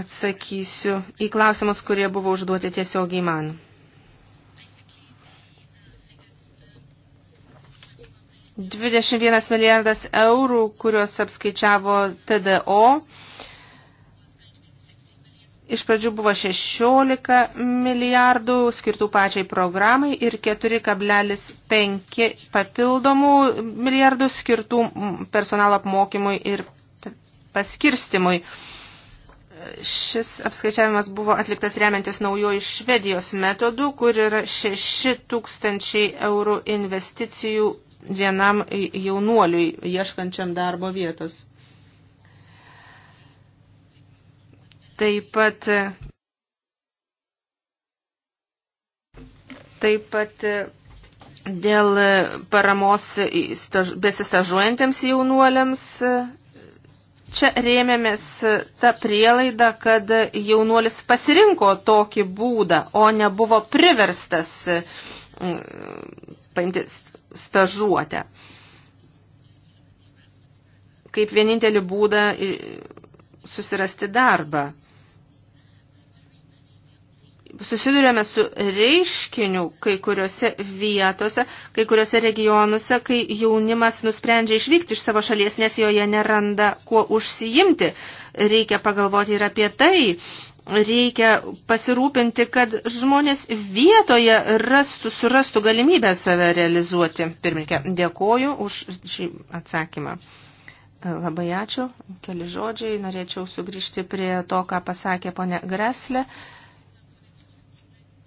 atsakysiu į klausimus, kurie buvo užduoti tiesiogiai man. Dvidešimt vienas milijardas eurų, kuriuos apskaičiavo TDO Iš pradžių buvo 16 milijardų skirtų pačiai programai ir 4,5 papildomų milijardų skirtų personalo apmokymui ir paskirstimui. Šis apskaičiavimas buvo atliktas remiantis naujoju Švedijos metodu, kur yra 6 tūkstančiai eurų investicijų vienam jaunuoliui ieškančiam darbo vietos. Taip pat, taip pat dėl paramos besistažuojantiems jaunuoliams čia rėmėmės tą prielaidą, kad jaunuolis pasirinko tokį būdą, o nebuvo priverstas mm, paimti stažuotę. Kaip vienintelį būdą susirasti darbą susidurėme su reiškiniu kai kuriuose vietose, kai kuriuose regionuose, kai jaunimas nusprendžia išvykti iš savo šalies, nes joje neranda kuo užsiimti. Reikia pagalvoti ir apie tai. Reikia pasirūpinti, kad žmonės vietoje rastų, surastų galimybę save realizuoti. Pirmininkė, dėkoju už šį atsakymą. Labai ačiū. Keli žodžiai. Norėčiau sugrįžti prie to, ką pasakė ponė Greslė.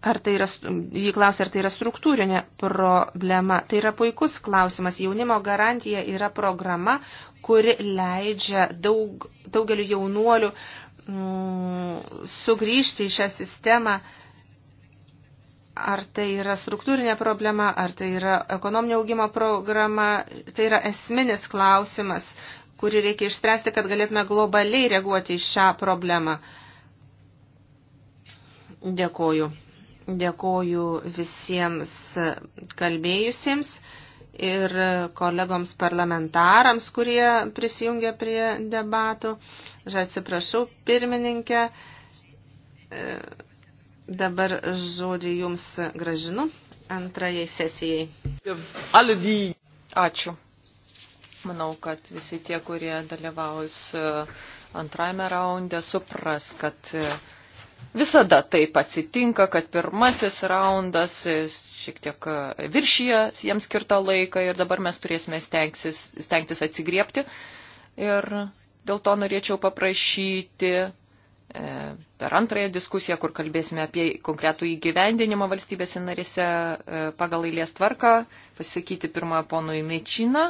Ar tai yra, jį klausia, ar tai yra struktūrinė problema. Tai yra puikus klausimas. Jaunimo garantija yra programa, kuri leidžia daug, daugeliu jaunuolių mm, sugrįžti į šią sistemą. Ar tai yra struktūrinė problema, ar tai yra ekonominio augimo programa, tai yra esminis klausimas, kurį reikia išspręsti, kad galėtume globaliai reaguoti į šią problemą. Dėkoju. Dėkoju visiems kalbėjusiems ir kolegoms parlamentarams, kurie prisijungė prie debatų. Aš atsiprašau, pirmininkė, e, dabar žodį jums gražinu antrajai sesijai. Ačiū. Manau, kad visi tie, kurie dalyvaus e, antrajame raunde, supras, kad e, Visada taip atsitinka, kad pirmasis raundas šiek tiek viršyje jiems skirtą laiką ir dabar mes turėsime stengtis, stengtis atsigriepti. Ir dėl to norėčiau paprašyti e, per antrąją diskusiją, kur kalbėsime apie konkretų įgyvendinimą valstybėse narėse e, pagal eilės tvarką, pasisakyti pirmą ponui Mečiną,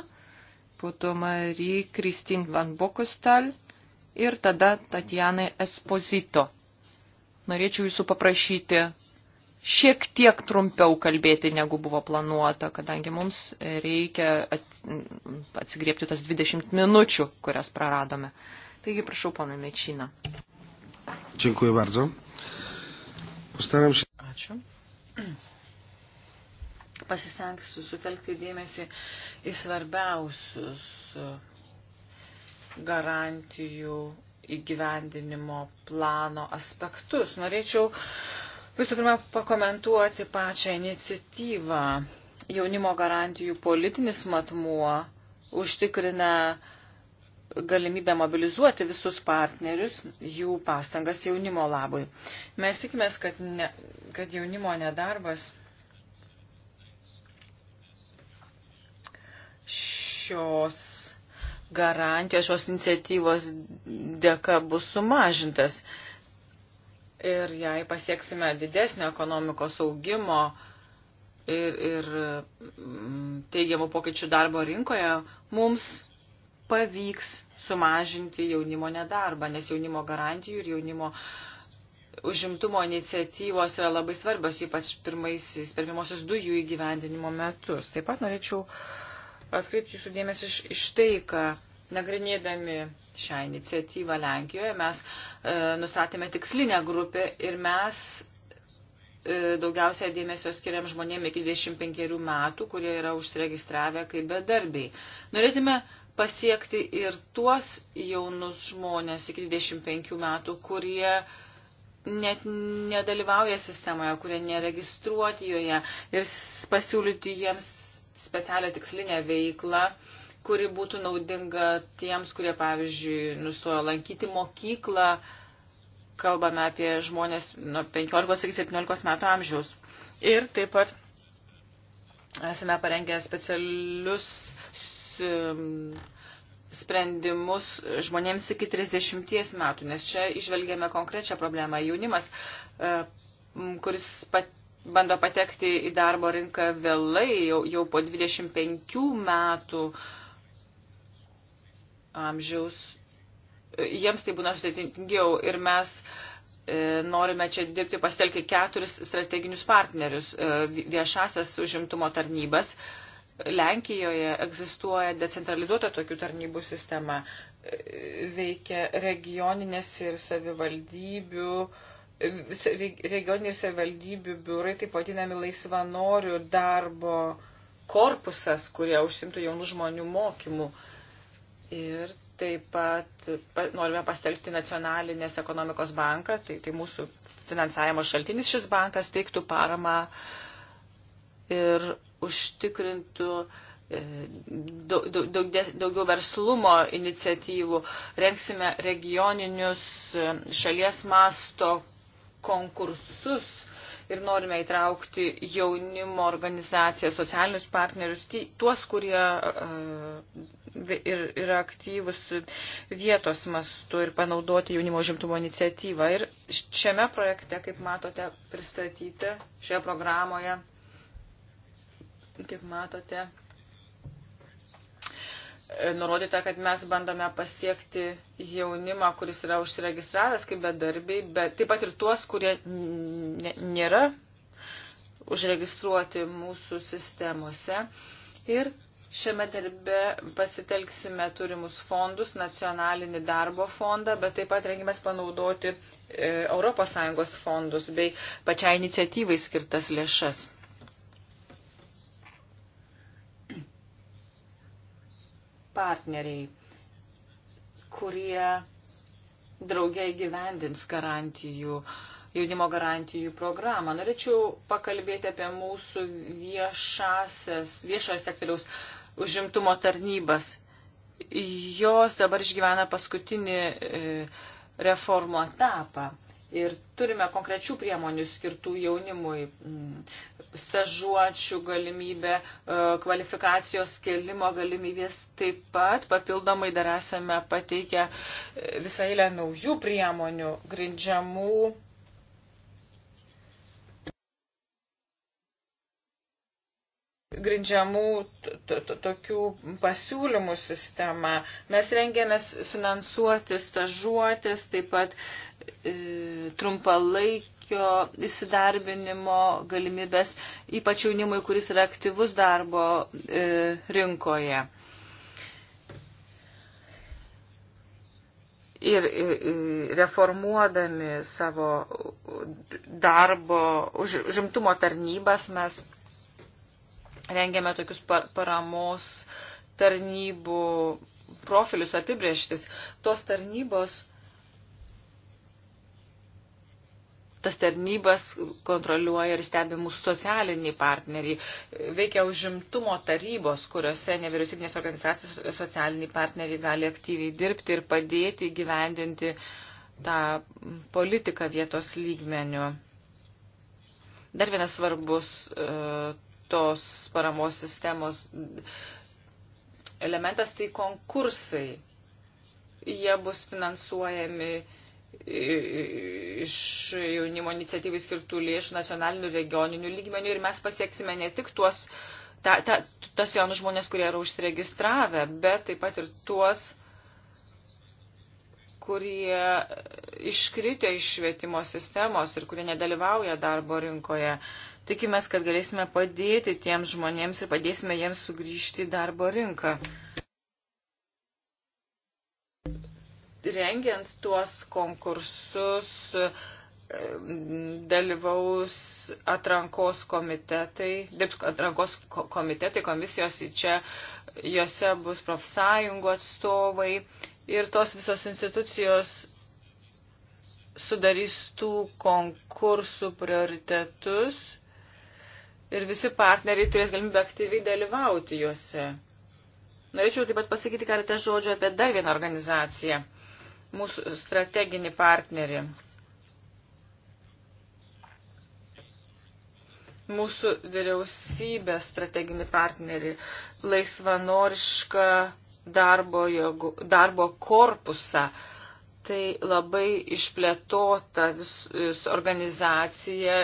po to Marie Kristin Van Bokustal ir tada Tatjanai Esposito norėčiau jūsų paprašyti šiek tiek trumpiau kalbėti, negu buvo planuota, kadangi mums reikia atsigriepti tas 20 minučių, kurias praradome. Taigi prašau, pana Mečina. Dziękuję bardzo. Postaram się. Ačiū. Pasistengsiu sutelkti dėmesį į svarbiausius garantijų įgyvendinimo plano aspektus. Norėčiau visų pirma pakomentuoti pačią iniciatyvą. Jaunimo garantijų politinis matmuo užtikrina galimybę mobilizuoti visus partnerius, jų pastangas jaunimo labui. Mes tikimės, kad, ne, kad jaunimo nedarbas šios garantijos šios iniciatyvos dėka bus sumažintas. Ir jei pasieksime didesnio ekonomikos augimo ir, ir mm, teigiamų pokyčių darbo rinkoje, mums pavyks sumažinti jaunimo nedarbą, nes jaunimo garantijų ir jaunimo užimtumo iniciatyvos yra labai svarbios, ypač pirmaisiais, pirmimosios dujų įgyvendinimo metus. Taip pat norėčiau uh, atkreipti jūsų dėmesį iš, iš tai, ką nagrinėdami šią iniciatyvą Lenkijoje mes e, nustatėme tikslinę grupę ir mes e, daugiausia dėmesio skiriam žmonėm iki 25 metų, kurie yra užsiregistravę kaip bedarbiai. Norėtume pasiekti ir tuos jaunus žmonės iki 25 metų, kurie net nedalyvauja sistemoje, kurie neregistruoti joje ir pasiūlyti jiems specialią tikslinę veiklą, kuri būtų naudinga tiems, kurie, pavyzdžiui, nustojo lankyti mokyklą, kalbame apie žmonės nuo 15 iki 17 metų amžiaus. Ir taip pat esame parengę specialius um, sprendimus žmonėms iki 30 metų, nes čia išvelgėme konkrečią problemą. Jaunimas, uh, kuris pat bando patekti į darbo rinką vėlai, jau, jau po 25 metų amžiaus. Jiems tai būna sudėtingiau ir mes e, norime čia dirbti pasitelkę keturis strateginius partnerius e, viešasias užimtumo tarnybas. Lenkijoje egzistuoja decentralizuota tokių tarnybų sistema, e, veikia regioninės ir savivaldybių e, regioniniai savivaldybių biurai, taip vadinami laisvanorių darbo korpusas, kurie užsimtų jaunų žmonių mokymų. Ir taip pat norime pastelgti nacionalinės ekonomikos banką, tai, tai mūsų finansavimo šaltinis šis bankas teiktų paramą ir užtikrintų e, daug, daug, daugiau verslumo iniciatyvų. Renksime regioninius e, šalies masto konkursus ir norime įtraukti jaunimo organizacijas, socialinius partnerius, tuos, kurie e, ir, ir aktyvus vietos mastu ir panaudoti jaunimo žimtumo iniciatyvą. Ir šiame projekte, kaip matote, pristatyti šioje programoje, kaip matote, nurodyta, kad mes bandome pasiekti jaunimą, kuris yra užsiregistravęs kaip bedarbiai, bet taip pat ir tuos, kurie nėra užregistruoti mūsų sistemose. Ir Šiame darbe pasitelksime turimus fondus, nacionalinį darbo fondą, bet taip pat rengimės panaudoti ES fondus bei pačiai iniciatyvai skirtas lėšas. partneriai, kurie draugiai gyvendins garantijų, jaunimo garantijų programą. Norėčiau pakalbėti apie mūsų viešasias, viešojo sektoriaus užimtumo tarnybas. Jos dabar išgyvena paskutinį e, reformų etapą. Ir turime konkrečių priemonių skirtų jaunimui, mm, stažuočių galimybę, e, kvalifikacijos kelimo galimybės. Taip pat papildomai dar esame pateikę e, visą eilę naujų priemonių, grindžiamų grindžiamų tokių pasiūlymų sistema. Mes rengėmės finansuoti stažuotės, taip pat e, trumpalaikio įsidarbinimo galimybės, ypač jaunimui, kuris yra aktyvus darbo e, rinkoje. ir reformuodami savo darbo užimtumo tarnybas mes rengiame tokius paramos tarnybų profilius apibrieštis. Tos tarnybos, tas tarnybas kontroliuoja ir stebi mūsų socialiniai partneriai. Veikia užimtumo tarybos, kuriuose nevyriausybinės organizacijos socialiniai partneriai gali aktyviai dirbti ir padėti gyvendinti tą politiką vietos lygmenių. Dar vienas svarbus e, tos paramos sistemos elementas tai konkursai. Jie bus finansuojami iš jaunimo iniciatyvai skirtų lėšų nacionalinių regioninių lygmenių ir mes pasieksime ne tik tuos, ta, ta, tas jaunus žmonės, kurie yra užsiregistravę, bet taip pat ir tuos, kurie iškritę iš švietimo sistemos ir kurie nedalyvauja darbo rinkoje. Uh, Tikimės, kad galėsime padėti tiems žmonėms ir padėsime jiems sugrįžti į darbo rinką. Rengiant tuos konkursus dalyvaus atrankos komitetai, dirbs atrankos komitetai, komisijos į čia, juose bus profsąjungų atstovai ir tos visos institucijos sudarys tų konkursų prioritetus ir visi partneriai turės galimybę aktyviai dalyvauti juose. Norėčiau taip pat pasakyti keletą žodžių apie dar vieną organizaciją, mūsų strateginį partnerį. Mūsų vyriausybės strateginį partnerį, laisvanorišką darbo, jėgų, darbo korpusą, uh, Tai labai išplėtota vis, organizacija,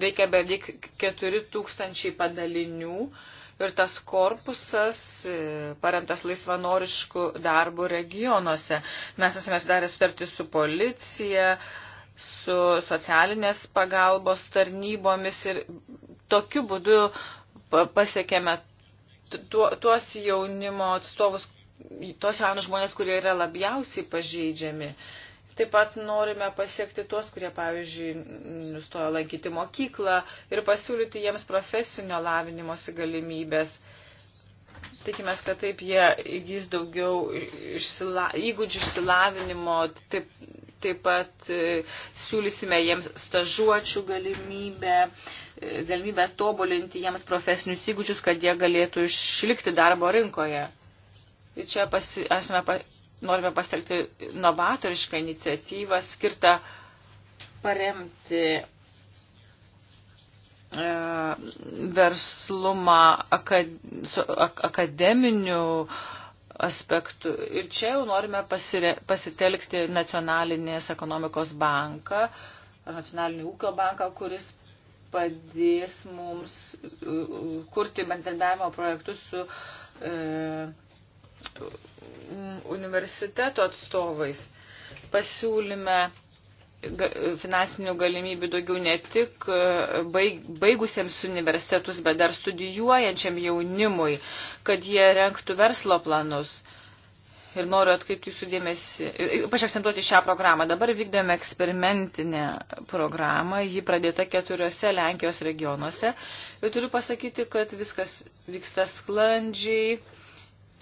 veikia beveik 4000 padalinių ir tas korpusas e, paremtas laisvanoriškų darbų regionuose. Mes esame sudarę sutartį su policija, su socialinės pagalbos tarnybomis ir tokiu būdu pasiekėme tuos jaunimo atstovus, tos jaunus žmonės, kurie yra labiausiai pažeidžiami. Taip pat norime pasiekti tuos, kurie, pavyzdžiui, nustojo lankyti mokyklą ir pasiūlyti jiems profesinio lavinimosi galimybės. Tikimės, kad taip jie įgys daugiau išsila, įgūdžių išsilavinimo, taip, taip pat e, siūlysime jiems stažuočių galimybę, e, galimybę tobulinti jiems profesinius įgūdžius, kad jie galėtų išlikti darbo rinkoje. Čia pasi, esame, pa, norime pasitelkti novatorišką iniciatyvą skirtą paremti e, verslumą akad, su ak, akademiniu aspektu. Ir čia jau norime pasire, pasitelkti nacionalinės ekonomikos banką, nacionalinį ūkio banką, kuris padės mums e, kurti bendradarbiavimo projektus su e, universiteto atstovais. Pasiūlyme finansinių galimybių daugiau ne tik e, baigusiems universitetus, bet dar studijuojančiam jaunimui, kad jie renktų verslo planus. Ir noriu atkreipti jūsų dėmesį, ypač e, akcentuoti šią programą. Dabar vykdėme eksperimentinę programą, ji pradėta keturiose Lenkijos regionuose. Ir turiu pasakyti, kad viskas vyksta sklandžiai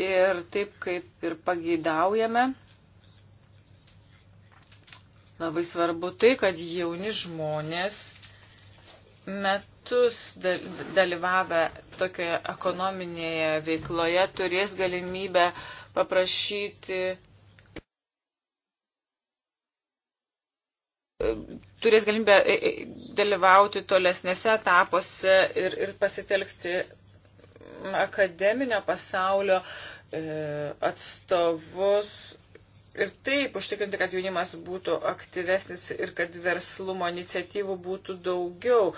ir taip kaip ir pageidaujame. Labai svarbu tai, kad jauni žmonės metus dalyvavę tokioje ekonominėje veikloje turės galimybę paprašyti turės galimybę e, e, dalyvauti tolesnėse etapuose ir, ir pasitelkti akademinio pasaulio e, atstovus ir taip užtikrinti, kad jaunimas būtų aktyvesnis ir kad verslumo iniciatyvų būtų daugiau.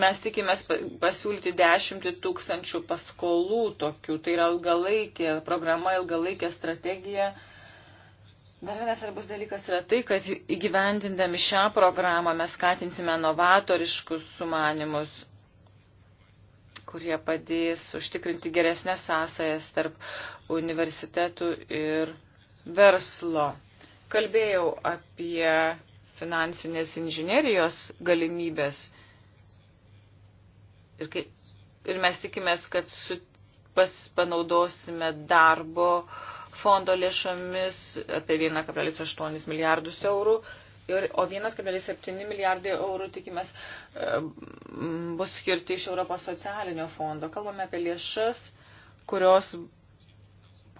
Mes tikimės pasiūlyti dešimtį tūkstančių paskolų tokių, tai yra ilgalaikė programa, ilgalaikė strategija. Uh, Dar vienas svarbus dalykas yra tai, kad įgyvendindami šią programą mes skatinsime novatoriškus sumanimus, kurie padės užtikrinti geresnės sąsajas tarp universitetų ir verslo. Kalbėjau apie finansinės inžinerijos galimybės ir, kai, ir mes tikimės, kad su, pas, panaudosime darbo uh, fondo lėšomis apie 1,8 milijardus eurų, o 1,7 milijardai eurų tikimės e, bus skirti iš Europos socialinio fondo. Kalbame apie lėšas, kurios,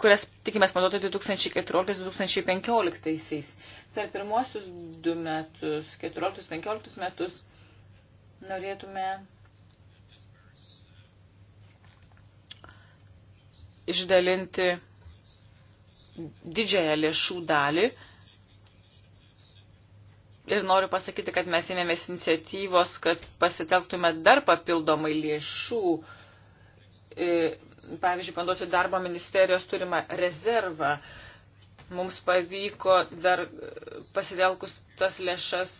kurias tikimės panaudoti 2014-2015. Per pirmuosius du metus, 14-15 metus, norėtume išdalinti didžiąją lėšų dalį. Ir noriu pasakyti, kad mes ėmėmės iniciatyvos, kad pasitelktume dar papildomai lėšų, e, pavyzdžiui, panduoti darbo ministerijos turimą rezervą. Mums pavyko dar pasitelkus tas lėšas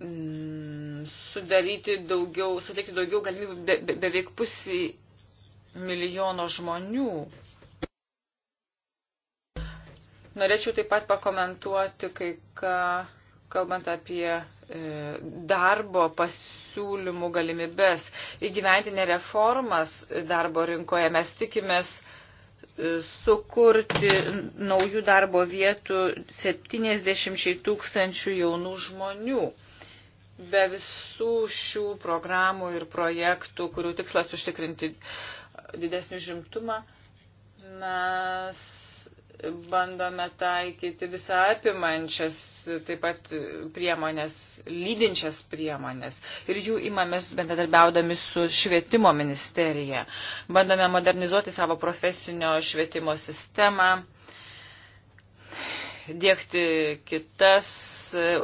mm, sudaryti daugiau, suteikti daugiau galimybių be, be, beveik pusį milijono žmonių. Norėčiau taip pat pakomentuoti kai ką, kalbant apie e, darbo pasiūlymų galimybės įgyventinę reformas darbo rinkoje. Mes tikimės e, sukurti naujų darbo vietų 70 tūkstančių jaunų žmonių be visų šių programų ir projektų, kurių tikslas užtikrinti didesnį žimtumą, mes bandome taikyti visą apimančias, taip pat priemonės, lydinčias priemonės. Ir jų imamės bendradarbiaudami su švietimo ministerija. Bandome modernizuoti savo profesinio švietimo sistemą, dėkti kitas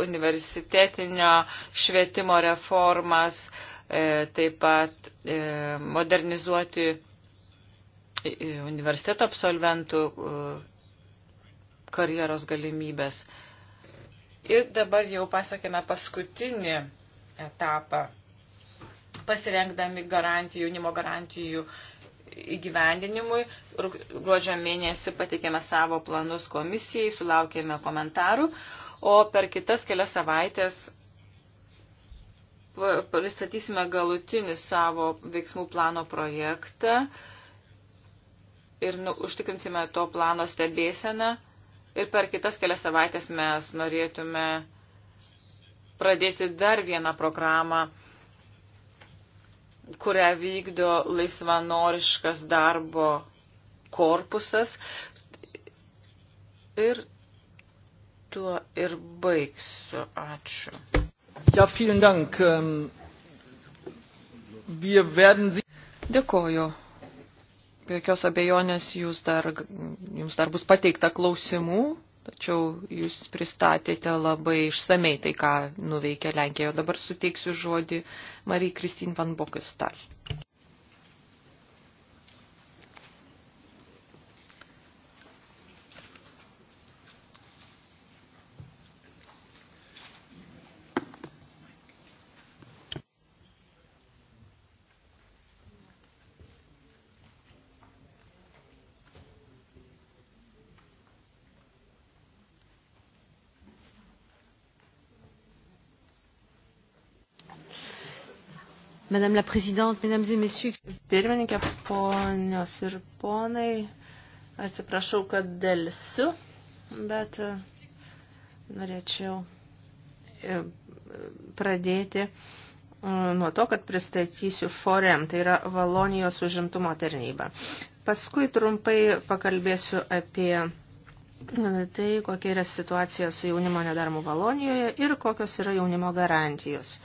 universitetinio švietimo reformas, e, taip pat e, modernizuoti e, universiteto absolventų karjeros galimybės. Ir dabar jau pasakėme paskutinį etapą, pasirengdami garantijų, jaunimo garantijų įgyvendinimui. Gruodžio mėnesį pateikėme savo planus komisijai, sulaukėme komentarų, o per kitas kelias savaitės pristatysime galutinį savo veiksmų plano projektą ir nu, užtikrinsime to plano stebėseną Ir per kitas kelias savaitės mes norėtume pradėti dar vieną programą, kurią vykdo laisvanoriškas darbo korpusas. Ir tuo ir baigsiu. Ačiū. Ja, vielen Dank. Ähm, wir werden Sie. Dėkoju. Be jokios abejonės jūs dar, jums dar bus pateikta klausimų, tačiau jūs pristatėte labai išsamei tai, ką nuveikė Lenkija. O dabar suteiksiu žodį Marijai Kristin van Bokestal. Madame la Présidente, Mesdames et Messieurs. Pirmininkė, ponios ir ponai, atsiprašau, kad dėlsiu, bet e, norėčiau e, pradėti e, nuo to, kad pristatysiu FOREM, tai yra Valonijos užimtumo tarnyba. Paskui trumpai pakalbėsiu apie tai, kokia yra situacija su jaunimo nedarmu Valonijoje ir kokios yra jaunimo garantijos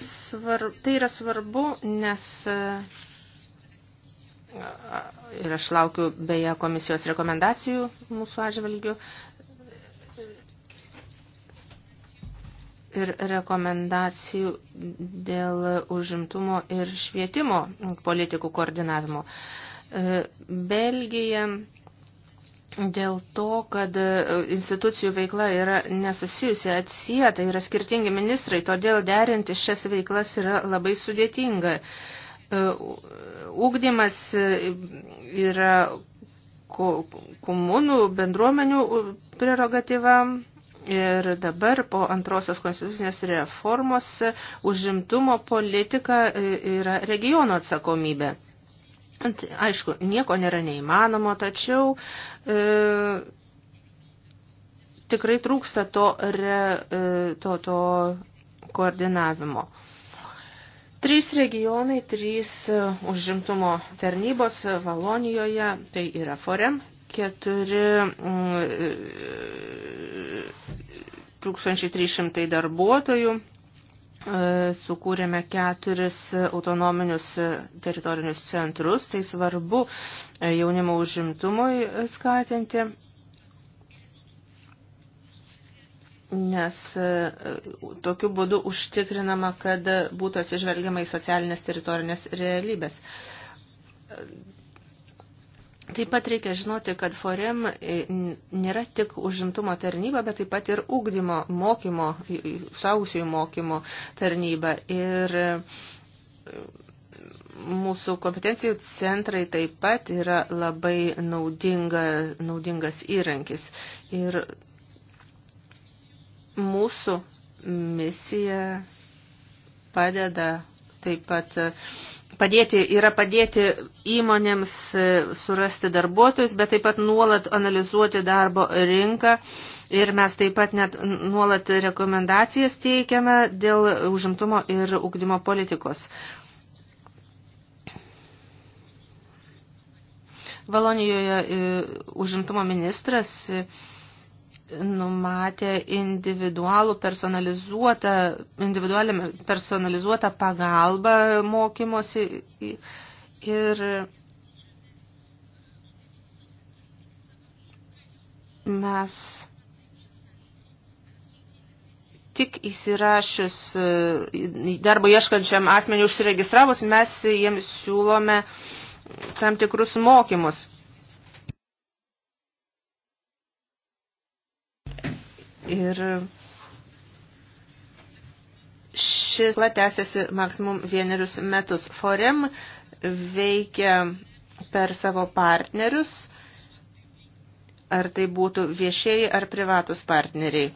svarb, tai yra svarbu, nes e, ir aš laukiu beje komisijos rekomendacijų mūsų atžvilgių. Ir rekomendacijų dėl užimtumo ir švietimo politikų koordinavimo. E, Belgija Dėl to, kad e, institucijų veikla yra nesusijusi, atsijata, yra skirtingi ministrai, todėl derinti šias veiklas yra labai sudėtinga. Ūkdymas e, e, yra komunų bendruomenių prerogatyva ir dabar po antrosios konstitucinės reformos užimtumo politika yra regiono atsakomybė. Aišku, nieko nėra neįmanomo, tačiau e, tikrai trūksta to, re, e, to, to koordinavimo. Trys regionai, trys e, užimtumo tarnybos Valonijoje, tai yra Forem, keturi 1300 mm, e, darbuotojų E, sukūrėme keturis autonominius e, teritorinius centrus. Tai svarbu e, jaunimo užimtumui skatinti, nes tokiu būdu užtikrinama, kad būtų atsižvelgiama į socialinės teritorinės realybės. Taip pat reikia žinoti, kad Forem e, nėra tik užimtumo tarnyba, bet taip pat ir ugdymo, mokymo, sausiųjų mokymo tarnyba. Ir e, mūsų kompetencijų centrai taip pat yra labai naudinga, naudingas įrankis. Ir mūsų misija padeda taip pat uh, Padėti yra padėti įmonėms e, surasti darbuotojus, bet taip pat nuolat analizuoti darbo rinką ir mes taip pat net nuolat rekomendacijas teikiame dėl užimtumo ir ugdymo politikos. Valonijoje e, užimtumo ministras e, numatė individualų personalizuotą, individualią personalizuotą pagalbą mokymosi ir mes tik įsirašius darbo ieškančiam asmeniu užsiregistravus, mes jiems siūlome tam tikrus mokymus. Ir šis tęsiasi maksimum vienerius metus. Forem veikia per savo partnerius, ar tai būtų viešieji ar privatus partneriai.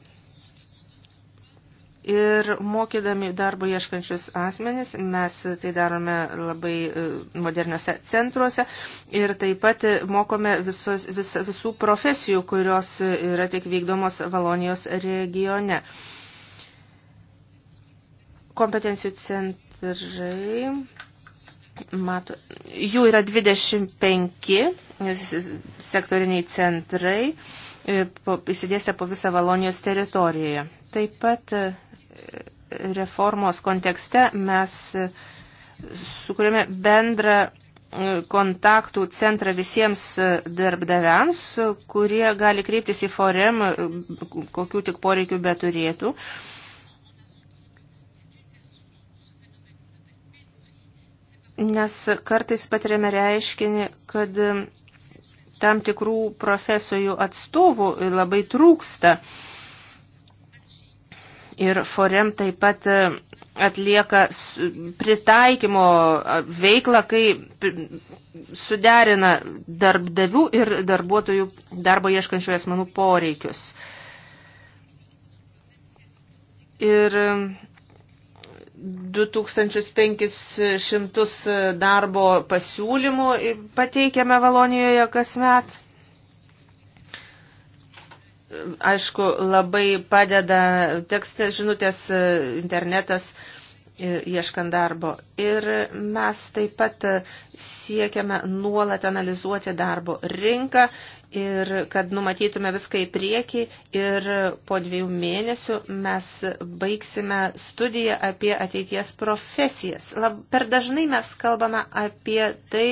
Ir mokydami darbo ieškančius asmenis, mes tai darome labai e, moderniuose centruose ir taip pat mokome visos, vis, visų profesijų, kurios yra tik vykdomos Valonijos regione. Kompetencijų centrai. Mato, jų yra 25 sektoriniai centrai įsidėsę e, po visą Valonijos teritorijoje. Taip pat e, reformos kontekste mes e, sukūrėme bendrą e, kontaktų centrą visiems e, darbdaviams, kurie gali kreiptis į forem, kokių tik poreikių beturėtų. Nes kartais patiriame reiškinį, kad tam tikrų profesijų atstovų labai trūksta. Uh, Ir Forem taip pat e, atlieka pritaikymo e, veiklą, kai suderina darbdavių ir darbuotojų darbo ieškančių asmenų poreikius. Ir 2500 e, darbo pasiūlymų pateikėme Valonijoje kasmet aišku, labai padeda tekstės žinutės e, internetas e, ieškant darbo. Ir mes taip pat e, siekiame nuolat analizuoti darbo rinką ir kad numatytume viską į priekį ir po dviejų mėnesių mes baigsime studiją apie ateities profesijas. Lab, per dažnai mes kalbame apie tai,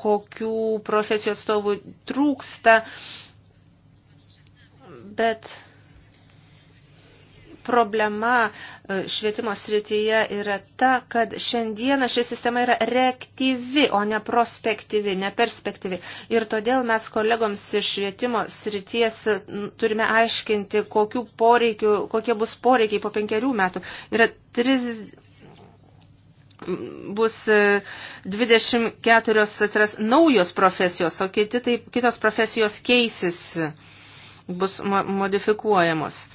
kokių profesijų atstovų trūksta. Uh, bet problema e, švietimo srityje yra ta, kad šiandieną ši sistema yra reaktyvi, o ne prospektyvi, ne perspektyvi. Ir todėl mes kolegoms iš švietimo srities e, turime aiškinti, kokie bus poreikiai po penkerių metų. Yra tris, bus 24 e, atsiras naujos profesijos, o kiti, taip, kitos profesijos keisis bus modifikuojamos.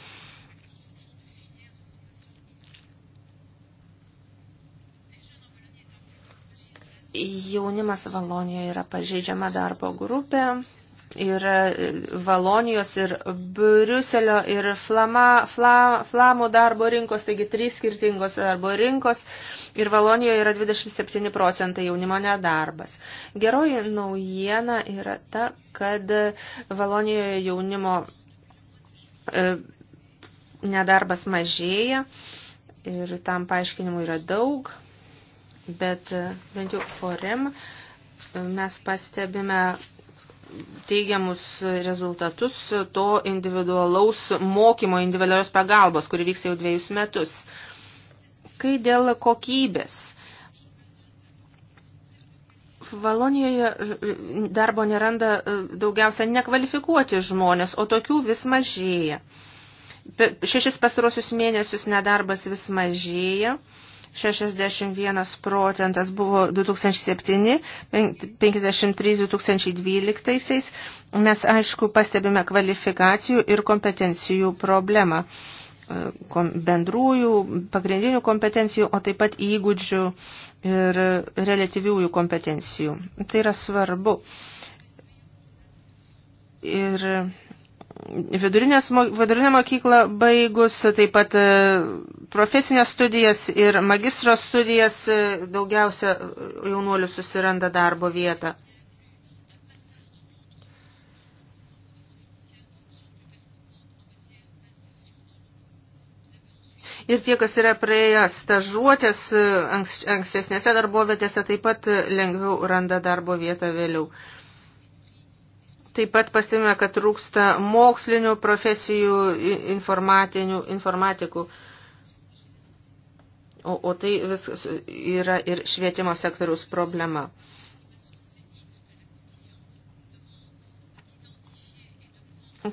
Jaunimas Valonijoje yra pažeidžiama darbo grupė yra Valonijos ir Briuselio ir Flama, Fla, Flamų darbo rinkos, taigi trys skirtingos darbo rinkos ir Valonijoje yra 27 procentai jaunimo nedarbas. Geroji naujiena yra ta, kad Valonijoje jaunimo e, nedarbas mažėja ir tam paaiškinimų yra daug, bet e, bent jau forem e, mes pastebime teigiamus rezultatus to individualaus mokymo, individualios pagalbos, kuri vyks jau dviejus metus. Kai dėl kokybės. Valonijoje e, darbo neranda e, daugiausia nekvalifikuoti žmonės, o tokių vis mažėja. Šešis pastarosius mėnesius nedarbas vis mažėja 61 procentas buvo 2007, 53 2012. Mes aišku pastebime kvalifikacijų ir kompetencijų problemą e, bendrųjų, pagrindinių kompetencijų, o taip pat įgūdžių ir relatyviųjų kompetencijų. Tai yra svarbu. Ir vidurinę mokyklą baigus, taip pat e, profesinės studijas ir magistro studijas e, daugiausia e, jaunuolių susiranda darbo vietą. Ir tie, kas yra praėję stažuotės ankstesnėse darbovietėse, taip pat lengviau randa darbo vietą vėliau. Taip pat pasimė, kad trūksta mokslinių profesijų informatinių, informatikų. O, o tai viskas yra ir švietimo sektoriaus problema.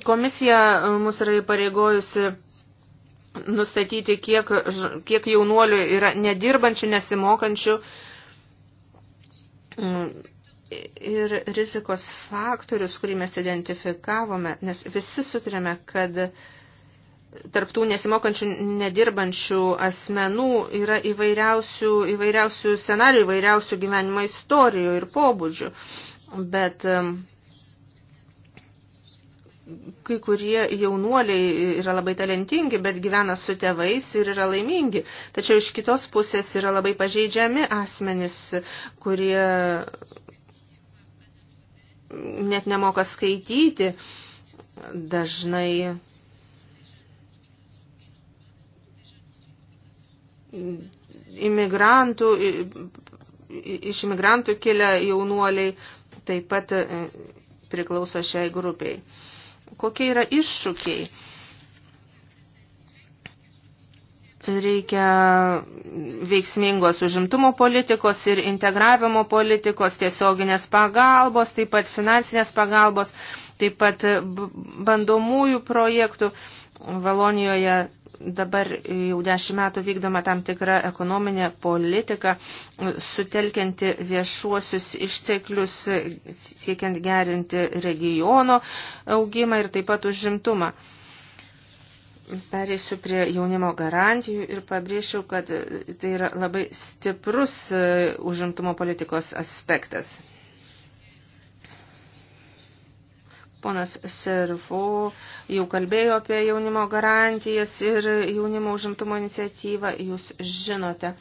Komisija mus yra įpareigojusi nustatyti, kiek, kiek jaunuolių yra nedirbančių, nesimokančių mm ir rizikos faktorius, kurį mes identifikavome, nes visi sutrėme, kad tarptų nesimokančių, nedirbančių asmenų yra įvairiausių, įvairiausių scenarių, įvairiausių gyvenimo istorijų ir pobūdžių. Bet um, kai kurie jaunuoliai yra labai talentingi, bet gyvena su tėvais ir yra laimingi. Tačiau iš kitos pusės yra labai pažeidžiami asmenys, kurie net nemoka skaityti, dažnai imigrantų, iš imigrantų kilę jaunuoliai taip pat e, priklauso šiai grupiai. Kokie yra iššūkiai? Reikia veiksmingos užimtumo politikos ir integravimo politikos, tiesioginės pagalbos, taip pat finansinės pagalbos, taip pat bandomųjų projektų. Valonijoje dabar jau dešimt metų vykdoma tam tikra ekonominė politika, sutelkianti viešuosius išteklius, siekiant gerinti regiono augimą ir taip pat užimtumą. Už Perėsiu prie jaunimo garantijų ir pabrėšiu, kad tai yra labai stiprus e, užimtumo politikos aspektas. Ponas Servo jau kalbėjo apie jaunimo garantijas ir jaunimo užimtumo iniciatyvą. Jūs žinote,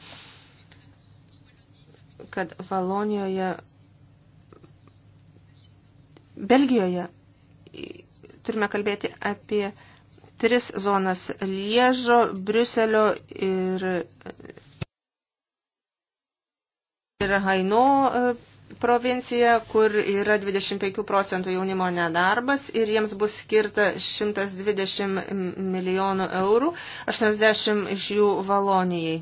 kad Valonijoje, Belgijoje turime kalbėti apie tris zonas - Liežo, Briuselio ir, ir Haino e, provincija, kur yra 25 procentų jaunimo nedarbas ir jiems bus skirta 120 milijonų eurų, 80 iš jų Valonijai.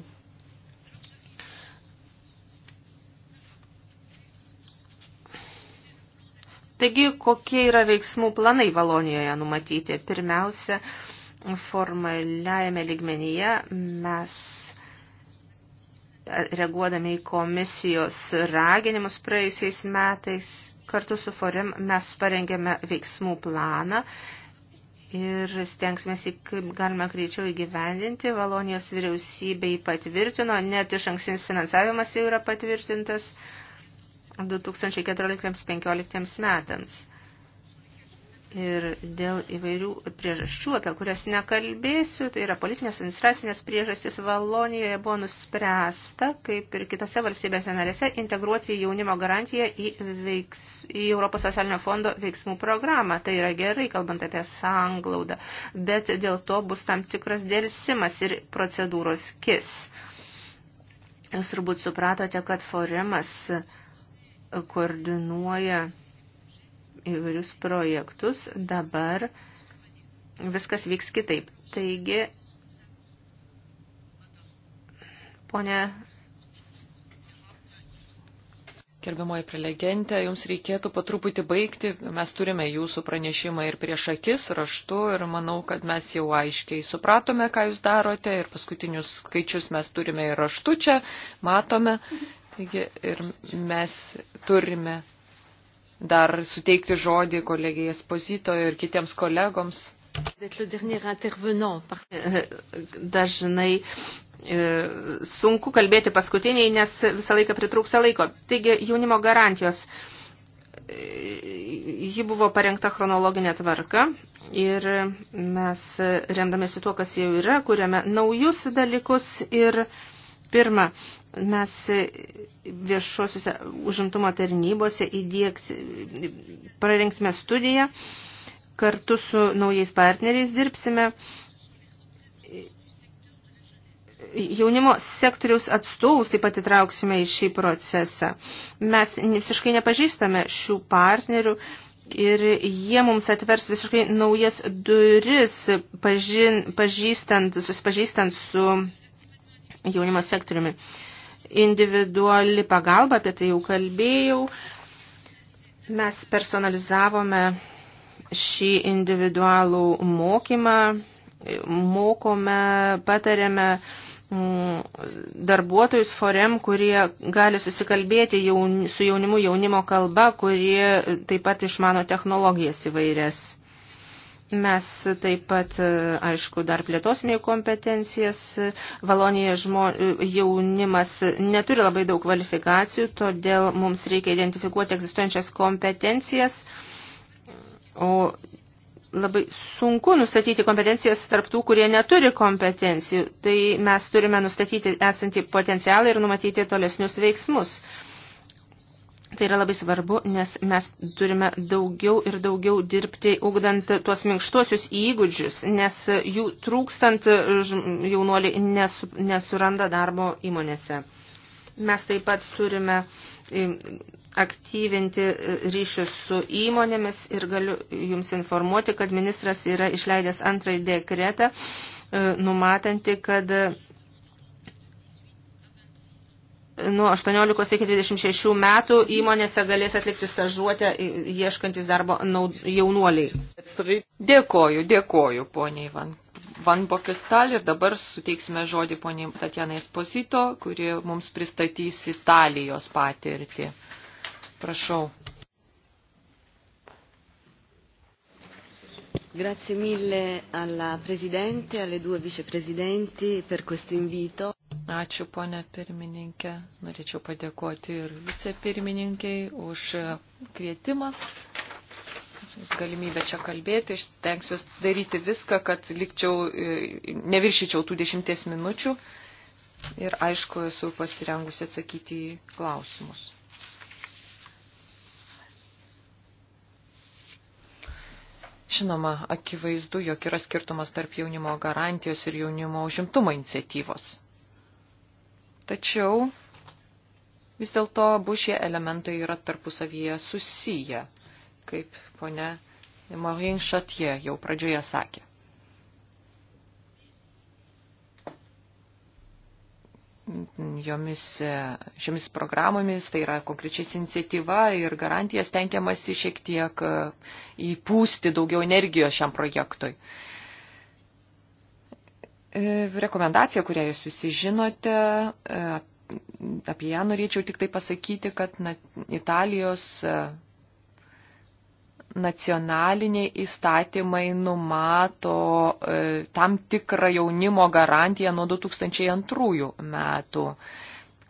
Taigi, kokie yra veiksmų planai Valonijoje numatyti? Pirmiausia, formaliajame ligmenyje mes e, reaguodami į komisijos raginimus praėjusiais metais, kartu su Forim mes parengėme veiksmų planą ir stengsime, kaip galima greičiau įgyvendinti. Valonijos vyriausybė jį patvirtino, net iš ankstinis finansavimas jau yra patvirtintas. 2014-2015 metams. Ir dėl įvairių priežasčių, apie kurias nekalbėsiu, tai yra politinės administracinės priežastys, Valonijoje buvo nuspręsta, kaip ir kitose valstybėse narėse, integruoti jaunimo garantiją į, veiks, į Europos socialinio fondo veiksmų programą. Tai yra gerai, kalbant apie sanglaudą, bet dėl to bus tam tikras dėlsimas ir procedūros kis. Jūs turbūt supratote, kad forumas koordinuoja įvairius projektus, dabar viskas vyks kitaip. Taigi, ponė. Gerbiamoji prelegentė, jums reikėtų patruputį baigti. Mes turime jūsų pranešimą ir prieš akis raštu ir manau, kad mes jau aiškiai supratome, ką jūs darote ir paskutinius skaičius mes turime ir raštu čia, matome. Taigi, ir mes turime dar suteikti žodį kolegijai Esposito ir kitiems kolegoms. Eh, dažnai eh, sunku kalbėti paskutiniai, nes visą laiką pritrūksa laiko. Taigi jaunimo garantijos. Eh, ji buvo parengta chronologinė tvarka ir mes remdamėsi tuo, kas jau yra, kuriame naujus dalykus ir pirma, Mes viešuosiuose užimtumo tarnybose įdėks, prarengsime studiją, kartu su naujais partneriais dirbsime jaunimo sektoriaus atstovus taip pat įtrauksime į šį procesą. Mes visiškai nepažįstame šių partnerių ir jie mums atvers visiškai naujas duris, pažin, pažįstant, susipažįstant su jaunimo sektoriumi. Uh, individuali pagalba, apie tai jau kalbėjau. Mes personalizavome šį individualų mokymą, mokome, patarėme mm, darbuotojus forem, kurie gali susikalbėti jaun, su jaunimu jaunimo kalba, kurie taip pat išmano technologijas įvairias. Mes taip pat, e, aišku, dar plėtosime kompetencijas. Valonijoje žmo, e, jaunimas neturi labai daug kvalifikacijų, todėl mums reikia identifikuoti egzistuojančias kompetencijas. O labai sunku nustatyti kompetencijas tarp tų, kurie neturi kompetencijų. Tai mes turime nustatyti esantį potencialą ir numatyti tolesnius veiksmus. Tai yra labai svarbu, nes mes turime daugiau ir daugiau dirbti, ugdant tuos minkštuosius įgūdžius, nes jų trūkstant jaunuoliai nesu, nesuranda darbo įmonėse. Mes taip pat turime aktyvinti e, ryšius su įmonėmis ir galiu Jums informuoti, kad ministras yra išleidęs antrąjį dekretą, e, numatanti, kad nuo 18 iki 26 metų įmonėse galės atlikti stažuotę ieškantis darbo naud, jaunuoliai. Dėkoju, dėkoju, poniai Ivan. Van Bokestal ir dabar suteiksime žodį poniai Tatjanai Esposito, kuri mums pristatys Italijos patirtį. Prašau. Grazie mille alla Presidente, alle due vicepresidenti per questo invito. Ačiū, ponė pirmininkė. Norėčiau padėkoti ir vicepirmininkiai už kvietimą, galimybę čia kalbėti. Aš tenksiu daryti viską, kad likčiau, neviršyčiau tų dešimties minučių. Ir aišku, esu pasirengusi atsakyti į klausimus. Žinoma, akivaizdu, jog yra skirtumas tarp jaunimo garantijos ir jaunimo užimtumo iniciatyvos. Tačiau vis dėlto abu šie elementai yra tarpusavyje susiję, kaip ponia Maureen Chatie jau pradžioje sakė. jomis, šiomis programomis, tai yra konkrečiais iniciatyva ir garantijas tenkiamasi šiek tiek e, įpūsti daugiau energijos šiam projektui. E, rekomendacija, kurią jūs visi žinote, e, apie ją norėčiau tik tai pasakyti, kad na, Italijos nacionaliniai įstatymai numato e, tam tikrą jaunimo garantiją nuo 2002 metų,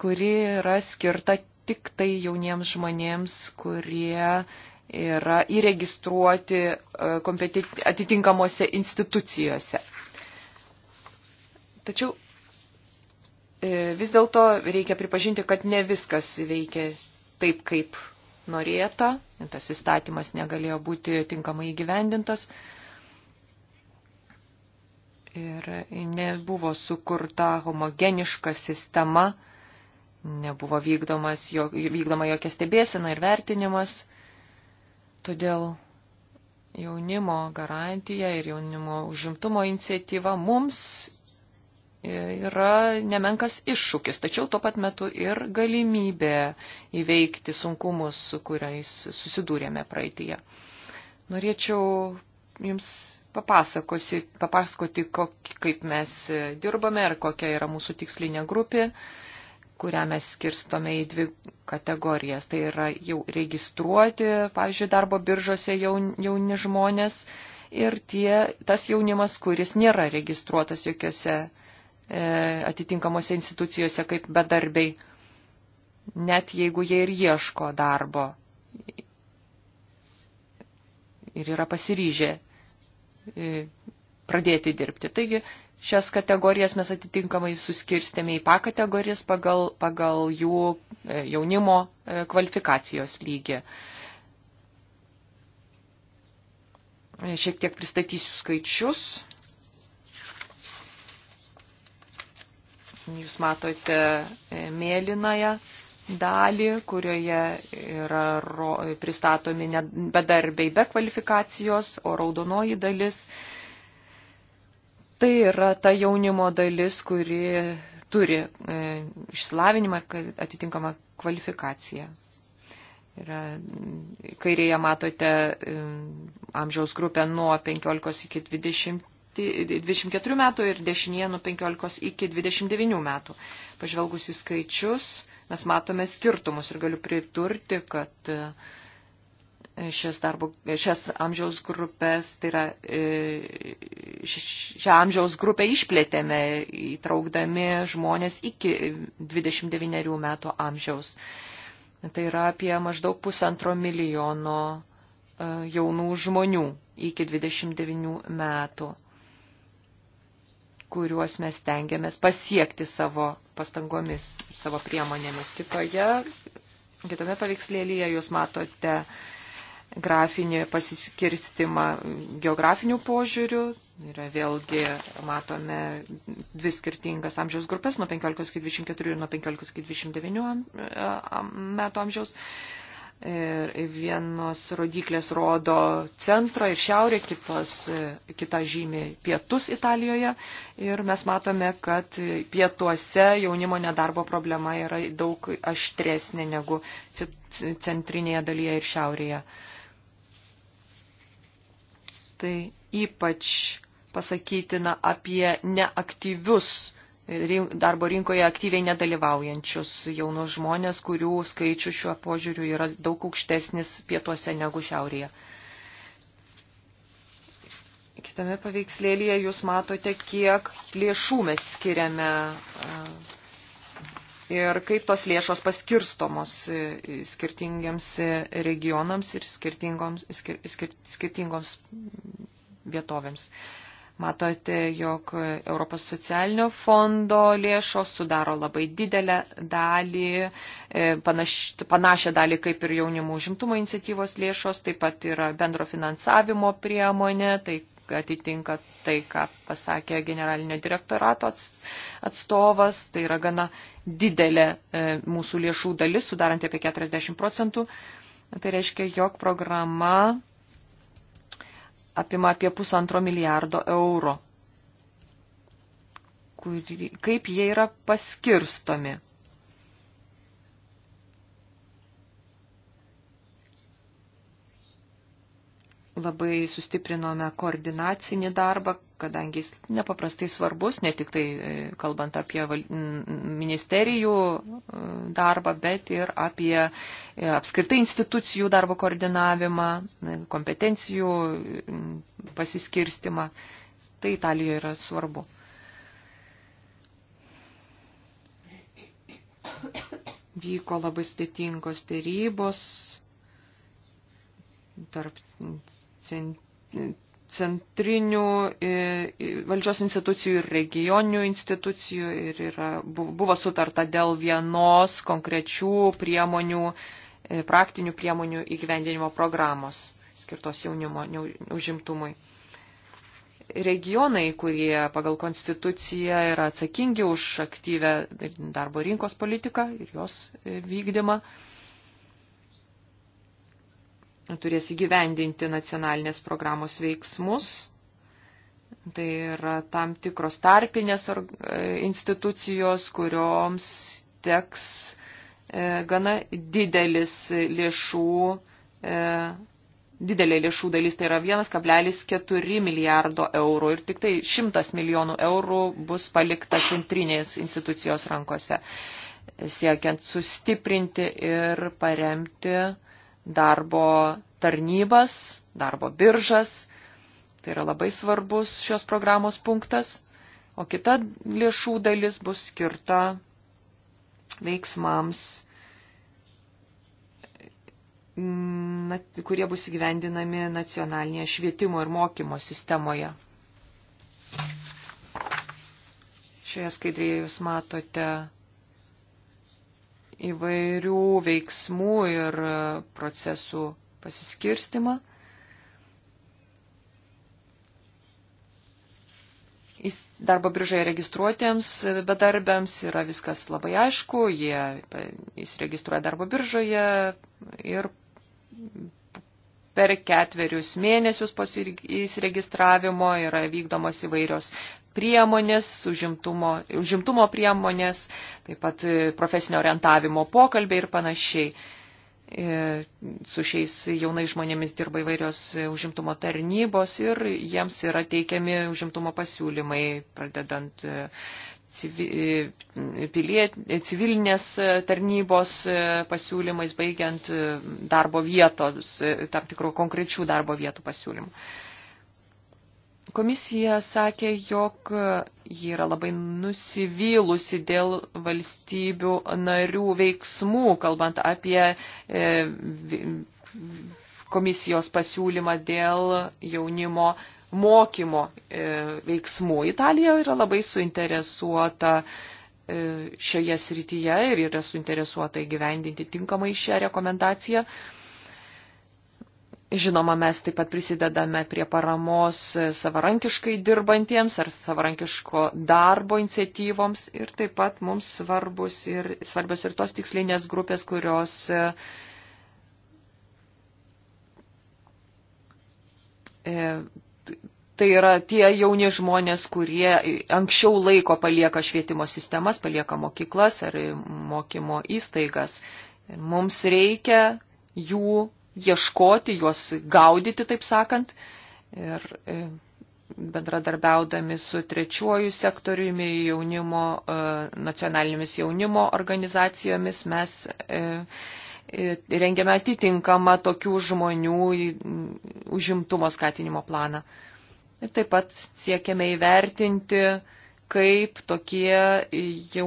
kuri yra skirta tik tai jauniems žmonėms, kurie yra įregistruoti e, atitinkamuose institucijose. Tačiau e, vis dėlto reikia pripažinti, kad ne viskas veikia taip, kaip norėta, tas įstatymas negalėjo būti tinkamai įgyvendintas. Ir nebuvo sukurta homogeniška sistema, nebuvo vykdomas, jo, vykdoma jokia stebėsena ir vertinimas. Todėl jaunimo garantija ir jaunimo užimtumo iniciatyva mums yra nemenkas iššūkis, tačiau tuo pat metu ir galimybė įveikti sunkumus, su kuriais susidūrėme praeitie. Norėčiau Jums papasakoti, kaip mes dirbame ir kokia yra mūsų tikslinė grupė, kurią mes skirstome į dvi kategorijas. Tai yra jau registruoti, pavyzdžiui, darbo biržose jauni žmonės ir tie, tas jaunimas, kuris nėra registruotas jokiose E, atitinkamose institucijose kaip bedarbiai, net jeigu jie ir ieško darbo ir yra pasiryžę e, pradėti dirbti. Taigi šias kategorijas mes atitinkamai suskirstėme į pakategorijas pagal, pagal jų e, jaunimo kvalifikacijos lygį. Šiek tiek pristatysiu skaičius Jūs matote e, mėlynąją dalį, kurioje yra pristatomi bedarbiai be kvalifikacijos, o raudonoji dalis. Tai yra ta jaunimo dalis, kuri turi e, išsilavinimą ir atitinkamą kvalifikaciją. Yra, kairėje matote e, amžiaus grupę nuo 15 iki 20 24 metų ir dešinėje nuo 15 iki 29 metų. Pažvelgus į skaičius, mes matome skirtumus ir galiu priturti, kad e, šias, darbo, šias amžiaus grupės, tai yra e, šią amžiaus grupę išplėtėme įtraukdami žmonės iki 29 metų amžiaus. Tai yra apie maždaug pusantro milijono e, jaunų žmonių iki 29 metų kuriuos mes tengiamės pasiekti savo pastangomis, savo priemonėmis. Kitoje, kitame paveikslėlyje jūs matote grafinį pasiskirstimą geografinių požiūrių. Yra vėlgi, matome dvi skirtingas amžiaus grupės, nuo 15 iki 24 ir nuo 15 iki 29 metų amžiaus. Ir vienos rodiklės rodo centrą ir šiaurę, kitos, kita žymė pietus Italijoje. Ir mes matome, kad pietuose jaunimo nedarbo problema yra daug aštresnė negu centrinėje dalyje ir šiaurėje. Tai ypač pasakytina apie neaktyvius darbo rinkoje aktyviai nedalyvaujančius jaunus žmonės, kurių skaičių šiuo požiūriu yra daug aukštesnis pietuose negu šiaurėje. Kitame paveikslėlėje jūs matote, kiek lėšų mes skiriame e, ir kaip tos lėšos paskirstomos e, skirtingiams e, regionams ir skirtingoms, skir, skir, skirtingoms vietovėms. Matote, jog Europos socialinio fondo lėšos sudaro labai didelę dalį, e, panaš, panašią dalį kaip ir jaunimų užimtumo iniciatyvos lėšos, taip pat yra bendro finansavimo priemonė, tai atitinka tai, ką pasakė generalinio direktorato atstovas, tai yra gana didelė e, mūsų lėšų dalis, sudaranti apie 40 procentų. Tai reiškia, jog programa apima apie pusantro milijardo eurų. Kaip jie yra paskirstomi? labai sustiprinome koordinacinį darbą, kadangi jis nepaprastai svarbus, ne tik tai e, kalbant apie ministerijų e, darbą, bet ir apie e, apskritai institucijų darbo koordinavimą, kompetencijų pasiskirstimą. Tai Italijoje yra svarbu. Vyko labai sudėtingos dėrybos tarp centrinių valdžios institucijų ir regioninių institucijų ir yra, buvo sutarta dėl vienos konkrečių priemonių, praktinių priemonių įgyvendinimo programos skirtos jaunimo užimtumui. Regionai, kurie pagal konstituciją yra atsakingi už aktyvę darbo rinkos politiką ir jos vykdymą, turės įgyvendinti nacionalinės programos veiksmus. Tai yra tam tikros tarpinės e, institucijos, kurioms teks e, gana didelis lėšų, e, didelė lėšų dalis, tai yra 1,4 milijardo eurų ir tik tai 100 milijonų eurų bus palikta centrinės institucijos rankose, siekiant sustiprinti ir paremti uh, darbo tarnybas, darbo biržas. Tai yra labai svarbus šios programos punktas. O kita lėšų dalis bus skirta veiksmams, na, kurie bus įgyvendinami nacionalinėje švietimo ir mokymo sistemoje. Šioje skaidrėje jūs matote įvairių veiksmų ir procesų pasiskirstimą. Darbo biržoje registruotiems bedarbiams yra viskas labai aišku, jie įsiregistruoja darbo biržoje ir per ketverius mėnesius po įsiregistravimo yra vykdomos įvairios priemonės, užimtumo, užimtumo priemonės, taip pat e, profesinio orientavimo pokalbiai ir panašiai. E, su šiais jaunais žmonėmis dirba įvairios e, užimtumo tarnybos ir jiems yra teikiami užimtumo pasiūlymai, pradedant civilinės tarnybos pasiūlymais, baigiant darbo vietos, tam tikrų konkrečių darbo vietų pasiūlymų. Komisija sakė, jog ji yra labai nusivylusi dėl valstybių narių veiksmų, kalbant apie e, komisijos pasiūlymą dėl jaunimo mokymo e, veiksmų. Italija yra labai suinteresuota e, šioje srityje ir yra suinteresuota įgyvendinti tinkamai šią rekomendaciją. Žinoma, mes taip pat prisidedame prie paramos savarankiškai dirbantiems ar savarankiško darbo iniciatyvoms ir taip pat mums svarbus ir, svarbios ir tos tikslinės grupės, kurios e, tai yra tie jauni žmonės, kurie anksčiau laiko palieka švietimo sistemas, palieka mokyklas ar mokymo įstaigas. Ir mums reikia jų ieškoti, juos gaudyti, taip sakant. Ir e, bendradarbiaudami su trečiuoju sektoriumi jaunimo, e, nacionalinėmis jaunimo organizacijomis mes e, rengiame atitinkamą tokių žmonių užimtumo skatinimo planą. Ir taip pat siekiame įvertinti, kaip tokie jau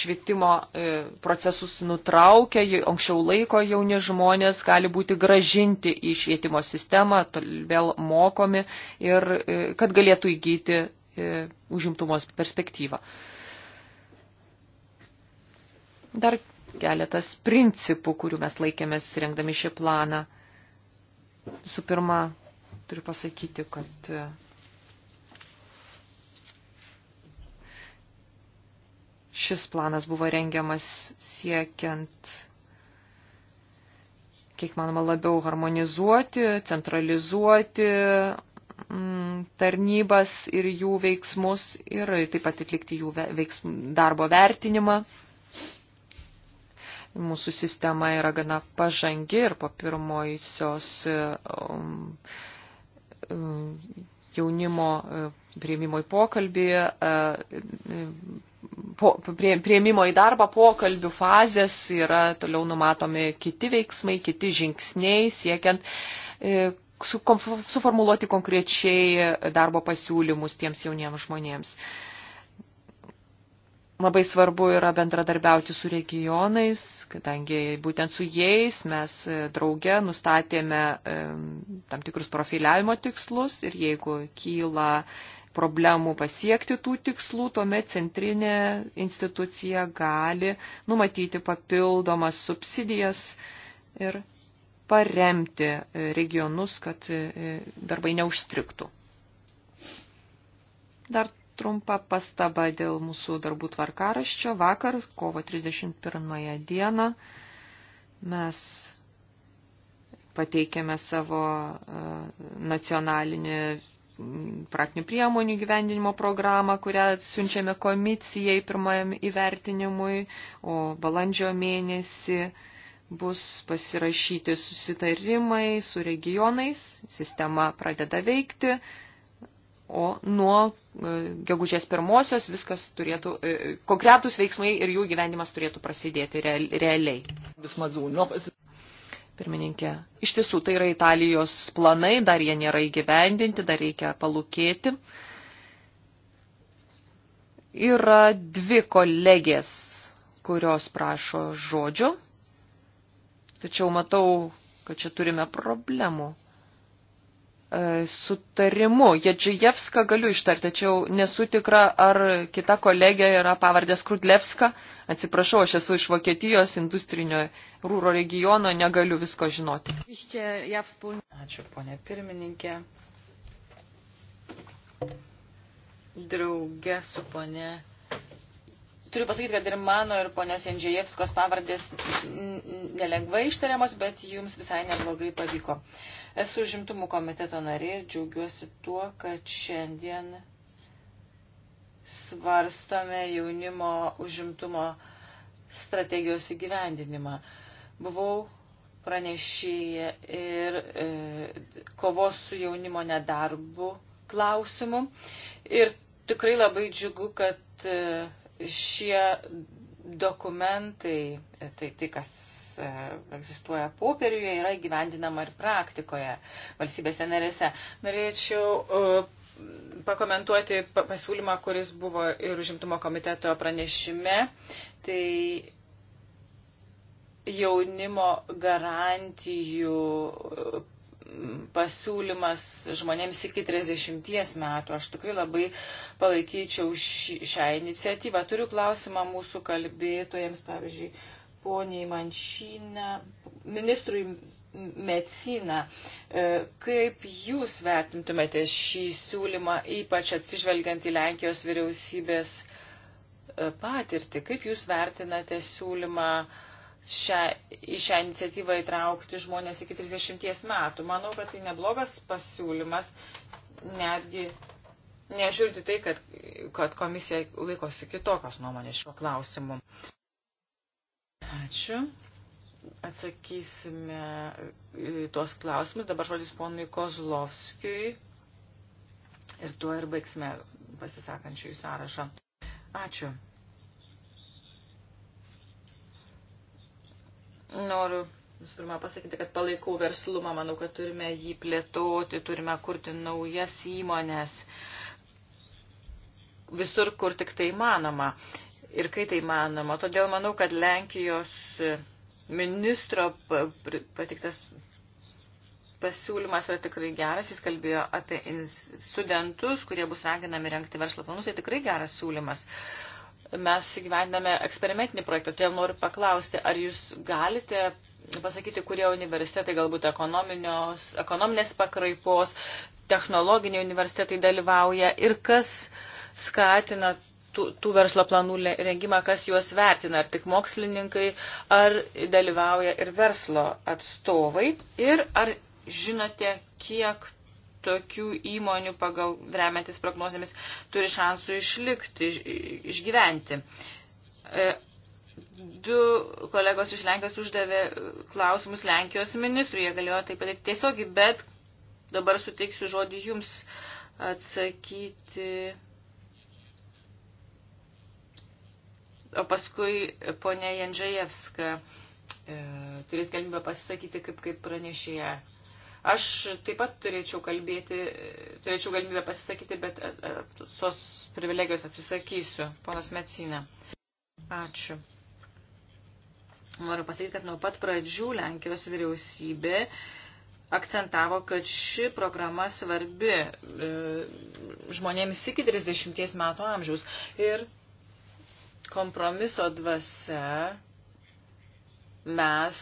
švietimo e, procesus nutraukia, anksčiau laiko jauni žmonės gali būti gražinti į švietimo sistemą, vėl mokomi ir e, kad galėtų įgyti e, užimtumos perspektyvą. Dar keletas principų, kurių mes laikėmės rengdami šį planą. Su pirma, turiu pasakyti, kad Šis planas buvo rengiamas siekiant, kiek manoma, labiau harmonizuoti, centralizuoti mm, tarnybas ir jų veiksmus ir taip pat atlikti jų veiksmų, darbo vertinimą. Mūsų sistema yra gana pažangi ir po pirmojosios um, um, jaunimo uh, prieimimo į pokalbį uh, po, prie, prieimimo į darbą pokalbių fazės yra toliau numatomi kiti veiksmai, kiti žingsniai, siekiant e, su, kom, suformuluoti konkrečiai darbo pasiūlymus tiems jauniems žmonėms. Labai svarbu yra bendradarbiauti su regionais, kadangi būtent su jais mes e, drauge nustatėme e, tam tikrus profiliavimo tikslus ir jeigu kyla problemų pasiekti tų tikslų, tuomet centrinė institucija gali numatyti papildomas subsidijas ir paremti regionus, kad e, darbai neužstriktų. Dar trumpa pastaba dėl mūsų darbų tvarkaraščio. Vakar, kovo 31 dieną, mes pateikėme savo e, nacionalinį praktinių priemonių gyvendinimo programą, kurią siunčiame komisijai pirmajam įvertinimui, o balandžio mėnesį bus pasirašyti susitarimai su regionais, sistema pradeda veikti, o nuo e, gegužės pirmosios viskas turėtų, e, konkretus veiksmai ir jų gyvendimas turėtų prasidėti realiai pirmininkė. Iš tiesų, tai yra Italijos planai, dar jie nėra įgyvendinti, dar reikia palūkėti. Yra dvi kolegės, kurios prašo žodžio, tačiau matau, kad čia turime problemų. E, sutarimu. Jedžijevska galiu ištarti, tačiau nesu tikra, ar kita kolegė yra pavardė Skrudlevska. Atsiprašau, aš esu iš Vokietijos industrinio rūro regiono, negaliu visko žinoti. Ačiū, ponė pirmininkė. Drauge su ponė. Turiu pasakyti, kad ir mano, ir ponios Jendžiajevskos pavardės nelengvai ištariamos, bet jums visai neblogai pavyko. Uh, Esu užimtumų komiteto narė ir džiaugiuosi tuo, kad šiandien svarstome jaunimo užimtumo strategijos įgyvendinimą. Buvau pranešėję ir e, kovos su jaunimo nedarbu klausimu. Ir tikrai labai džiugu, kad e, šie dokumentai, tai, tai kas E, egzistuoja popieriuje, yra gyvendinama ir praktikoje valstybėse narėse. Norėčiau e, pakomentuoti pasiūlymą, kuris buvo ir užimtumo komiteto pranešime. Tai jaunimo garantijų pasiūlymas žmonėms iki 30 metų. Aš tikrai labai palaikyčiau šią iniciatyvą. Turiu klausimą mūsų kalbėtojams, pavyzdžiui, poniai Manšinę, ministrui Mecina. E, kaip jūs vertintumėte šį siūlymą, ypač atsižvelgiant į Lenkijos vyriausybės e, patirtį? Kaip jūs vertinate siūlymą šią, į šią iniciatyvą įtraukti žmonės iki 30 metų? Manau, kad tai neblogas pasiūlymas, netgi nežiūrėti tai, kad, kad komisija laikosi kitokios nuomonės šiuo klausimu. Ačiū. Atsakysime į tuos klausimus. Dabar žodis ponui Kozlovskijui. Ir tuo ir baigsime pasisakančių į sąrašą. Ačiū. Noriu visų pirma pasakyti, kad palaikau verslumą, manau, kad turime jį plėtoti, turime kurti naujas įmonės visur, kur tik tai manoma ir kai tai manoma. Todėl manau, kad Lenkijos ministro patiktas pasiūlymas yra tikrai geras. Jis kalbėjo apie studentus, kurie bus raginami renkti verslo planus. Tai tikrai geras siūlymas. Mes gyvename eksperimentinį projektą, todėl noriu paklausti, ar jūs galite pasakyti, kurie universitetai galbūt ekonominės pakraipos, technologiniai universitetai dalyvauja ir kas skatina tų, tų verslo planų rengimą, kas juos vertina, ar tik mokslininkai, ar dalyvauja ir verslo atstovai, ir ar žinote, kiek tokių įmonių pagal remiantis prognozėmis turi šansų išlikti, iš, išgyventi. E, du kolegos iš Lenkijos uždavė klausimus Lenkijos ministrui, jie galėjo tai padaryti tiesiogiai, bet dabar suteiksiu žodį jums atsakyti O paskui ponė Jendžajevska e, turės galimybę pasisakyti kaip, kaip pranešėja. Aš taip pat turėčiau kalbėti, turėčiau galimybę pasisakyti, bet e, e, tos privilegijos atsisakysiu. Ponas Mecina. Ačiū. Noriu pasakyti, kad nuo pat pradžių Lenkijos vyriausybė akcentavo, kad ši programa svarbi e, žmonėms iki 30 metų amžiaus. Ir kompromiso dvasia mes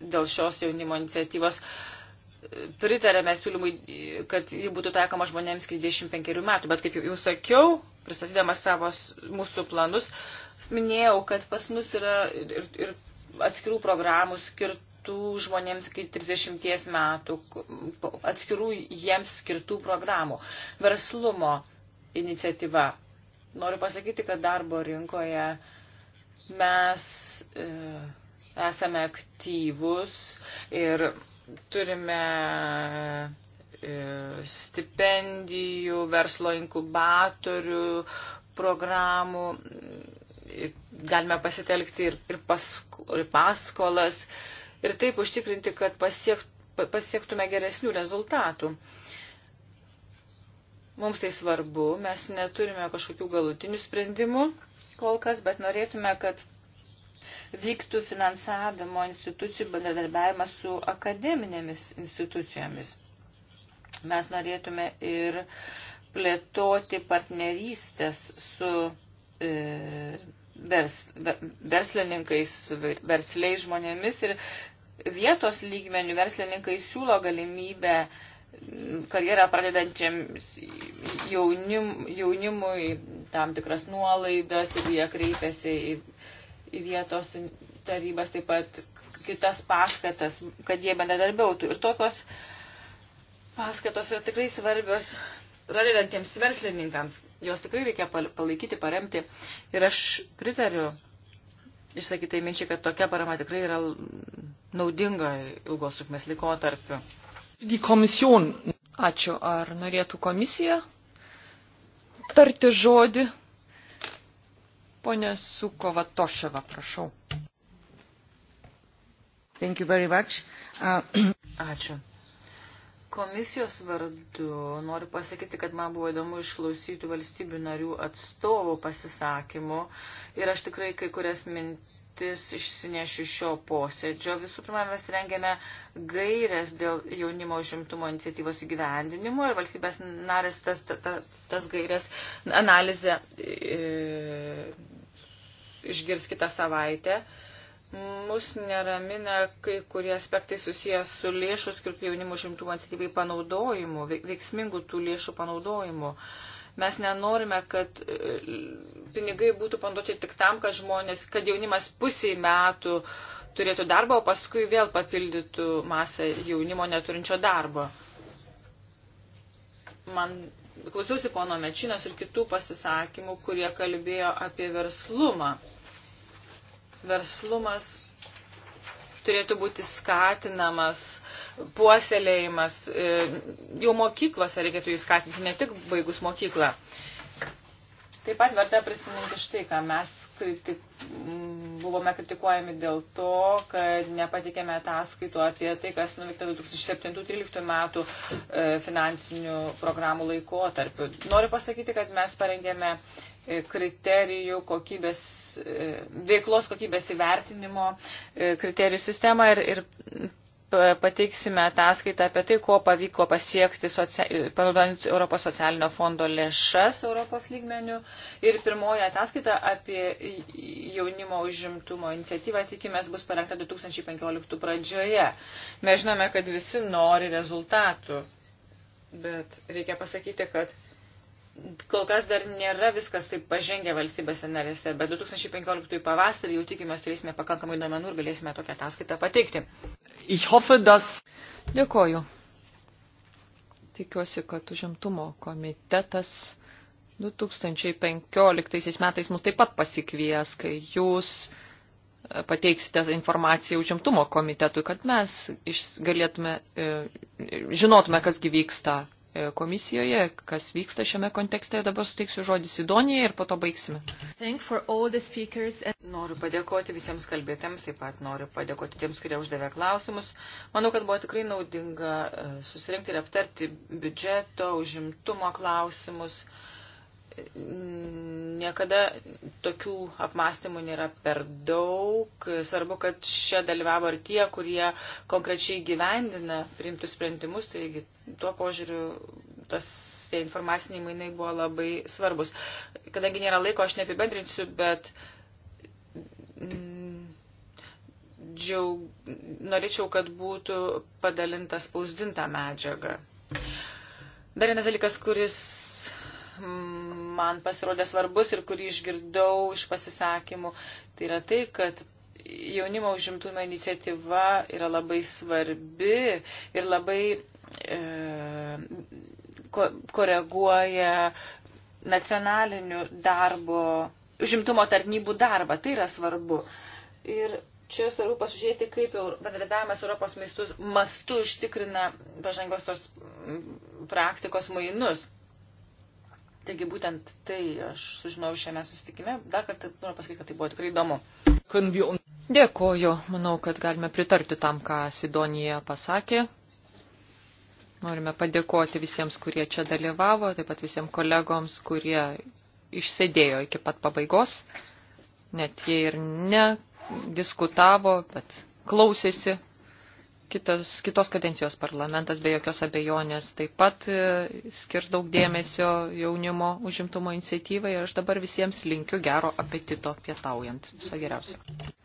dėl šios jaunimo iniciatyvos e, pritarėme siūlymui, kad ji būtų taikoma žmonėms iki 25 metų. Bet kaip jau sakiau, pristatydamas savo mūsų planus, minėjau, kad pas mus yra ir, ir atskirų programų skirtų skirtų žmonėms iki 30 metų, atskirų jiems skirtų programų. Verslumo iniciatyva Noriu pasakyti, kad darbo rinkoje mes e, esame aktyvus ir turime e, stipendijų, verslo inkubatorių, programų. Galime pasitelkti ir, ir, pasko, ir paskolas ir taip užtikrinti, kad pasiekt, pasiektume geresnių rezultatų. E, Mums tai svarbu, mes neturime kažkokių galutinių sprendimų kol kas, bet norėtume, kad vyktų finansavimo institucijų bendradarbiavimas su akademinėmis institucijomis. Mes norėtume ir plėtoti partnerystės su e, vers, verslininkais, versliais žmonėmis ir vietos lygmenių verslininkai siūlo galimybę e, karjerą pradedančiam jaunim, jaunimui tam tikras nuolaidas ir jie kreipiasi į, į vietos tarybas, taip pat kitas paskatas, kad jie bendradarbiautų. Ir tokios paskatos yra tikrai svarbios pradedantiems verslininkams. Jos tikrai reikia palaikyti, paremti. Ir aš pritariu išsakytai minčiai, kad tokia parama tikrai yra naudinga ilgos sukmės laikotarpiu. Ačiū. Ar norėtų komisija tarti žodį? Pone Sukova Toševa, prašau. Thank you very much. Uh, Ačiū. Komisijos vardu noriu pasakyti, kad man buvo įdomu išklausyti valstybių narių atstovų pasisakymų ir aš tikrai kai kurias mintis mintis išsinešiu šio posėdžio. Visų pirma, mes rengiame gairias dėl jaunimo užimtumo iniciatyvos įgyvendinimo ir valstybės narės tas, ta, ta, tas gairias analizę e, išgirs kitą savaitę. Mus neramina kai kurie aspektai susijęs su lėšų skirtų jaunimo užimtumo iniciatyvai panaudojimu, veiksmingų tų lėšų panaudojimu. E, Mes nenorime, kad e, pinigai būtų panduoti tik tam, kad žmonės, kad jaunimas pusiai metų turėtų darbą, o paskui vėl papildytų masę jaunimo neturinčio darbo. Man klausiausi pono Mečinos ir kitų pasisakymų, kurie kalbėjo apie verslumą. Verslumas turėtų būti skatinamas puoselėjimas. E, jau mokyklose reikėtų jį skatinti, ne tik baigus mokyklą. Taip pat verta prisiminti štai, ką mes kritik, buvome kritikuojami dėl to, kad nepatikėme ataskaitų apie tai, kas nuveikta 2007-2013 metų e, finansinių programų laikotarpiu. Noriu pasakyti, kad mes parengėme e, kriterijų kokybės, veiklos kokybės įvertinimo kriterijų sistemą ir, ir pateiksime ataskaitą apie tai, ko pavyko pasiekti socia... panaudojant Europos socialinio fondo lėšas Europos lygmenių. Ir pirmoji ataskaita apie jaunimo užimtumo iniciatyvą tikimės bus parengta 2015 pradžioje. Mes žinome, kad visi nori rezultatų, bet reikia pasakyti, kad kol kas dar nėra viskas taip pažengę valstybėse narėse, bet 2015 pavasarį jau tikimės turėsime pakankamai duomenų ir galėsime tokią ataskaitą pateikti. Ich hoffe, dass... Dėkoju. Tikiuosi, kad užimtumo komitetas 2015 metais mus taip pat pasikvies, kai jūs e, pateiksite informaciją užimtumo komitetui, kad mes galėtume, e, e, žinotume, kas gyvyksta E, komisijoje, kas vyksta šiame kontekste. Dabar suteiksiu žodį Sidonijai ir po to baigsime. Noriu padėkoti visiems kalbėtėms, taip pat noriu padėkoti tiems, kurie uždavė klausimus. Manau, kad buvo tikrai naudinga e, susirinkti ir aptarti biudžeto, užimtumo klausimus. Uh, niekada tokių apmąstymų nėra per daug. Svarbu, kad čia dalyvavo ir tie, kurie konkrečiai gyvendina priimtus sprendimus, taigi tuo požiūriu tas tie informaciniai mainai buvo labai svarbus. Kadangi nėra laiko, aš neapibendrinsiu, bet. Mm, džiaug, norėčiau, kad būtų padalinta spausdinta medžiaga. Dar vienas dalykas, kuris man pasirodė svarbus ir kurį išgirdau iš pasisakymų, tai yra tai, kad jaunimo užimtumo iniciatyva yra labai svarbi ir labai e, ko, koreguoja nacionalinių darbo, užimtumo tarnybų darbą. Tai yra svarbu. Ir čia svarbu pasižiūrėti, kaip bendradarbiavimas Europos maistus, mastu užtikrina pažangos tos praktikos mainus. Taigi būtent tai aš sužinojau šiame susitikime. Dar kartą noriu pasakyti, kad tai buvo tikrai įdomu. Dėkoju. Manau, kad galime pritarti tam, ką Sidonija pasakė. Norime padėkoti visiems, kurie čia dalyvavo, taip pat visiems kolegoms, kurie išsėdėjo iki pat pabaigos. Net jie ir ne diskutavo, bet klausėsi kitos, kitos kadencijos parlamentas be jokios abejonės taip pat e, skirs daug dėmesio jaunimo užimtumo iniciatyvai ir aš dabar visiems linkiu gero apetito pietaujant. Viso geriausio.